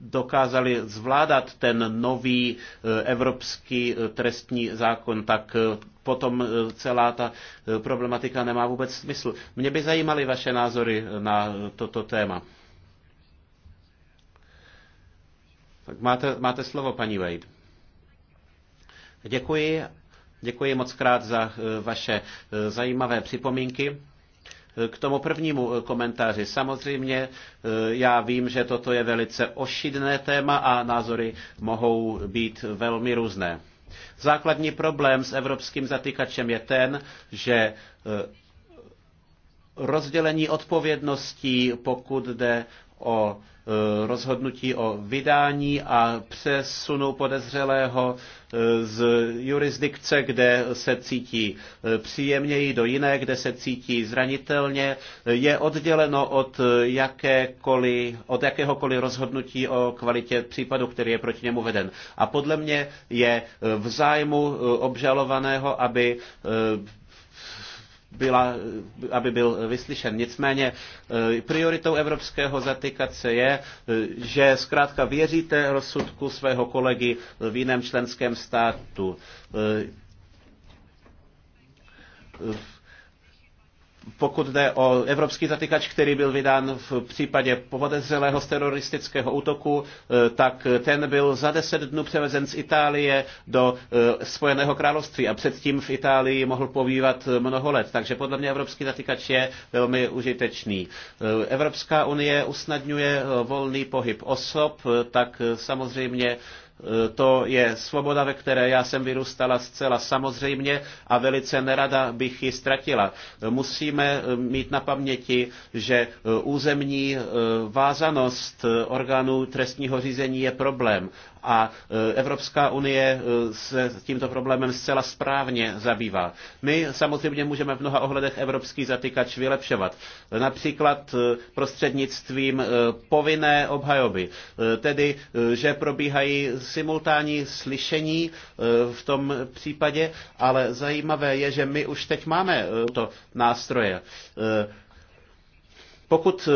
dokázali zvládat ten nový e, evropský e, trestní zákon, tak e, potom celá ta problematika nemá vůbec smysl. Mě by zajímaly vaše názory na toto téma. Tak máte, máte slovo, paní Wade. Děkuji. Děkuji moc krát za vaše zajímavé připomínky. K tomu prvnímu eh, komentáři. Samozřejmě eh, já vím, že toto je velice ošidné téma a názory mohou být velmi různé. Základní problém s evropským zatýkačem je ten, že eh, rozdělení odpovědností, pokud jde o Eh, rozhodnutí o vydání a přesunu podezřelého eh, z jurisdikce, kde se cítí eh, příjemněji, do jiné, kde se cítí zranitelně, je odděleno od, jakékoliv, od jakéhokoliv rozhodnutí o kvalitě případu, který je proti němu veden. A podle mě je v zájmu obžalovaného, aby byla, aby byl vyslyšen. Nicméně e, prioritou evropského zatykace je, e, že zkrátka věříte rozsudku svého kolegy v jiném členském státu. E, pokud jde o evropský zatykač, který byl vydán v případě povodezřelého z teroristického útoku, eh, tak ten byl za deset dnů převezen z Itálie do eh, Spojeného království a předtím v Itálii mohl pobývat mnoho let. Takže podle mě evropský zatykač je velmi užitečný. Eh, Evropská unie usnadňuje volný pohyb osob, tak samozřejmě Eh, to je svoboda, ve které já jsem vyrůstala zcela samozřejmě a velice nerada bych ji ztratila. Eh, musíme eh, mít na paměti, že územní vázanost orgánů trestního řízení je problém a Evropská unie se tímto problémem zcela správně zabývá. My samozřejmě můžeme v mnoha ohledech evropský zatykač vylepšovat. Například prostřednictvím povinné obhajoby, tedy že probíhají simultánní slyšení eh, v tom případě, ale zajímavé je, že my už teď máme eh, to nástroje. Eh, pokud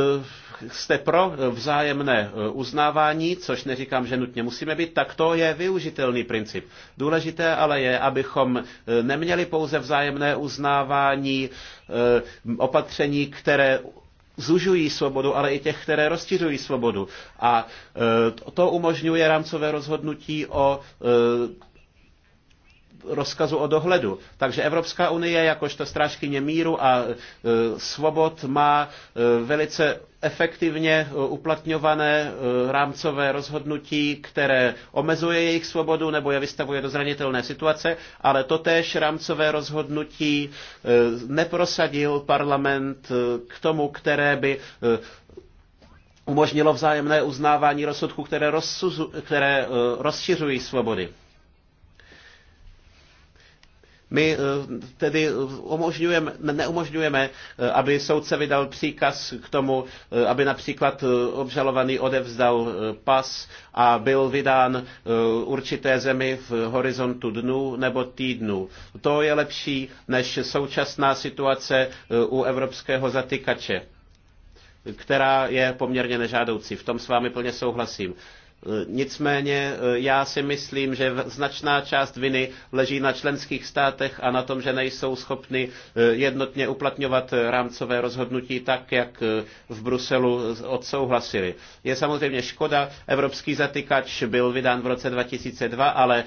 jste pro vzájemné uznávání, což neříkám, že nutně musíme být, tak to je využitelný princip. Důležité ale je, abychom neměli pouze vzájemné uznávání opatření, které zužují svobodu, ale i těch, které rozšiřují svobodu. A e, to umožňuje rámcové rozhodnutí o e, rozkazu o dohledu. Takže Evropská unie jakožto strážkyně míru a e, svobod má velice efektivně eh, uplatňované eh, rámcové rozhodnutí, které omezuje jejich svobodu nebo je vystavuje do zranitelné situace, ale totéž rámcové rozhodnutí eh, neprosadil parlament k tomu, které by umožnilo vzájemné uznávání rozsudků, které, rozsuzu, které rozšiřují svobody. My eh, tedy eh, umožňujeme, neumožňujeme, eh, aby soudce vydal příkaz k tomu, aby například obžalovaný odevzdal pas a byl vydán určité zemi v horizontu dnů nebo týdnů. To je lepší než současná situace u evropského zatykače která je poměrně nežádoucí. V tom s vámi plně souhlasím. Nicméně eh, já si myslím, že značná část viny leží na členských státech a na tom, že nejsou schopny eh, jednotně uplatňovat eh, rámcové rozhodnutí tak, jak v Bruselu odsouhlasili. Je samozřejmě škoda, evropský zatykač byl vydán v roce 2002, ale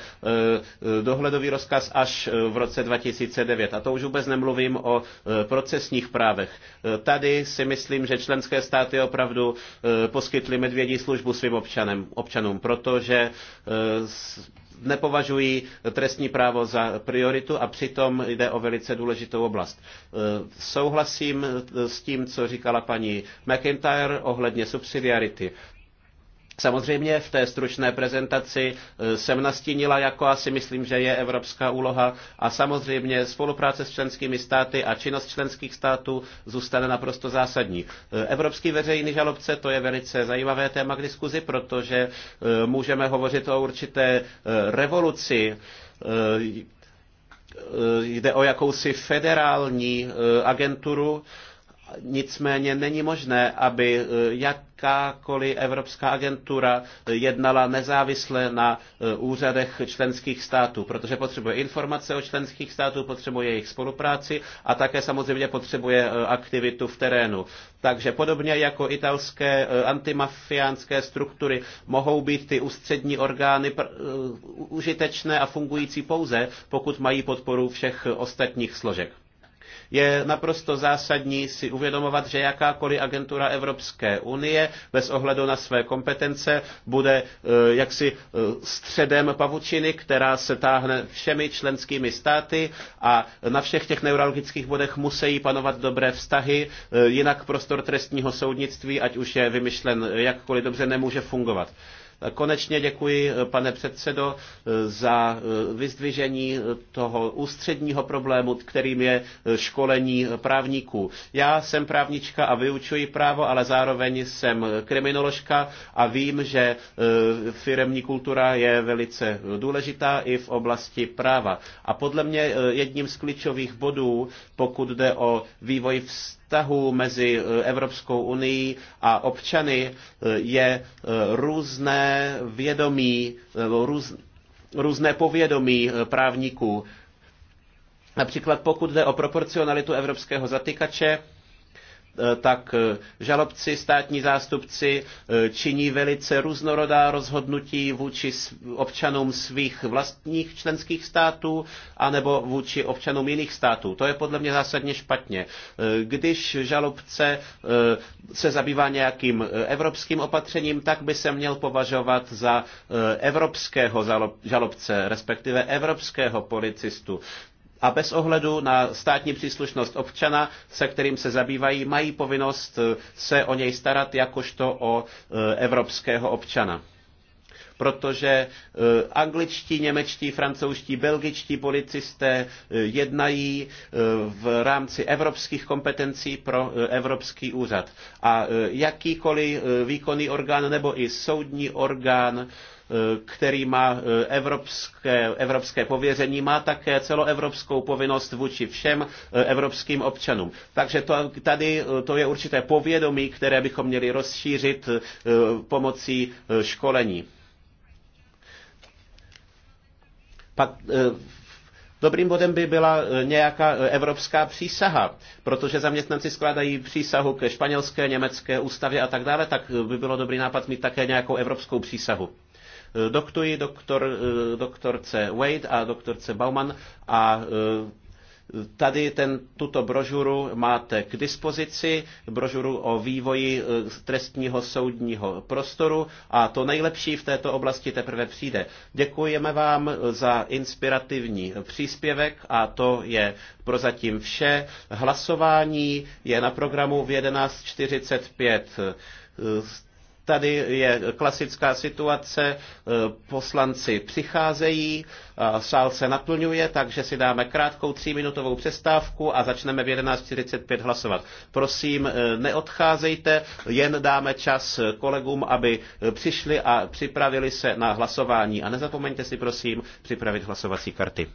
dohledový rozkaz až v roce 2009. A to už vůbec nemluvím o procesních právech. Tady si myslím, že členské státy opravdu poskytly medvědí službu svým občanům občanům, protože e, nepovažují trestní právo za prioritu a přitom jde o velice důležitou oblast. E, souhlasím s tím, co říkala paní McIntyre ohledně subsidiarity. Samozřejmě v té stručné prezentaci e, jsem nastínila, jako asi myslím, že je evropská úloha a samozřejmě spolupráce s členskými státy a činnost členských států zůstane naprosto zásadní. E, evropský veřejný žalobce to je velice zajímavé téma k diskuzi, protože e, můžeme hovořit o určité revoluci jde o jakousi federální agenturu, Nicméně není možné, aby eh, jakákoliv evropská agentura eh, jednala nezávisle na eh, úřadech členských států, protože potřebuje informace o členských států, potřebuje jejich spolupráci a také samozřejmě potřebuje aktivitu v terénu. Takže podobně jako italské antimafiánské struktury mohou být ty ústřední orgány užitečné a fungující pouze, pokud mají podporu všech ostatních složek. Je naprosto zásadní si uvědomovat, že jakákoliv agentura Evropské unie bez ohledu na své kompetence bude eh, jaksi eh, středem pavučiny, která se táhne všemi členskými státy a na všech těch neurologických bodech musí panovat dobré vztahy, eh, jinak prostor trestního soudnictví, ať už je vymyšlen jakkoliv dobře, nemůže fungovat. Konečně děkuji, eh, pane předsedo, eh, za eh, vyzdvižení toho ústředního problému, kterým je školení právníků. Já jsem právnička a vyučuji právo, ale zároveň jsem kriminoložka a vím, že firemní kultura je velice důležitá i v oblasti práva. A podle mě jedním z klíčových bodů, pokud jde o vývoj vztahů, vztahů mezi eh, Evropskou unii a občany eh, je eh, různé vědomí, růz, různé povědomí právníků. Například pokud jde o proporcionalitu evropského zatykače, Eh, tak eh, žalobci, státní zástupci eh, činí velice různorodá rozhodnutí vůči občanům svých vlastních členských států anebo vůči občanům jiných států. To je podle mě zásadně špatně. Když žalobce se zabývá nějakým evropským opatřením, tak by se měl považovat za evropského žalobce, respektive evropského policistu a bez ohledu na státní příslušnost občana, se kterým se zabývají, mají povinnost eh, se o něj starat jakožto o eh, evropského občana protože eh, angličtí, němečtí, francouzští, belgičtí policisté jednají v rámci evropských kompetencí pro Evropský úřad. A jakýkoliv výkonný orgán nebo i soudní orgán který má eh, evropské, evropské pověření, má také celoevropskou povinnost vůči všem eh, evropským občanům. Takže to, tady eh, to je určité povědomí, které bychom měli rozšířit pomocí školení. Pak, Dobrým bodem by byla nějaká evropská přísaha, protože zaměstnanci skládají přísahu ke španělské, německé ústavě a tak dále, tak by bylo dobrý nápad mít také nějakou evropskou přísahu. Eh, Doktuji doktor, eh, doktorce Wade a doktorce Bauman a eh, Tady ten, tuto brožuru máte k dispozici, brožuru o vývoji trestního soudního prostoru a to nejlepší v této oblasti teprve přijde. Děkujeme vám za inspirativní příspěvek a to je prozatím vše. Hlasování je na programu v 11.45 Tady je klasická situace, e, poslanci přicházejí, sál se naplňuje, takže si dáme krátkou tříminutovou přestávku a začneme v 11.45 hlasovat. Prosím, e, neodcházejte, jen dáme čas kolegům, aby e, přišli a připravili se na hlasování. A nezapomeňte si prosím připravit hlasovací karty.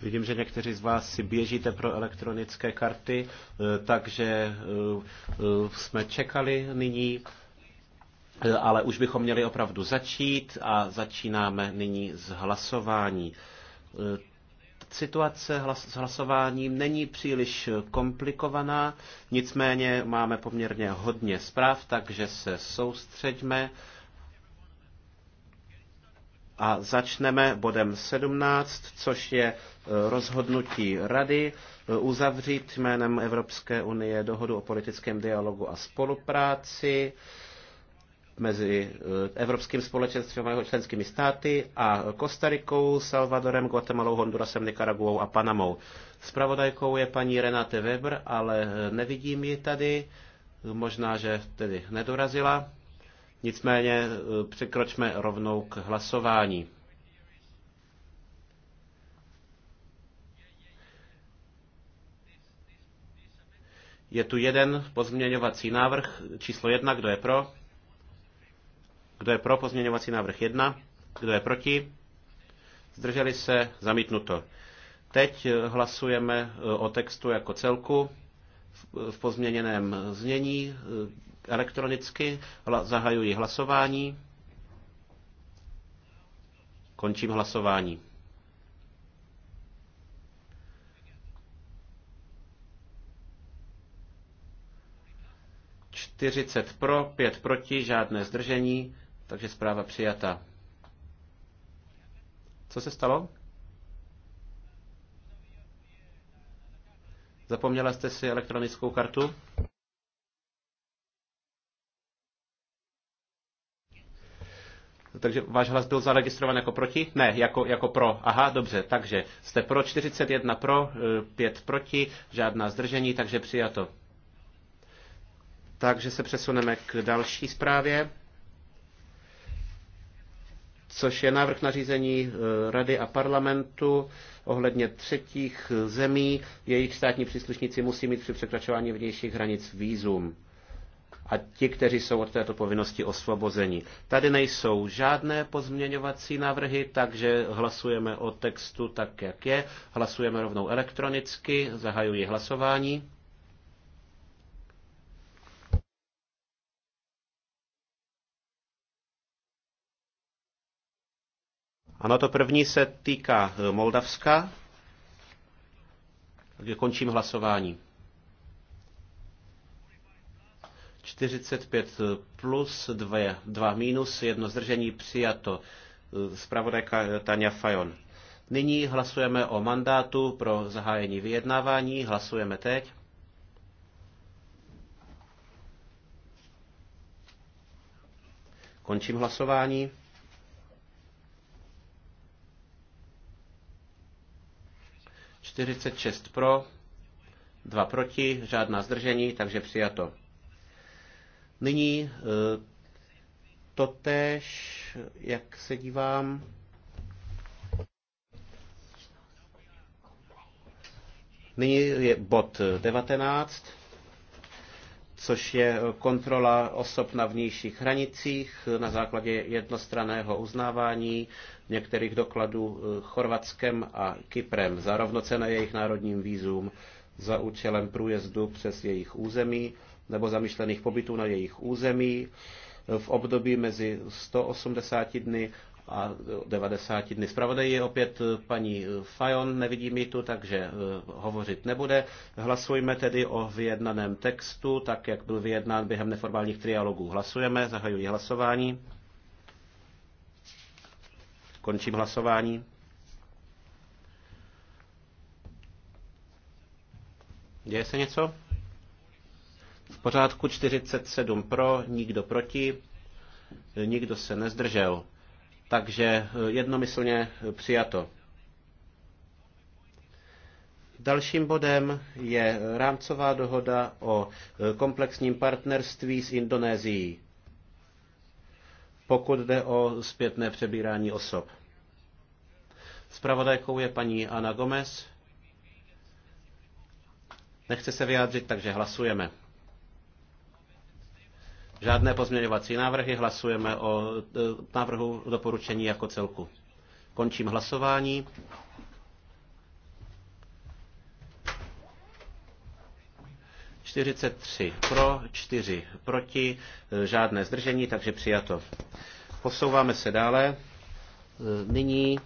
Vidím, že někteří z vás si běžíte pro elektronické karty, eh, takže eh, eh, jsme čekali nyní, ale už bychom měli opravdu začít a začínáme nyní s hlasování. Situace hlas, s hlasováním není příliš komplikovaná, nicméně máme poměrně hodně zpráv, takže se soustřeďme. A začneme bodem 17, což je e, rozhodnutí Rady e, uzavřít jménem Evropské unie dohodu o politickém dialogu a spolupráci mezi e, Evropským společenstvím a jeho členskými státy a Kostarikou, Salvadorem, Guatemalou, Hondurasem, Nikaraguou a Panamou. Spravodajkou je paní Renate Weber, ale nevidím ji tady. Možná, že tedy nedorazila. Nicméně eh, překročme rovnou k hlasování. Je tu jeden pozměňovací návrh, číslo jedna, kdo je pro? Kdo je pro pozměňovací návrh jedna? Kdo je proti? Zdrželi se? Zamítnuto. Teď eh, hlasujeme eh, o textu jako celku v pozměněném znění elektronicky. Zahajuji hlasování. Končím hlasování. Čtyřicet pro, pět proti, žádné zdržení, takže zpráva přijata. Co se stalo? Zapomněla jste si elektronickou kartu? Takže váš hlas byl zaregistrován jako proti? Ne, jako, jako pro. Aha, dobře, takže jste pro 41 pro, 5 e, proti, žádná zdržení, takže přijato. Takže se přesuneme k další zprávě, což je návrh nařízení e, Rady a parlamentu ohledně třetích zemí. Jejich státní příslušníci musí mít při překračování vnějších hranic výzum a ti, kteří jsou od této povinnosti osvobozeni. Tady nejsou žádné pozměňovací návrhy, takže hlasujeme o textu tak, jak je. Hlasujeme rovnou elektronicky, zahajuji hlasování. Ano, to první se týká Moldavska. Takže končím hlasování. 45 plus, 2, minus, jedno zdržení přijato. Zpravodajka Tania Fajon. Nyní hlasujeme o mandátu pro zahájení vyjednávání. Hlasujeme teď. Končím hlasování. Čtyřicet šest pro, dva proti, žádná zdržení, takže přijato. Nyní eh, totéž, jak se dívám, Nyní je bod 19, což je kontrola osob na vnějších hranicích na základě jednostraného uznávání některých dokladů eh, Chorvatskem a Kyprem za rovnocené jejich národním výzum za účelem průjezdu přes jejich území nebo zamýšlených pobytů na jejich území v období mezi 180 dny a 90 dny. Zpravodaj je opět paní Fajon, nevidím ji tu, takže eh, hovořit nebude. Hlasujeme tedy o vyjednaném textu, tak jak byl vyjednán během neformálních trialogů. Hlasujeme, zahajuji hlasování. Končím hlasování. Děje se něco? pořádku 47 pro, nikdo proti, nikdo se nezdržel. Takže eh, jednomyslně eh, přijato. Dalším bodem je rámcová dohoda o eh, komplexním partnerství s Indonésií, pokud jde o zpětné přebírání osob. Spravodajkou je paní Ana Gomez. Nechce se vyjádřit, takže hlasujeme. Žádné pozměňovací návrhy, hlasujeme o e, návrhu doporučení jako celku. Končím hlasování. Čtyřicet tři pro, čtyři proti, e, žádné zdržení, takže přijato. Posouváme se dále. E, nyní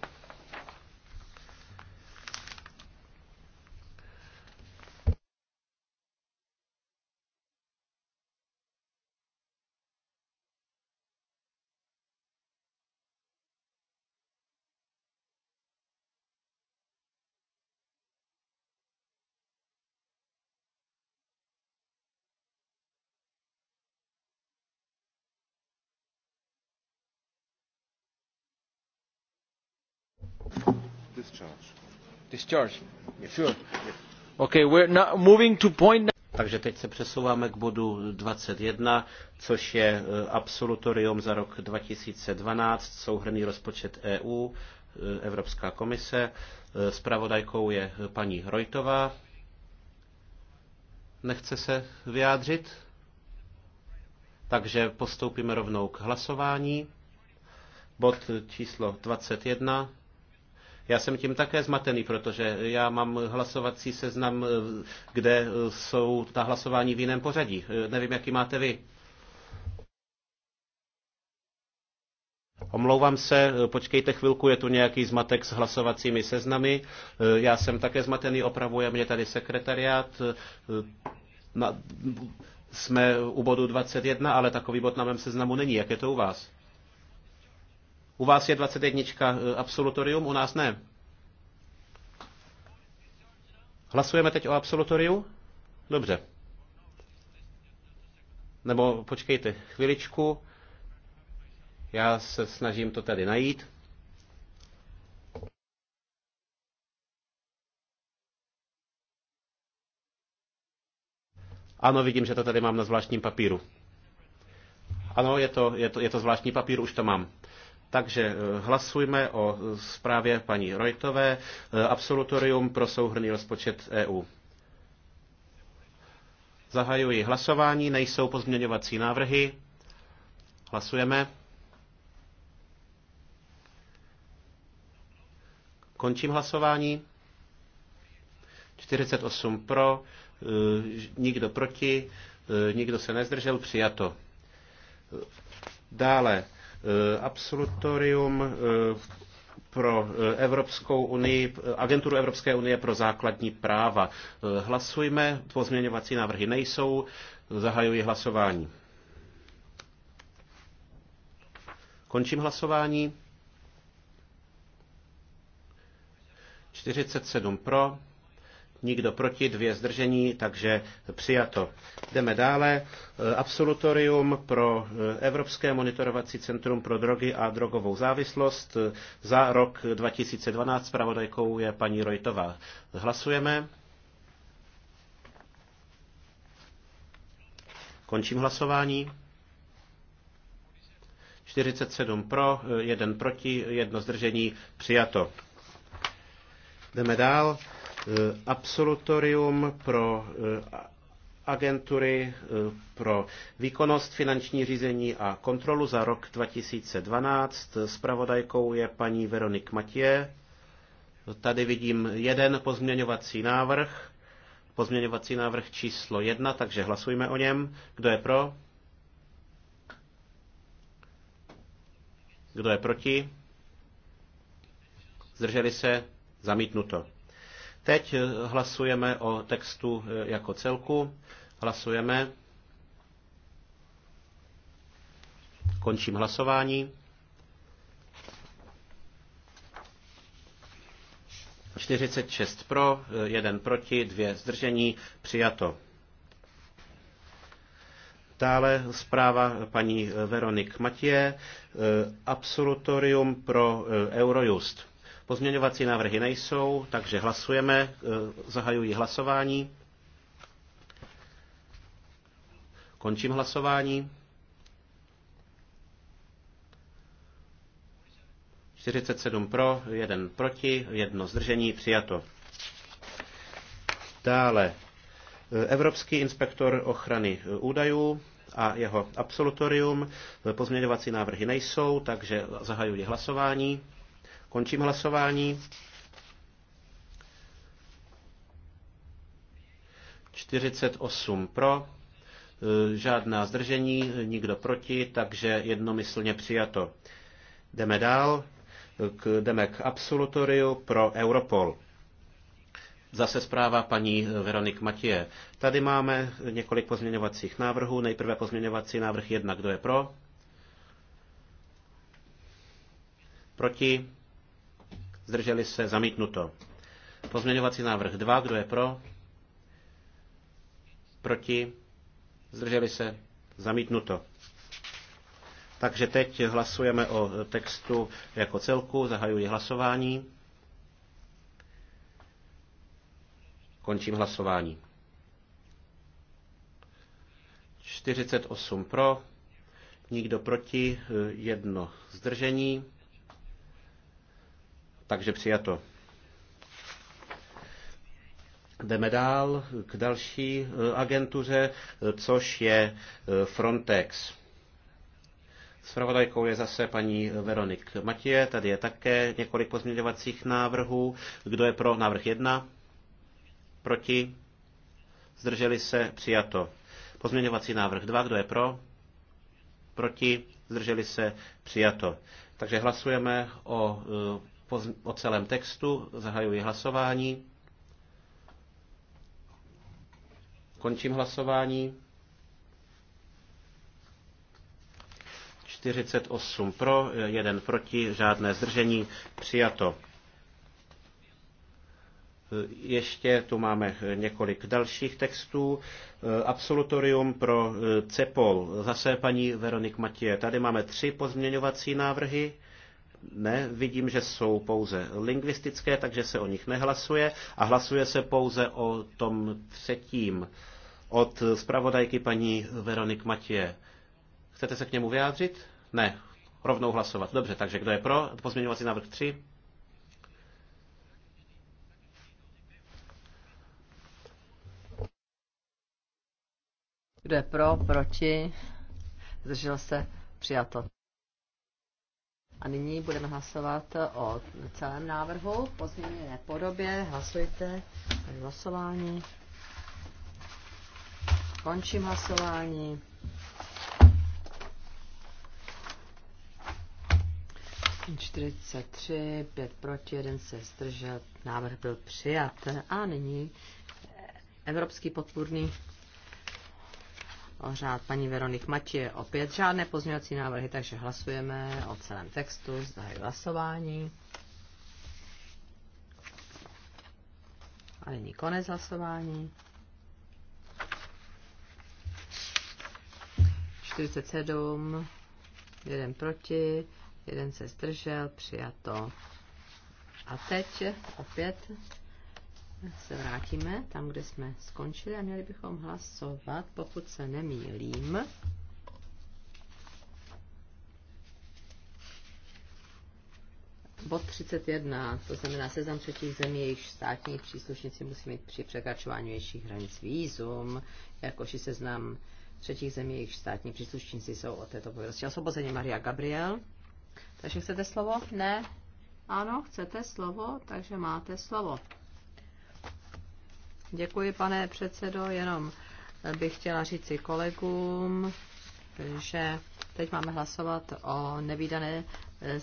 Takže teď se přesouváme k bodu 21, což je eh, absolutorium za rok 2012, souhrný rozpočet EU, eh, Evropská komise. Spravodajkou eh, je paní Rojtová. Nechce se vyjádřit? Takže postoupíme rovnou k hlasování. Bod číslo 21. Já jsem tím také zmatený, protože já mám hlasovací seznam, eh, kde eh, jsou ta hlasování v jiném pořadí. Eh, nevím, jaký máte vy. Omlouvám se, počkejte chvilku, je tu nějaký zmatek s hlasovacími seznamy. Já jsem také zmatený, opravuje mě tady sekretariát. jsme u bodu 21, ale takový bod na mém seznamu není. Jak je to u vás? U vás je 21 eh, absolutorium, u nás ne. Hlasujeme teď o absolutoriu? Dobře. Nebo počkejte chviličku. Já se snažím to tady najít. Ano, vidím, že to tady mám na zvláštním papíru. Ano, je to, je to, je to zvláštní papír, už to mám. Takže eh, hlasujme o eh, zprávě paní Rojtové, eh, absolutorium pro souhrný rozpočet EU. Zahajuji hlasování, nejsou pozměňovací návrhy. Hlasujeme. Končím hlasování. 48 pro, nikdo proti, nikdo se nezdržel, přijato. Dále Eh, absolutorium eh, pro eh, Evropskou unii, agenturu Evropské unie pro základní práva. Hlasujme, pozměňovací návrhy nejsou, zahajuji hlasování. Končím hlasování. 47 pro, nikdo proti, dvě zdržení, takže přijato. Jdeme dále. Eh, absolutorium pro eh, Evropské monitorovací centrum pro drogy a drogovou závislost eh, za rok 2012. zpravodajkou je paní Rojtová. Hlasujeme. Končím hlasování. 47 pro, 1 proti, 1 zdržení, přijato. Jdeme dál. Eh, absolutorium pro eh, agentury eh, pro výkonnost finanční řízení a kontrolu za rok 2012. Spravodajkou je paní Veronik Matě. Tady vidím jeden pozměňovací návrh. Pozměňovací návrh číslo jedna, takže hlasujme o něm. Kdo je pro? Kdo je proti? Zdrželi se? Zamítnuto. Teď eh, hlasujeme o textu eh, jako celku. Hlasujeme. Končím hlasování. šest pro, eh, jeden proti, dvě zdržení, přijato. Dále zpráva paní Veronik Matě, absolutorium pro Eurojust. Pozměňovací návrhy nejsou, takže hlasujeme. Eh, zahajuji hlasování. Končím hlasování. 47 pro, 1 proti, 1 zdržení, přijato. Dále eh, Evropský inspektor ochrany eh, údajů a jeho absolutorium. Pozměňovací návrhy nejsou, takže zahajuji hlasování. Končím hlasování. 48 pro, e, žádná zdržení, nikdo proti, takže jednomyslně přijato. Jdeme dál, k, jdeme k absolutoriu pro Europol. Zase zpráva paní Veronik Matěje. Tady máme několik pozměňovacích návrhů. Nejprve pozměňovací návrh 1. Kdo je pro? Proti? zdrželi se, zamítnuto. Pozměňovací návrh 2, kdo je pro, proti, zdrželi se, zamítnuto. Takže teď hlasujeme o textu jako celku, zahajuji hlasování. Končím hlasování. 48 pro, nikdo proti, jedno zdržení. Takže přijato. Jdeme dál k další eh, agentuře, eh, což je eh, Frontex. Spravodajkou je zase paní Veronik Matěje. Tady je také několik pozměňovacích návrhů. Kdo je pro návrh 1? Proti? Zdrželi se? Přijato. Pozměňovací návrh 2. Kdo je pro? Proti? Zdrželi se? Přijato. Takže hlasujeme o o celém textu, zahajuji hlasování. Končím hlasování. 48 pro, 1 proti, žádné zdržení, přijato. Ještě tu máme několik dalších textů. Absolutorium pro CEPOL, zase paní Veronik Matěje. Tady máme tři pozměňovací návrhy. Ne, vidím, že jsou pouze lingvistické, takže se o nich nehlasuje a hlasuje se pouze o tom třetím od zpravodajky paní Veronik Matě. Chcete se k němu vyjádřit? Ne, rovnou hlasovat. Dobře, takže kdo je pro? Pozměňovací návrh 3. Kdo je pro, proti? Zdržel se, přijato. A nyní budeme hlasovat o celém návrhu v pozměněné podobě. Hlasujte. Hlasování. Končím hlasování. Čtyřicet tři, pět proti, jeden se zdržel. Návrh byl přijat. A nyní Evropský podpůrný o řád paní Veronik Matě opět žádné pozměňovací návrhy, takže hlasujeme o celém textu, zahajuji hlasování. A nyní konec hlasování. 47, jeden proti, jeden se zdržel, přijato. A teď opět se vrátíme tam, kde jsme skončili a měli bychom hlasovat, pokud se nemýlím. Bod 31, to znamená seznam třetích zemí, jejichž státní příslušníci musí mít při překračování jejich hranic výzum, jakož i seznam třetích zemí, jejichž státní příslušníci jsou od této povinnosti osvobozeni. Maria Gabriel. Takže chcete slovo? Ne? Ano, chcete slovo, takže máte slovo. Děkuji, pane předsedo, jenom bych chtěla říci kolegům, že teď máme hlasovat o nevýdané Eh,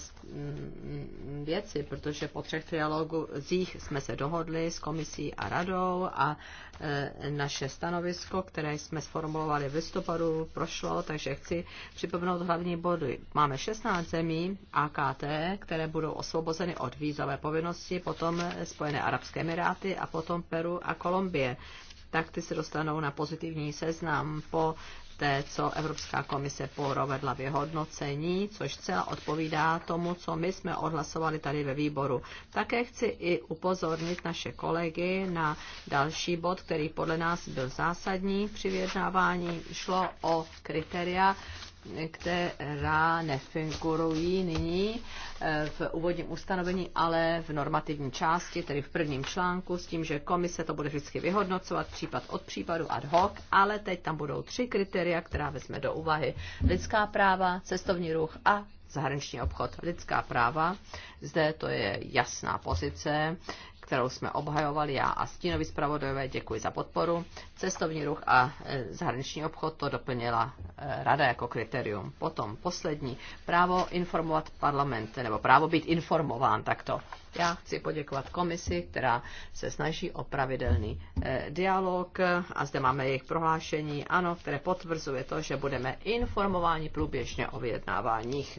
věci, protože po třech trialogích jsme se dohodli s komisí a radou a eh, naše stanovisko, které jsme sformulovali v listopadu, prošlo, takže chci připomenout hlavní body. Máme 16 zemí AKT, které budou osvobozeny od vízové povinnosti, potom Spojené Arabské Emiráty a potom Peru a Kolumbie tak ty se dostanou na pozitivní seznam po té, co Evropská komise provedla vyhodnocení, což celá odpovídá tomu, co my jsme odhlasovali tady ve výboru. Také chci i upozornit naše kolegy na další bod, který podle nás byl zásadní při vyjednávání. Šlo o kritéria která nefigurují nyní eh, v úvodním ustanovení, ale v normativní části, tedy v prvním článku, s tím, že komise to bude vždycky vyhodnocovat případ od případu ad hoc, ale teď tam budou tři kritéria, která vezme do úvahy. Lidská práva, cestovní ruch a zahraniční obchod. Lidská práva, zde to je jasná pozice, kterou jsme obhajovali já a stínovi zpravodajové. Děkuji za podporu. Cestovní ruch a e, zahraniční obchod to doplnila e, rada jako kritérium. Potom poslední, právo informovat parlament, nebo právo být informován takto. Já chci poděkovat komisi, která se snaží o pravidelný e, dialog a zde máme jejich prohlášení, ano, které potvrzuje to, že budeme informováni průběžně o vyjednáváních.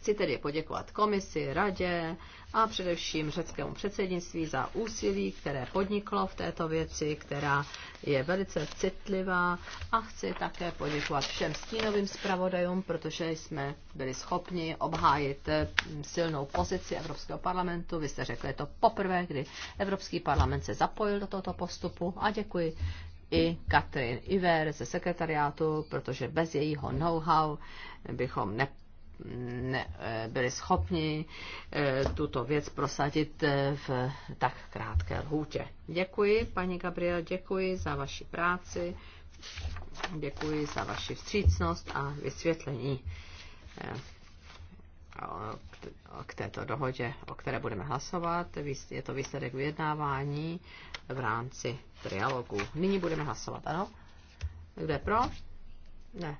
Chci tedy poděkovat komisi, radě a především řeckému předsednictví za úsilí, které podniklo v této věci, která je velice citlivá a chci také poděkovat všem stínovým zpravodajům, protože jsme byli schopni obhájit mm, silnou pozici Evropského parlamentu. Vy jste řekli, je to poprvé, kdy Evropský parlament se zapojil do tohoto postupu a děkuji i Katrin Iver ze sekretariátu, protože bez jejího know-how bychom ne, ne, eh, byli schopni eh, tuto věc prosadit eh, v tak krátké lhůtě. Děkuji, paní Gabriel, děkuji za vaši práci, děkuji za vaši vstřícnost a vysvětlení k této dohodě, o které budeme hlasovat. Je to výsledek vyjednávání v rámci trialogu. Nyní budeme hlasovat, ano? Kdo je pro? Ne,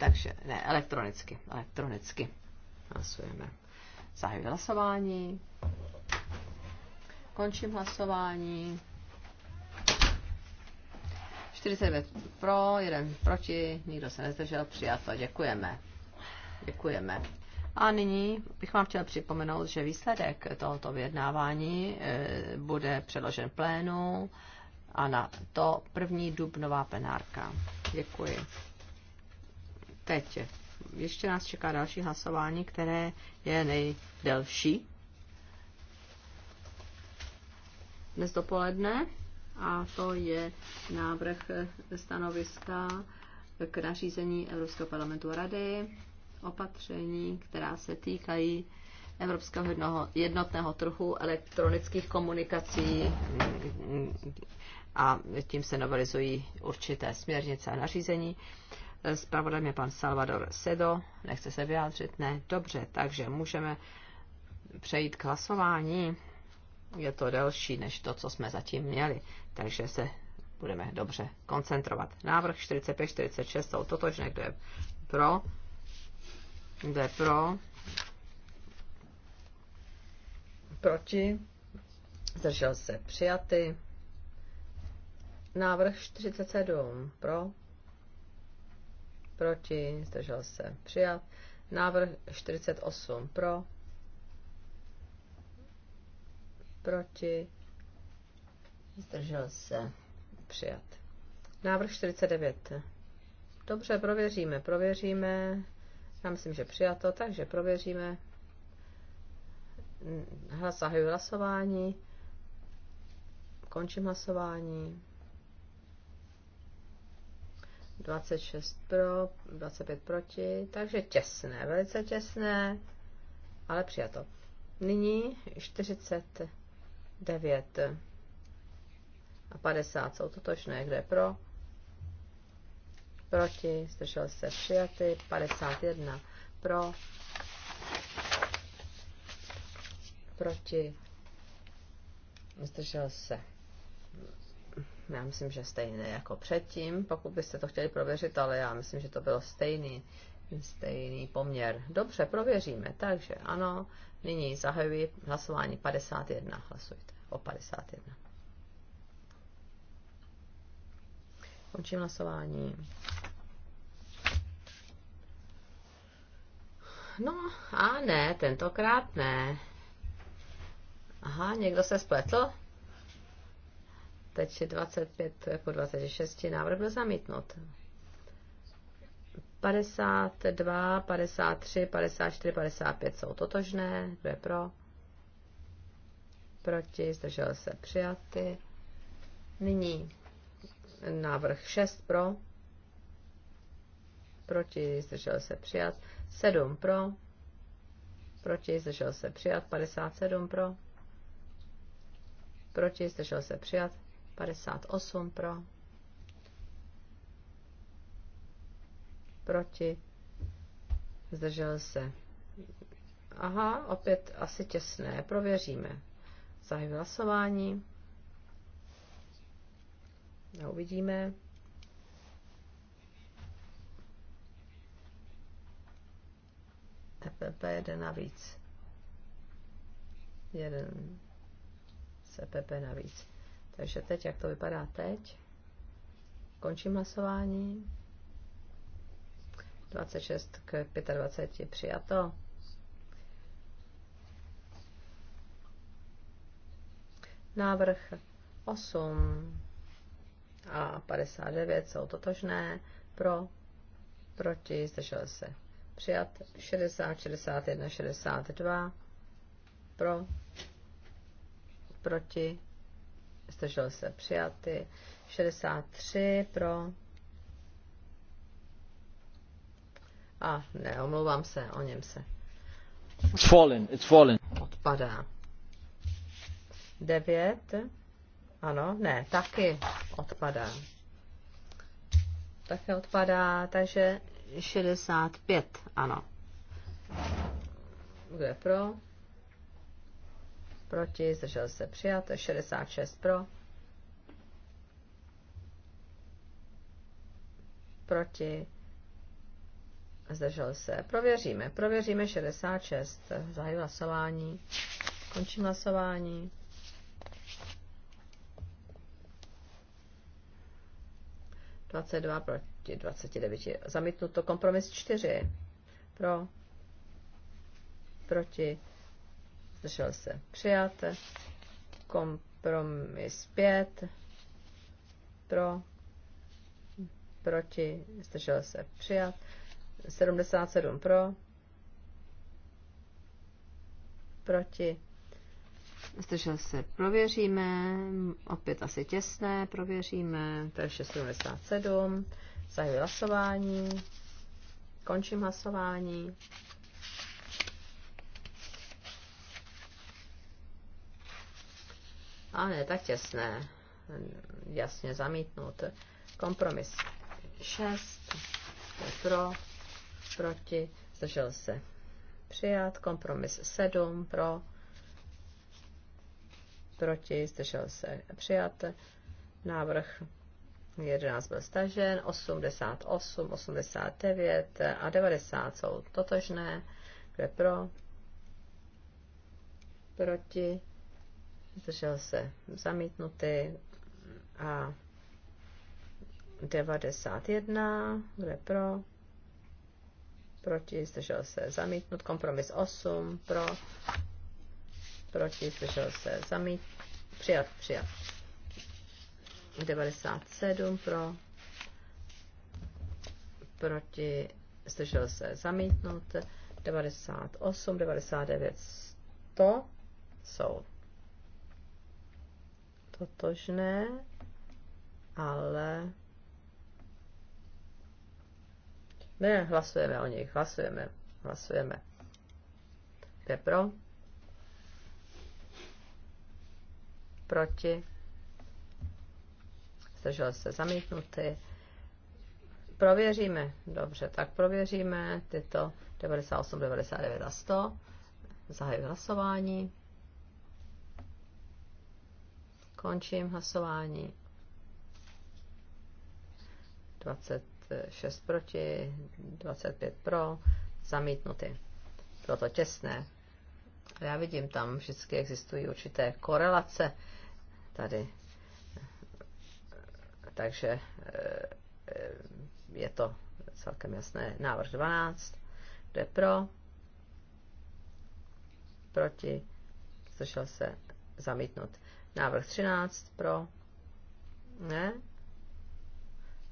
takže ne, elektronicky. Elektronicky hlasujeme. Zahajuji hlasování. Končím hlasování. 49 pro, 1 proti, nikdo se nezdržel, přijato, děkujeme. Děkujeme. A nyní bych vám chtěl připomenout, že výsledek tohoto vyjednávání e, bude předložen plénu a na to první dubnová plenárka. Děkuji teď. Ještě nás čeká další hlasování, které je nejdelší. Dnes dopoledne a to je návrh stanoviska k nařízení Evropského parlamentu a rady, opatření, která se týkají Evropského jednoho, jednotného trhu elektronických komunikací a tím se novelizují určité směrnice a nařízení. Zpravodajem je pan Salvador Sedo. Nechce se vyjádřit? Ne. Dobře, takže můžeme přejít k hlasování. Je to delší než to, co jsme zatím měli, takže se budeme dobře koncentrovat. Návrh 45, 46 jsou totožné, kdo je pro, kdo je pro, proti, zdržel se přijaty. Návrh 47 pro, proti, zdržel se přijat. Návrh 48 pro, proti, zdržel se přijat. Návrh 49. Dobře, prověříme, prověříme. Já myslím, že přijato, takže prověříme. Hm, zahajuji hlasování. Končím hlasování. 26 pro, 25 proti, takže těsné, velice těsné, ale přijato. Nyní 49 a 50 jsou totožné, kde pro, proti, zdržel se přijaty, 51 pro, proti, zdržel se já myslím, že stejné jako předtím, pokud byste to chtěli prověřit, ale já myslím, že to bylo stejný, stejný poměr. Dobře, prověříme. Takže ano, nyní zahajuji hlasování 51. Hlasujte o 51. Končím hlasování. No a ne, tentokrát ne. Aha, někdo se spletl? Teď 25 po 26 návrh byl zamítnut. 52, 53, 54, 55 jsou totožné. Kdo je pro? Proti? Zdržel se přijaty. Nyní návrh 6 pro. Proti? Zdržel se přijat. 7 pro. Proti? Zdržel se přijat. 57 pro. Proti? Zdržel se přijat. 58 pro, proti, zdržel se. Aha, opět asi těsné, prověříme. Zahajuji hlasování. A uvidíme. EPP jeden navíc. Jeden z EPP navíc. Takže teď, jak to vypadá teď? Končím hlasování. 26 k 25 přijato. Návrh 8 a 59 jsou totožné pro, proti, zdržel se. Přijat 60, 61, 62 pro, proti, zdržel se přijaty, 63 pro, a ne, omlouvám se, o něm se. It's fallen, it's fallen. Odpadá. 9, ano, ne, taky odpadá. Také odpadá, takže 65, ano. Kde pro? proti, zdržel se přijat, 66 pro, proti, zdržel se. Prověříme, prověříme 66, zahajuji hlasování, končím hlasování. Dvacet dva proti devíti Zamítnuto kompromis čtyři Pro. Proti zdržel se přijat, kompromis 5, pro, proti, zdržel se přijat, 77 pro, proti, zdržel se prověříme, opět asi těsné, prověříme, to je 77, zahajuji hlasování, končím hlasování. A ne tak těsné. Jasně zamítnout. Kompromis 6. Pro. Proti. Zdržel se. Přijat. Kompromis 7. Pro. Proti. Zdržel se. Přijat. Návrh 11 byl stažen, 88, 89 a 90 jsou totožné. Kde pro? Proti? držel se zamítnutý a 91, kde pro, proti, zdržel se zamítnut, kompromis 8, pro, proti, zdržel se zamít, přijat, přijat. 97 pro, proti, zdržel se zamítnut, 98, 99, 100 jsou totožné, ale ne, hlasujeme o nich, hlasujeme, hlasujeme. Kde pro? Proti? Zdržel se zamítnuty. Prověříme, dobře, tak prověříme tyto 98, 99 a 100. Zahajuji hlasování. Končím hlasování. 26 proti, 25 pro, zamítnuty. Bylo to těsné. Já vidím, tam vždycky existují určité korelace tady. Takže eh, je to celkem jasné. Návrh 12. Kdo je pro? Proti? Slyšel se zamítnut. Návrh 13 pro. Ne.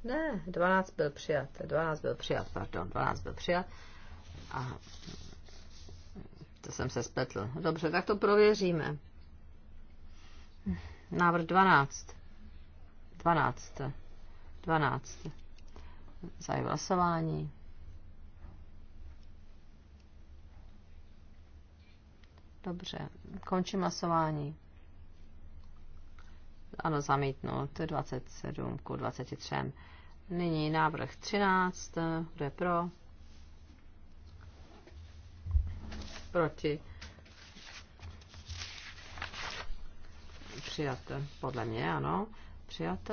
Ne, 12 byl přijat. 12 byl přijat, pardon, 12 byl přijat. A to jsem se spletl. Dobře, tak to prověříme. Návrh 12. 12. 12. Zahajuji hlasování. Dobře, končím hlasování ano, zamítnut 27 ku 23. Nyní návrh 13, kdo je pro? Proti? Přijat, podle mě, ano, přijat.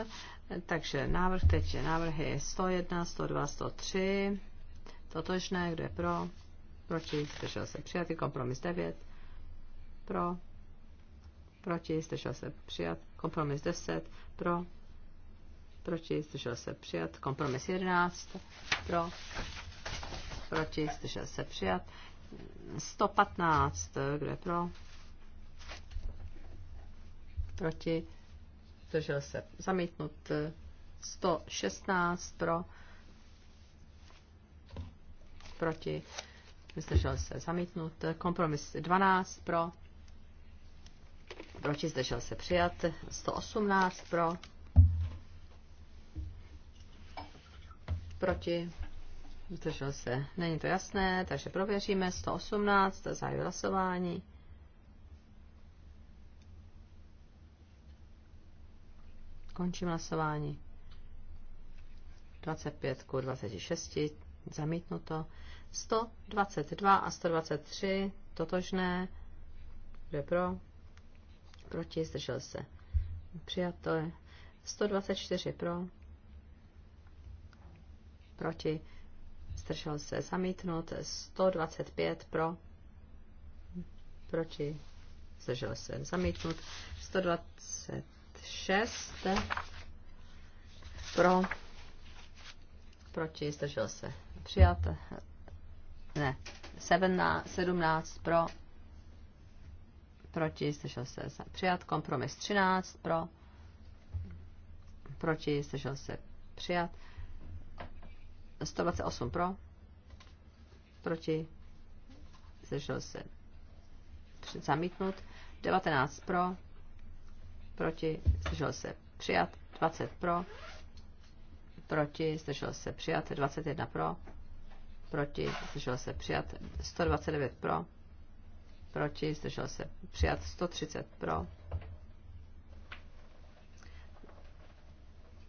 Takže návrh teď je návrhy 101, 102, 103, totožné, kdo je pro? Proti? Zdržel se přijatý kompromis 9, pro? Proti? Zdržel se přijat Kompromis 10 pro, proti, zdržel se přijat. Kompromis 11 pro, proti, zdržel se přijat. 115, kdo je pro? Proti, zdržel se zamítnut. 116 pro, proti, zdržel se zamítnut. Kompromis 12 pro, proti, zdržel se přijat, 118 pro, proti, zdržel se, není to jasné, takže prověříme, 118, zahajuji hlasování. Končím hlasování. 25 ku 26, zamítnuto. 122 a 123, totožné. Kdo pro? proti, zdržel se. Přijato je 124 pro, proti, zdržel se. Zamítnut 125 pro, proti, zdržel se. Zamítnut 126 pro, proti, zdržel se. Přijat, ne, 17, 17 pro, proti, 160 se přijat, kompromis 13 pro, proti, 160 se přijat, 128 pro, proti, 160 se zamítnut, 19 pro, proti, zdržel se přijat, 20 pro, proti, zdržel se přijat, 21 pro, proti, zdržel se přijat, 129 pro, proti, zdržel se přijat 130 pro,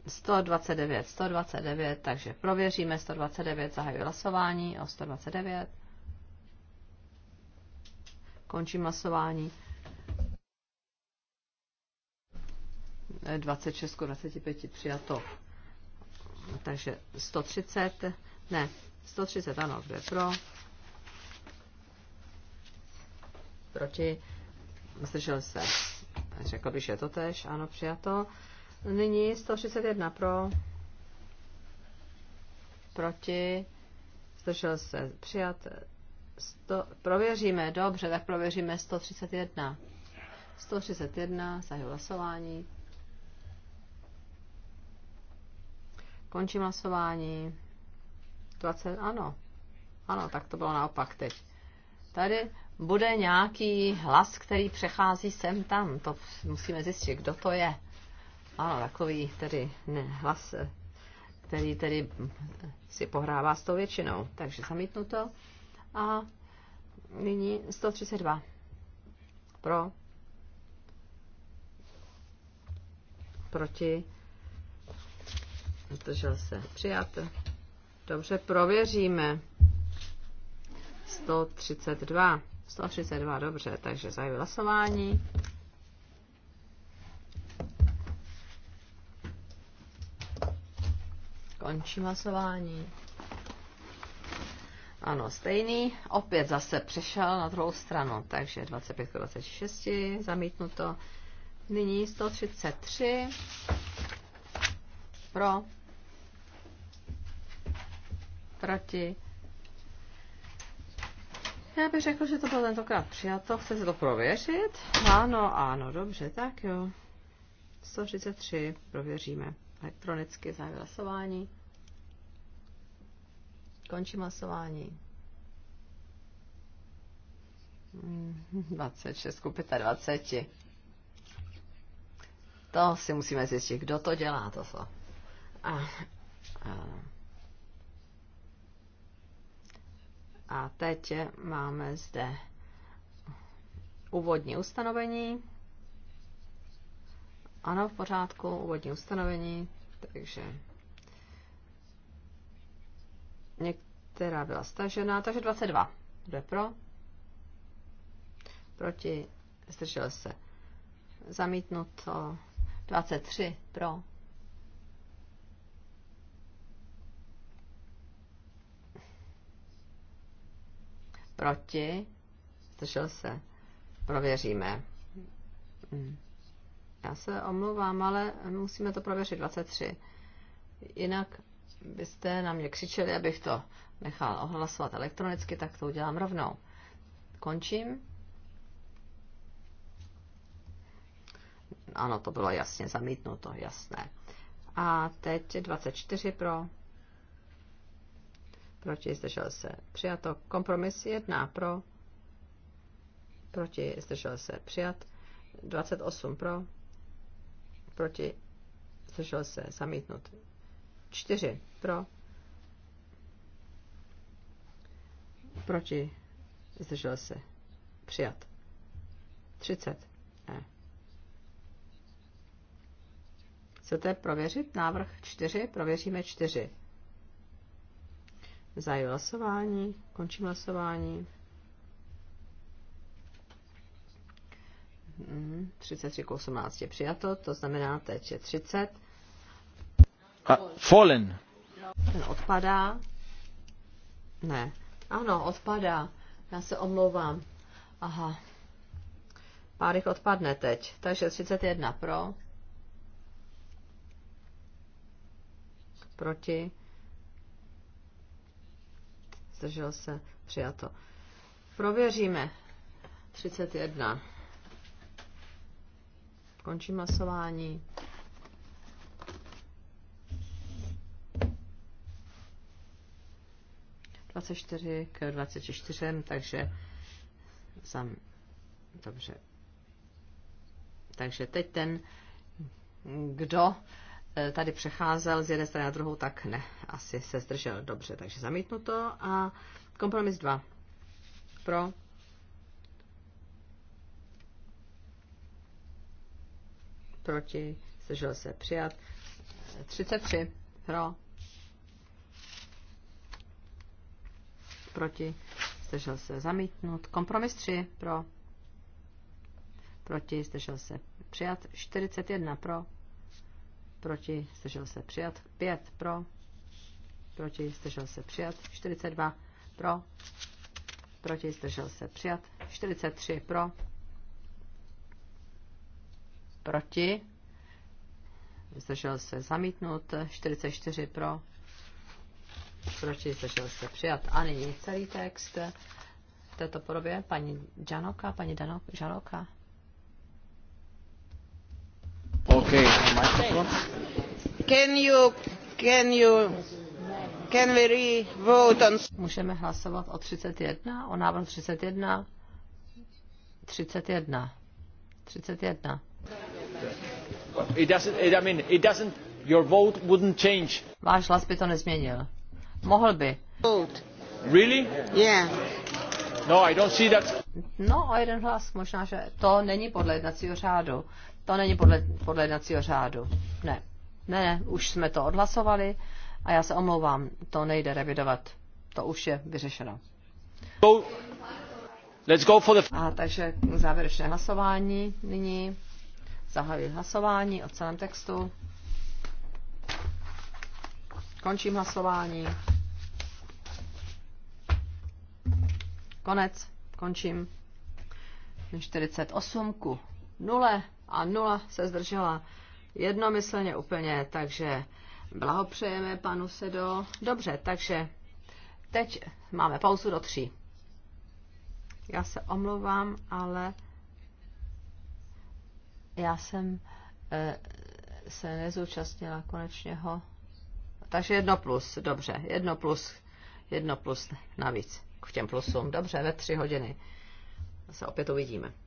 129, 129, takže prověříme 129, zahajuji hlasování o 129. Končím hlasování. 26 25 přijato. Takže 130, ne, 130 ano, kde pro, proti, zdržel se. Řekl bych, že to tež, ano, přijato. Nyní 131 pro, proti, zdržel se, přijat. sto, prověříme, dobře, tak prověříme 131. 131, zahajuji hlasování. Končím hlasování. 20, ano. Ano, tak to bylo naopak teď. Tady bude nějaký hlas, který přechází sem tam. To musíme zjistit, kdo to je. Ano, takový tedy ne, hlas, který tedy si pohrává s tou většinou. Takže zamítnu to. A nyní 132. Pro. Proti. Zdržel se. Přijat. Dobře, prověříme. 132. 132, dobře, takže zahajuji hlasování. Končím hlasování. Ano, stejný. Opět zase přešel na druhou stranu, takže 25 26, zamítnuto. Nyní 133 pro, proti, já bych řekl, že to bylo tentokrát přijato. Chcete to prověřit? Ano, ano, dobře, tak jo. 133 prověříme elektronicky za hlasování. Končím hlasování. 26 ku 25. To si musíme zjistit, kdo to dělá, to co. A, a. A teď máme zde úvodní ustanovení. Ano, v pořádku, úvodní ustanovení, takže některá byla stažená, takže 22. Kdo je pro? Proti? Zdržel se. Zamítnuto. 23 pro. Proti? Zdržel se? Prověříme. Hmm. Já se omlouvám, ale musíme to prověřit 23. Jinak byste na mě křičeli, abych to nechal ohlasovat elektronicky, tak to udělám rovnou. Končím. Ano, to bylo jasně zamítnuto, jasné. A teď 24 pro, proti, zdržel se, přijato. Kompromis 1 pro, proti, zdržel se, přijat. 28 pro, proti, zdržel se, zamítnut. 4 pro, proti, zdržel se, přijat. 30. Ne. Chcete prověřit návrh 4? Prověříme 4. Zahajuji hlasování, končím hlasování. 33 k 18 je přijato, to znamená teď je 30. A, fallen. Ten odpadá. Ne. Ano, odpadá. Já se omlouvám. Aha. Párych odpadne teď. Takže 31 pro. Proti zdržel se, přijato. Prověříme. 31. Končím masování. k 24, takže sam, dobře. Takže teď ten, kdo Eh, tady přecházel z jedné strany na druhou, tak ne, asi se zdržel dobře, takže zamítnuto a kompromis 2 pro proti, zdržel se přijat 33 pro proti, zdržel se zamítnut kompromis 3 pro proti, zdržel se přijat 41 pro proti, zdržel se přijat, 5 pro, proti, zdržel se přijat, 42 pro, proti, zdržel se přijat, 43 pro, proti, zdržel se zamítnut, 44 pro, proti, zdržel se přijat. A nyní celý text v této podobě paní Janoka, paní Danok, Žanoka. microphone. Can you, can you, can we re-vote on... Můžeme hlasovat o 31, o návrhu 31. 31. 31. It doesn't, it, I mean, it doesn't, your vote wouldn't change. Váš hlas by to nezměnil. Mohl by. Vote. Really? Yeah. No, I don't see that. No, o jeden hlas, možná, že to není podle jednacího řádu. To není podle, podle jednacího řádu. Ne. ne, ne, už jsme to odhlasovali a já se omlouvám, to nejde revidovat. To už je vyřešeno. Go. Let's go for the... A takže závěrečné hlasování nyní. Zahajuji hlasování o celém textu. Končím hlasování. Konec. Končím. 48 ku 0 a nula se zdržela jednomyslně úplně, takže blahopřejeme panu Sedo. Dobře, takže teď máme pauzu do tří. Já se omlouvám, ale já jsem e, se nezúčastnila konečného. Takže jedno plus, dobře, jedno plus, jedno plus navíc k těm plusům. Dobře, ve tři hodiny se opět uvidíme.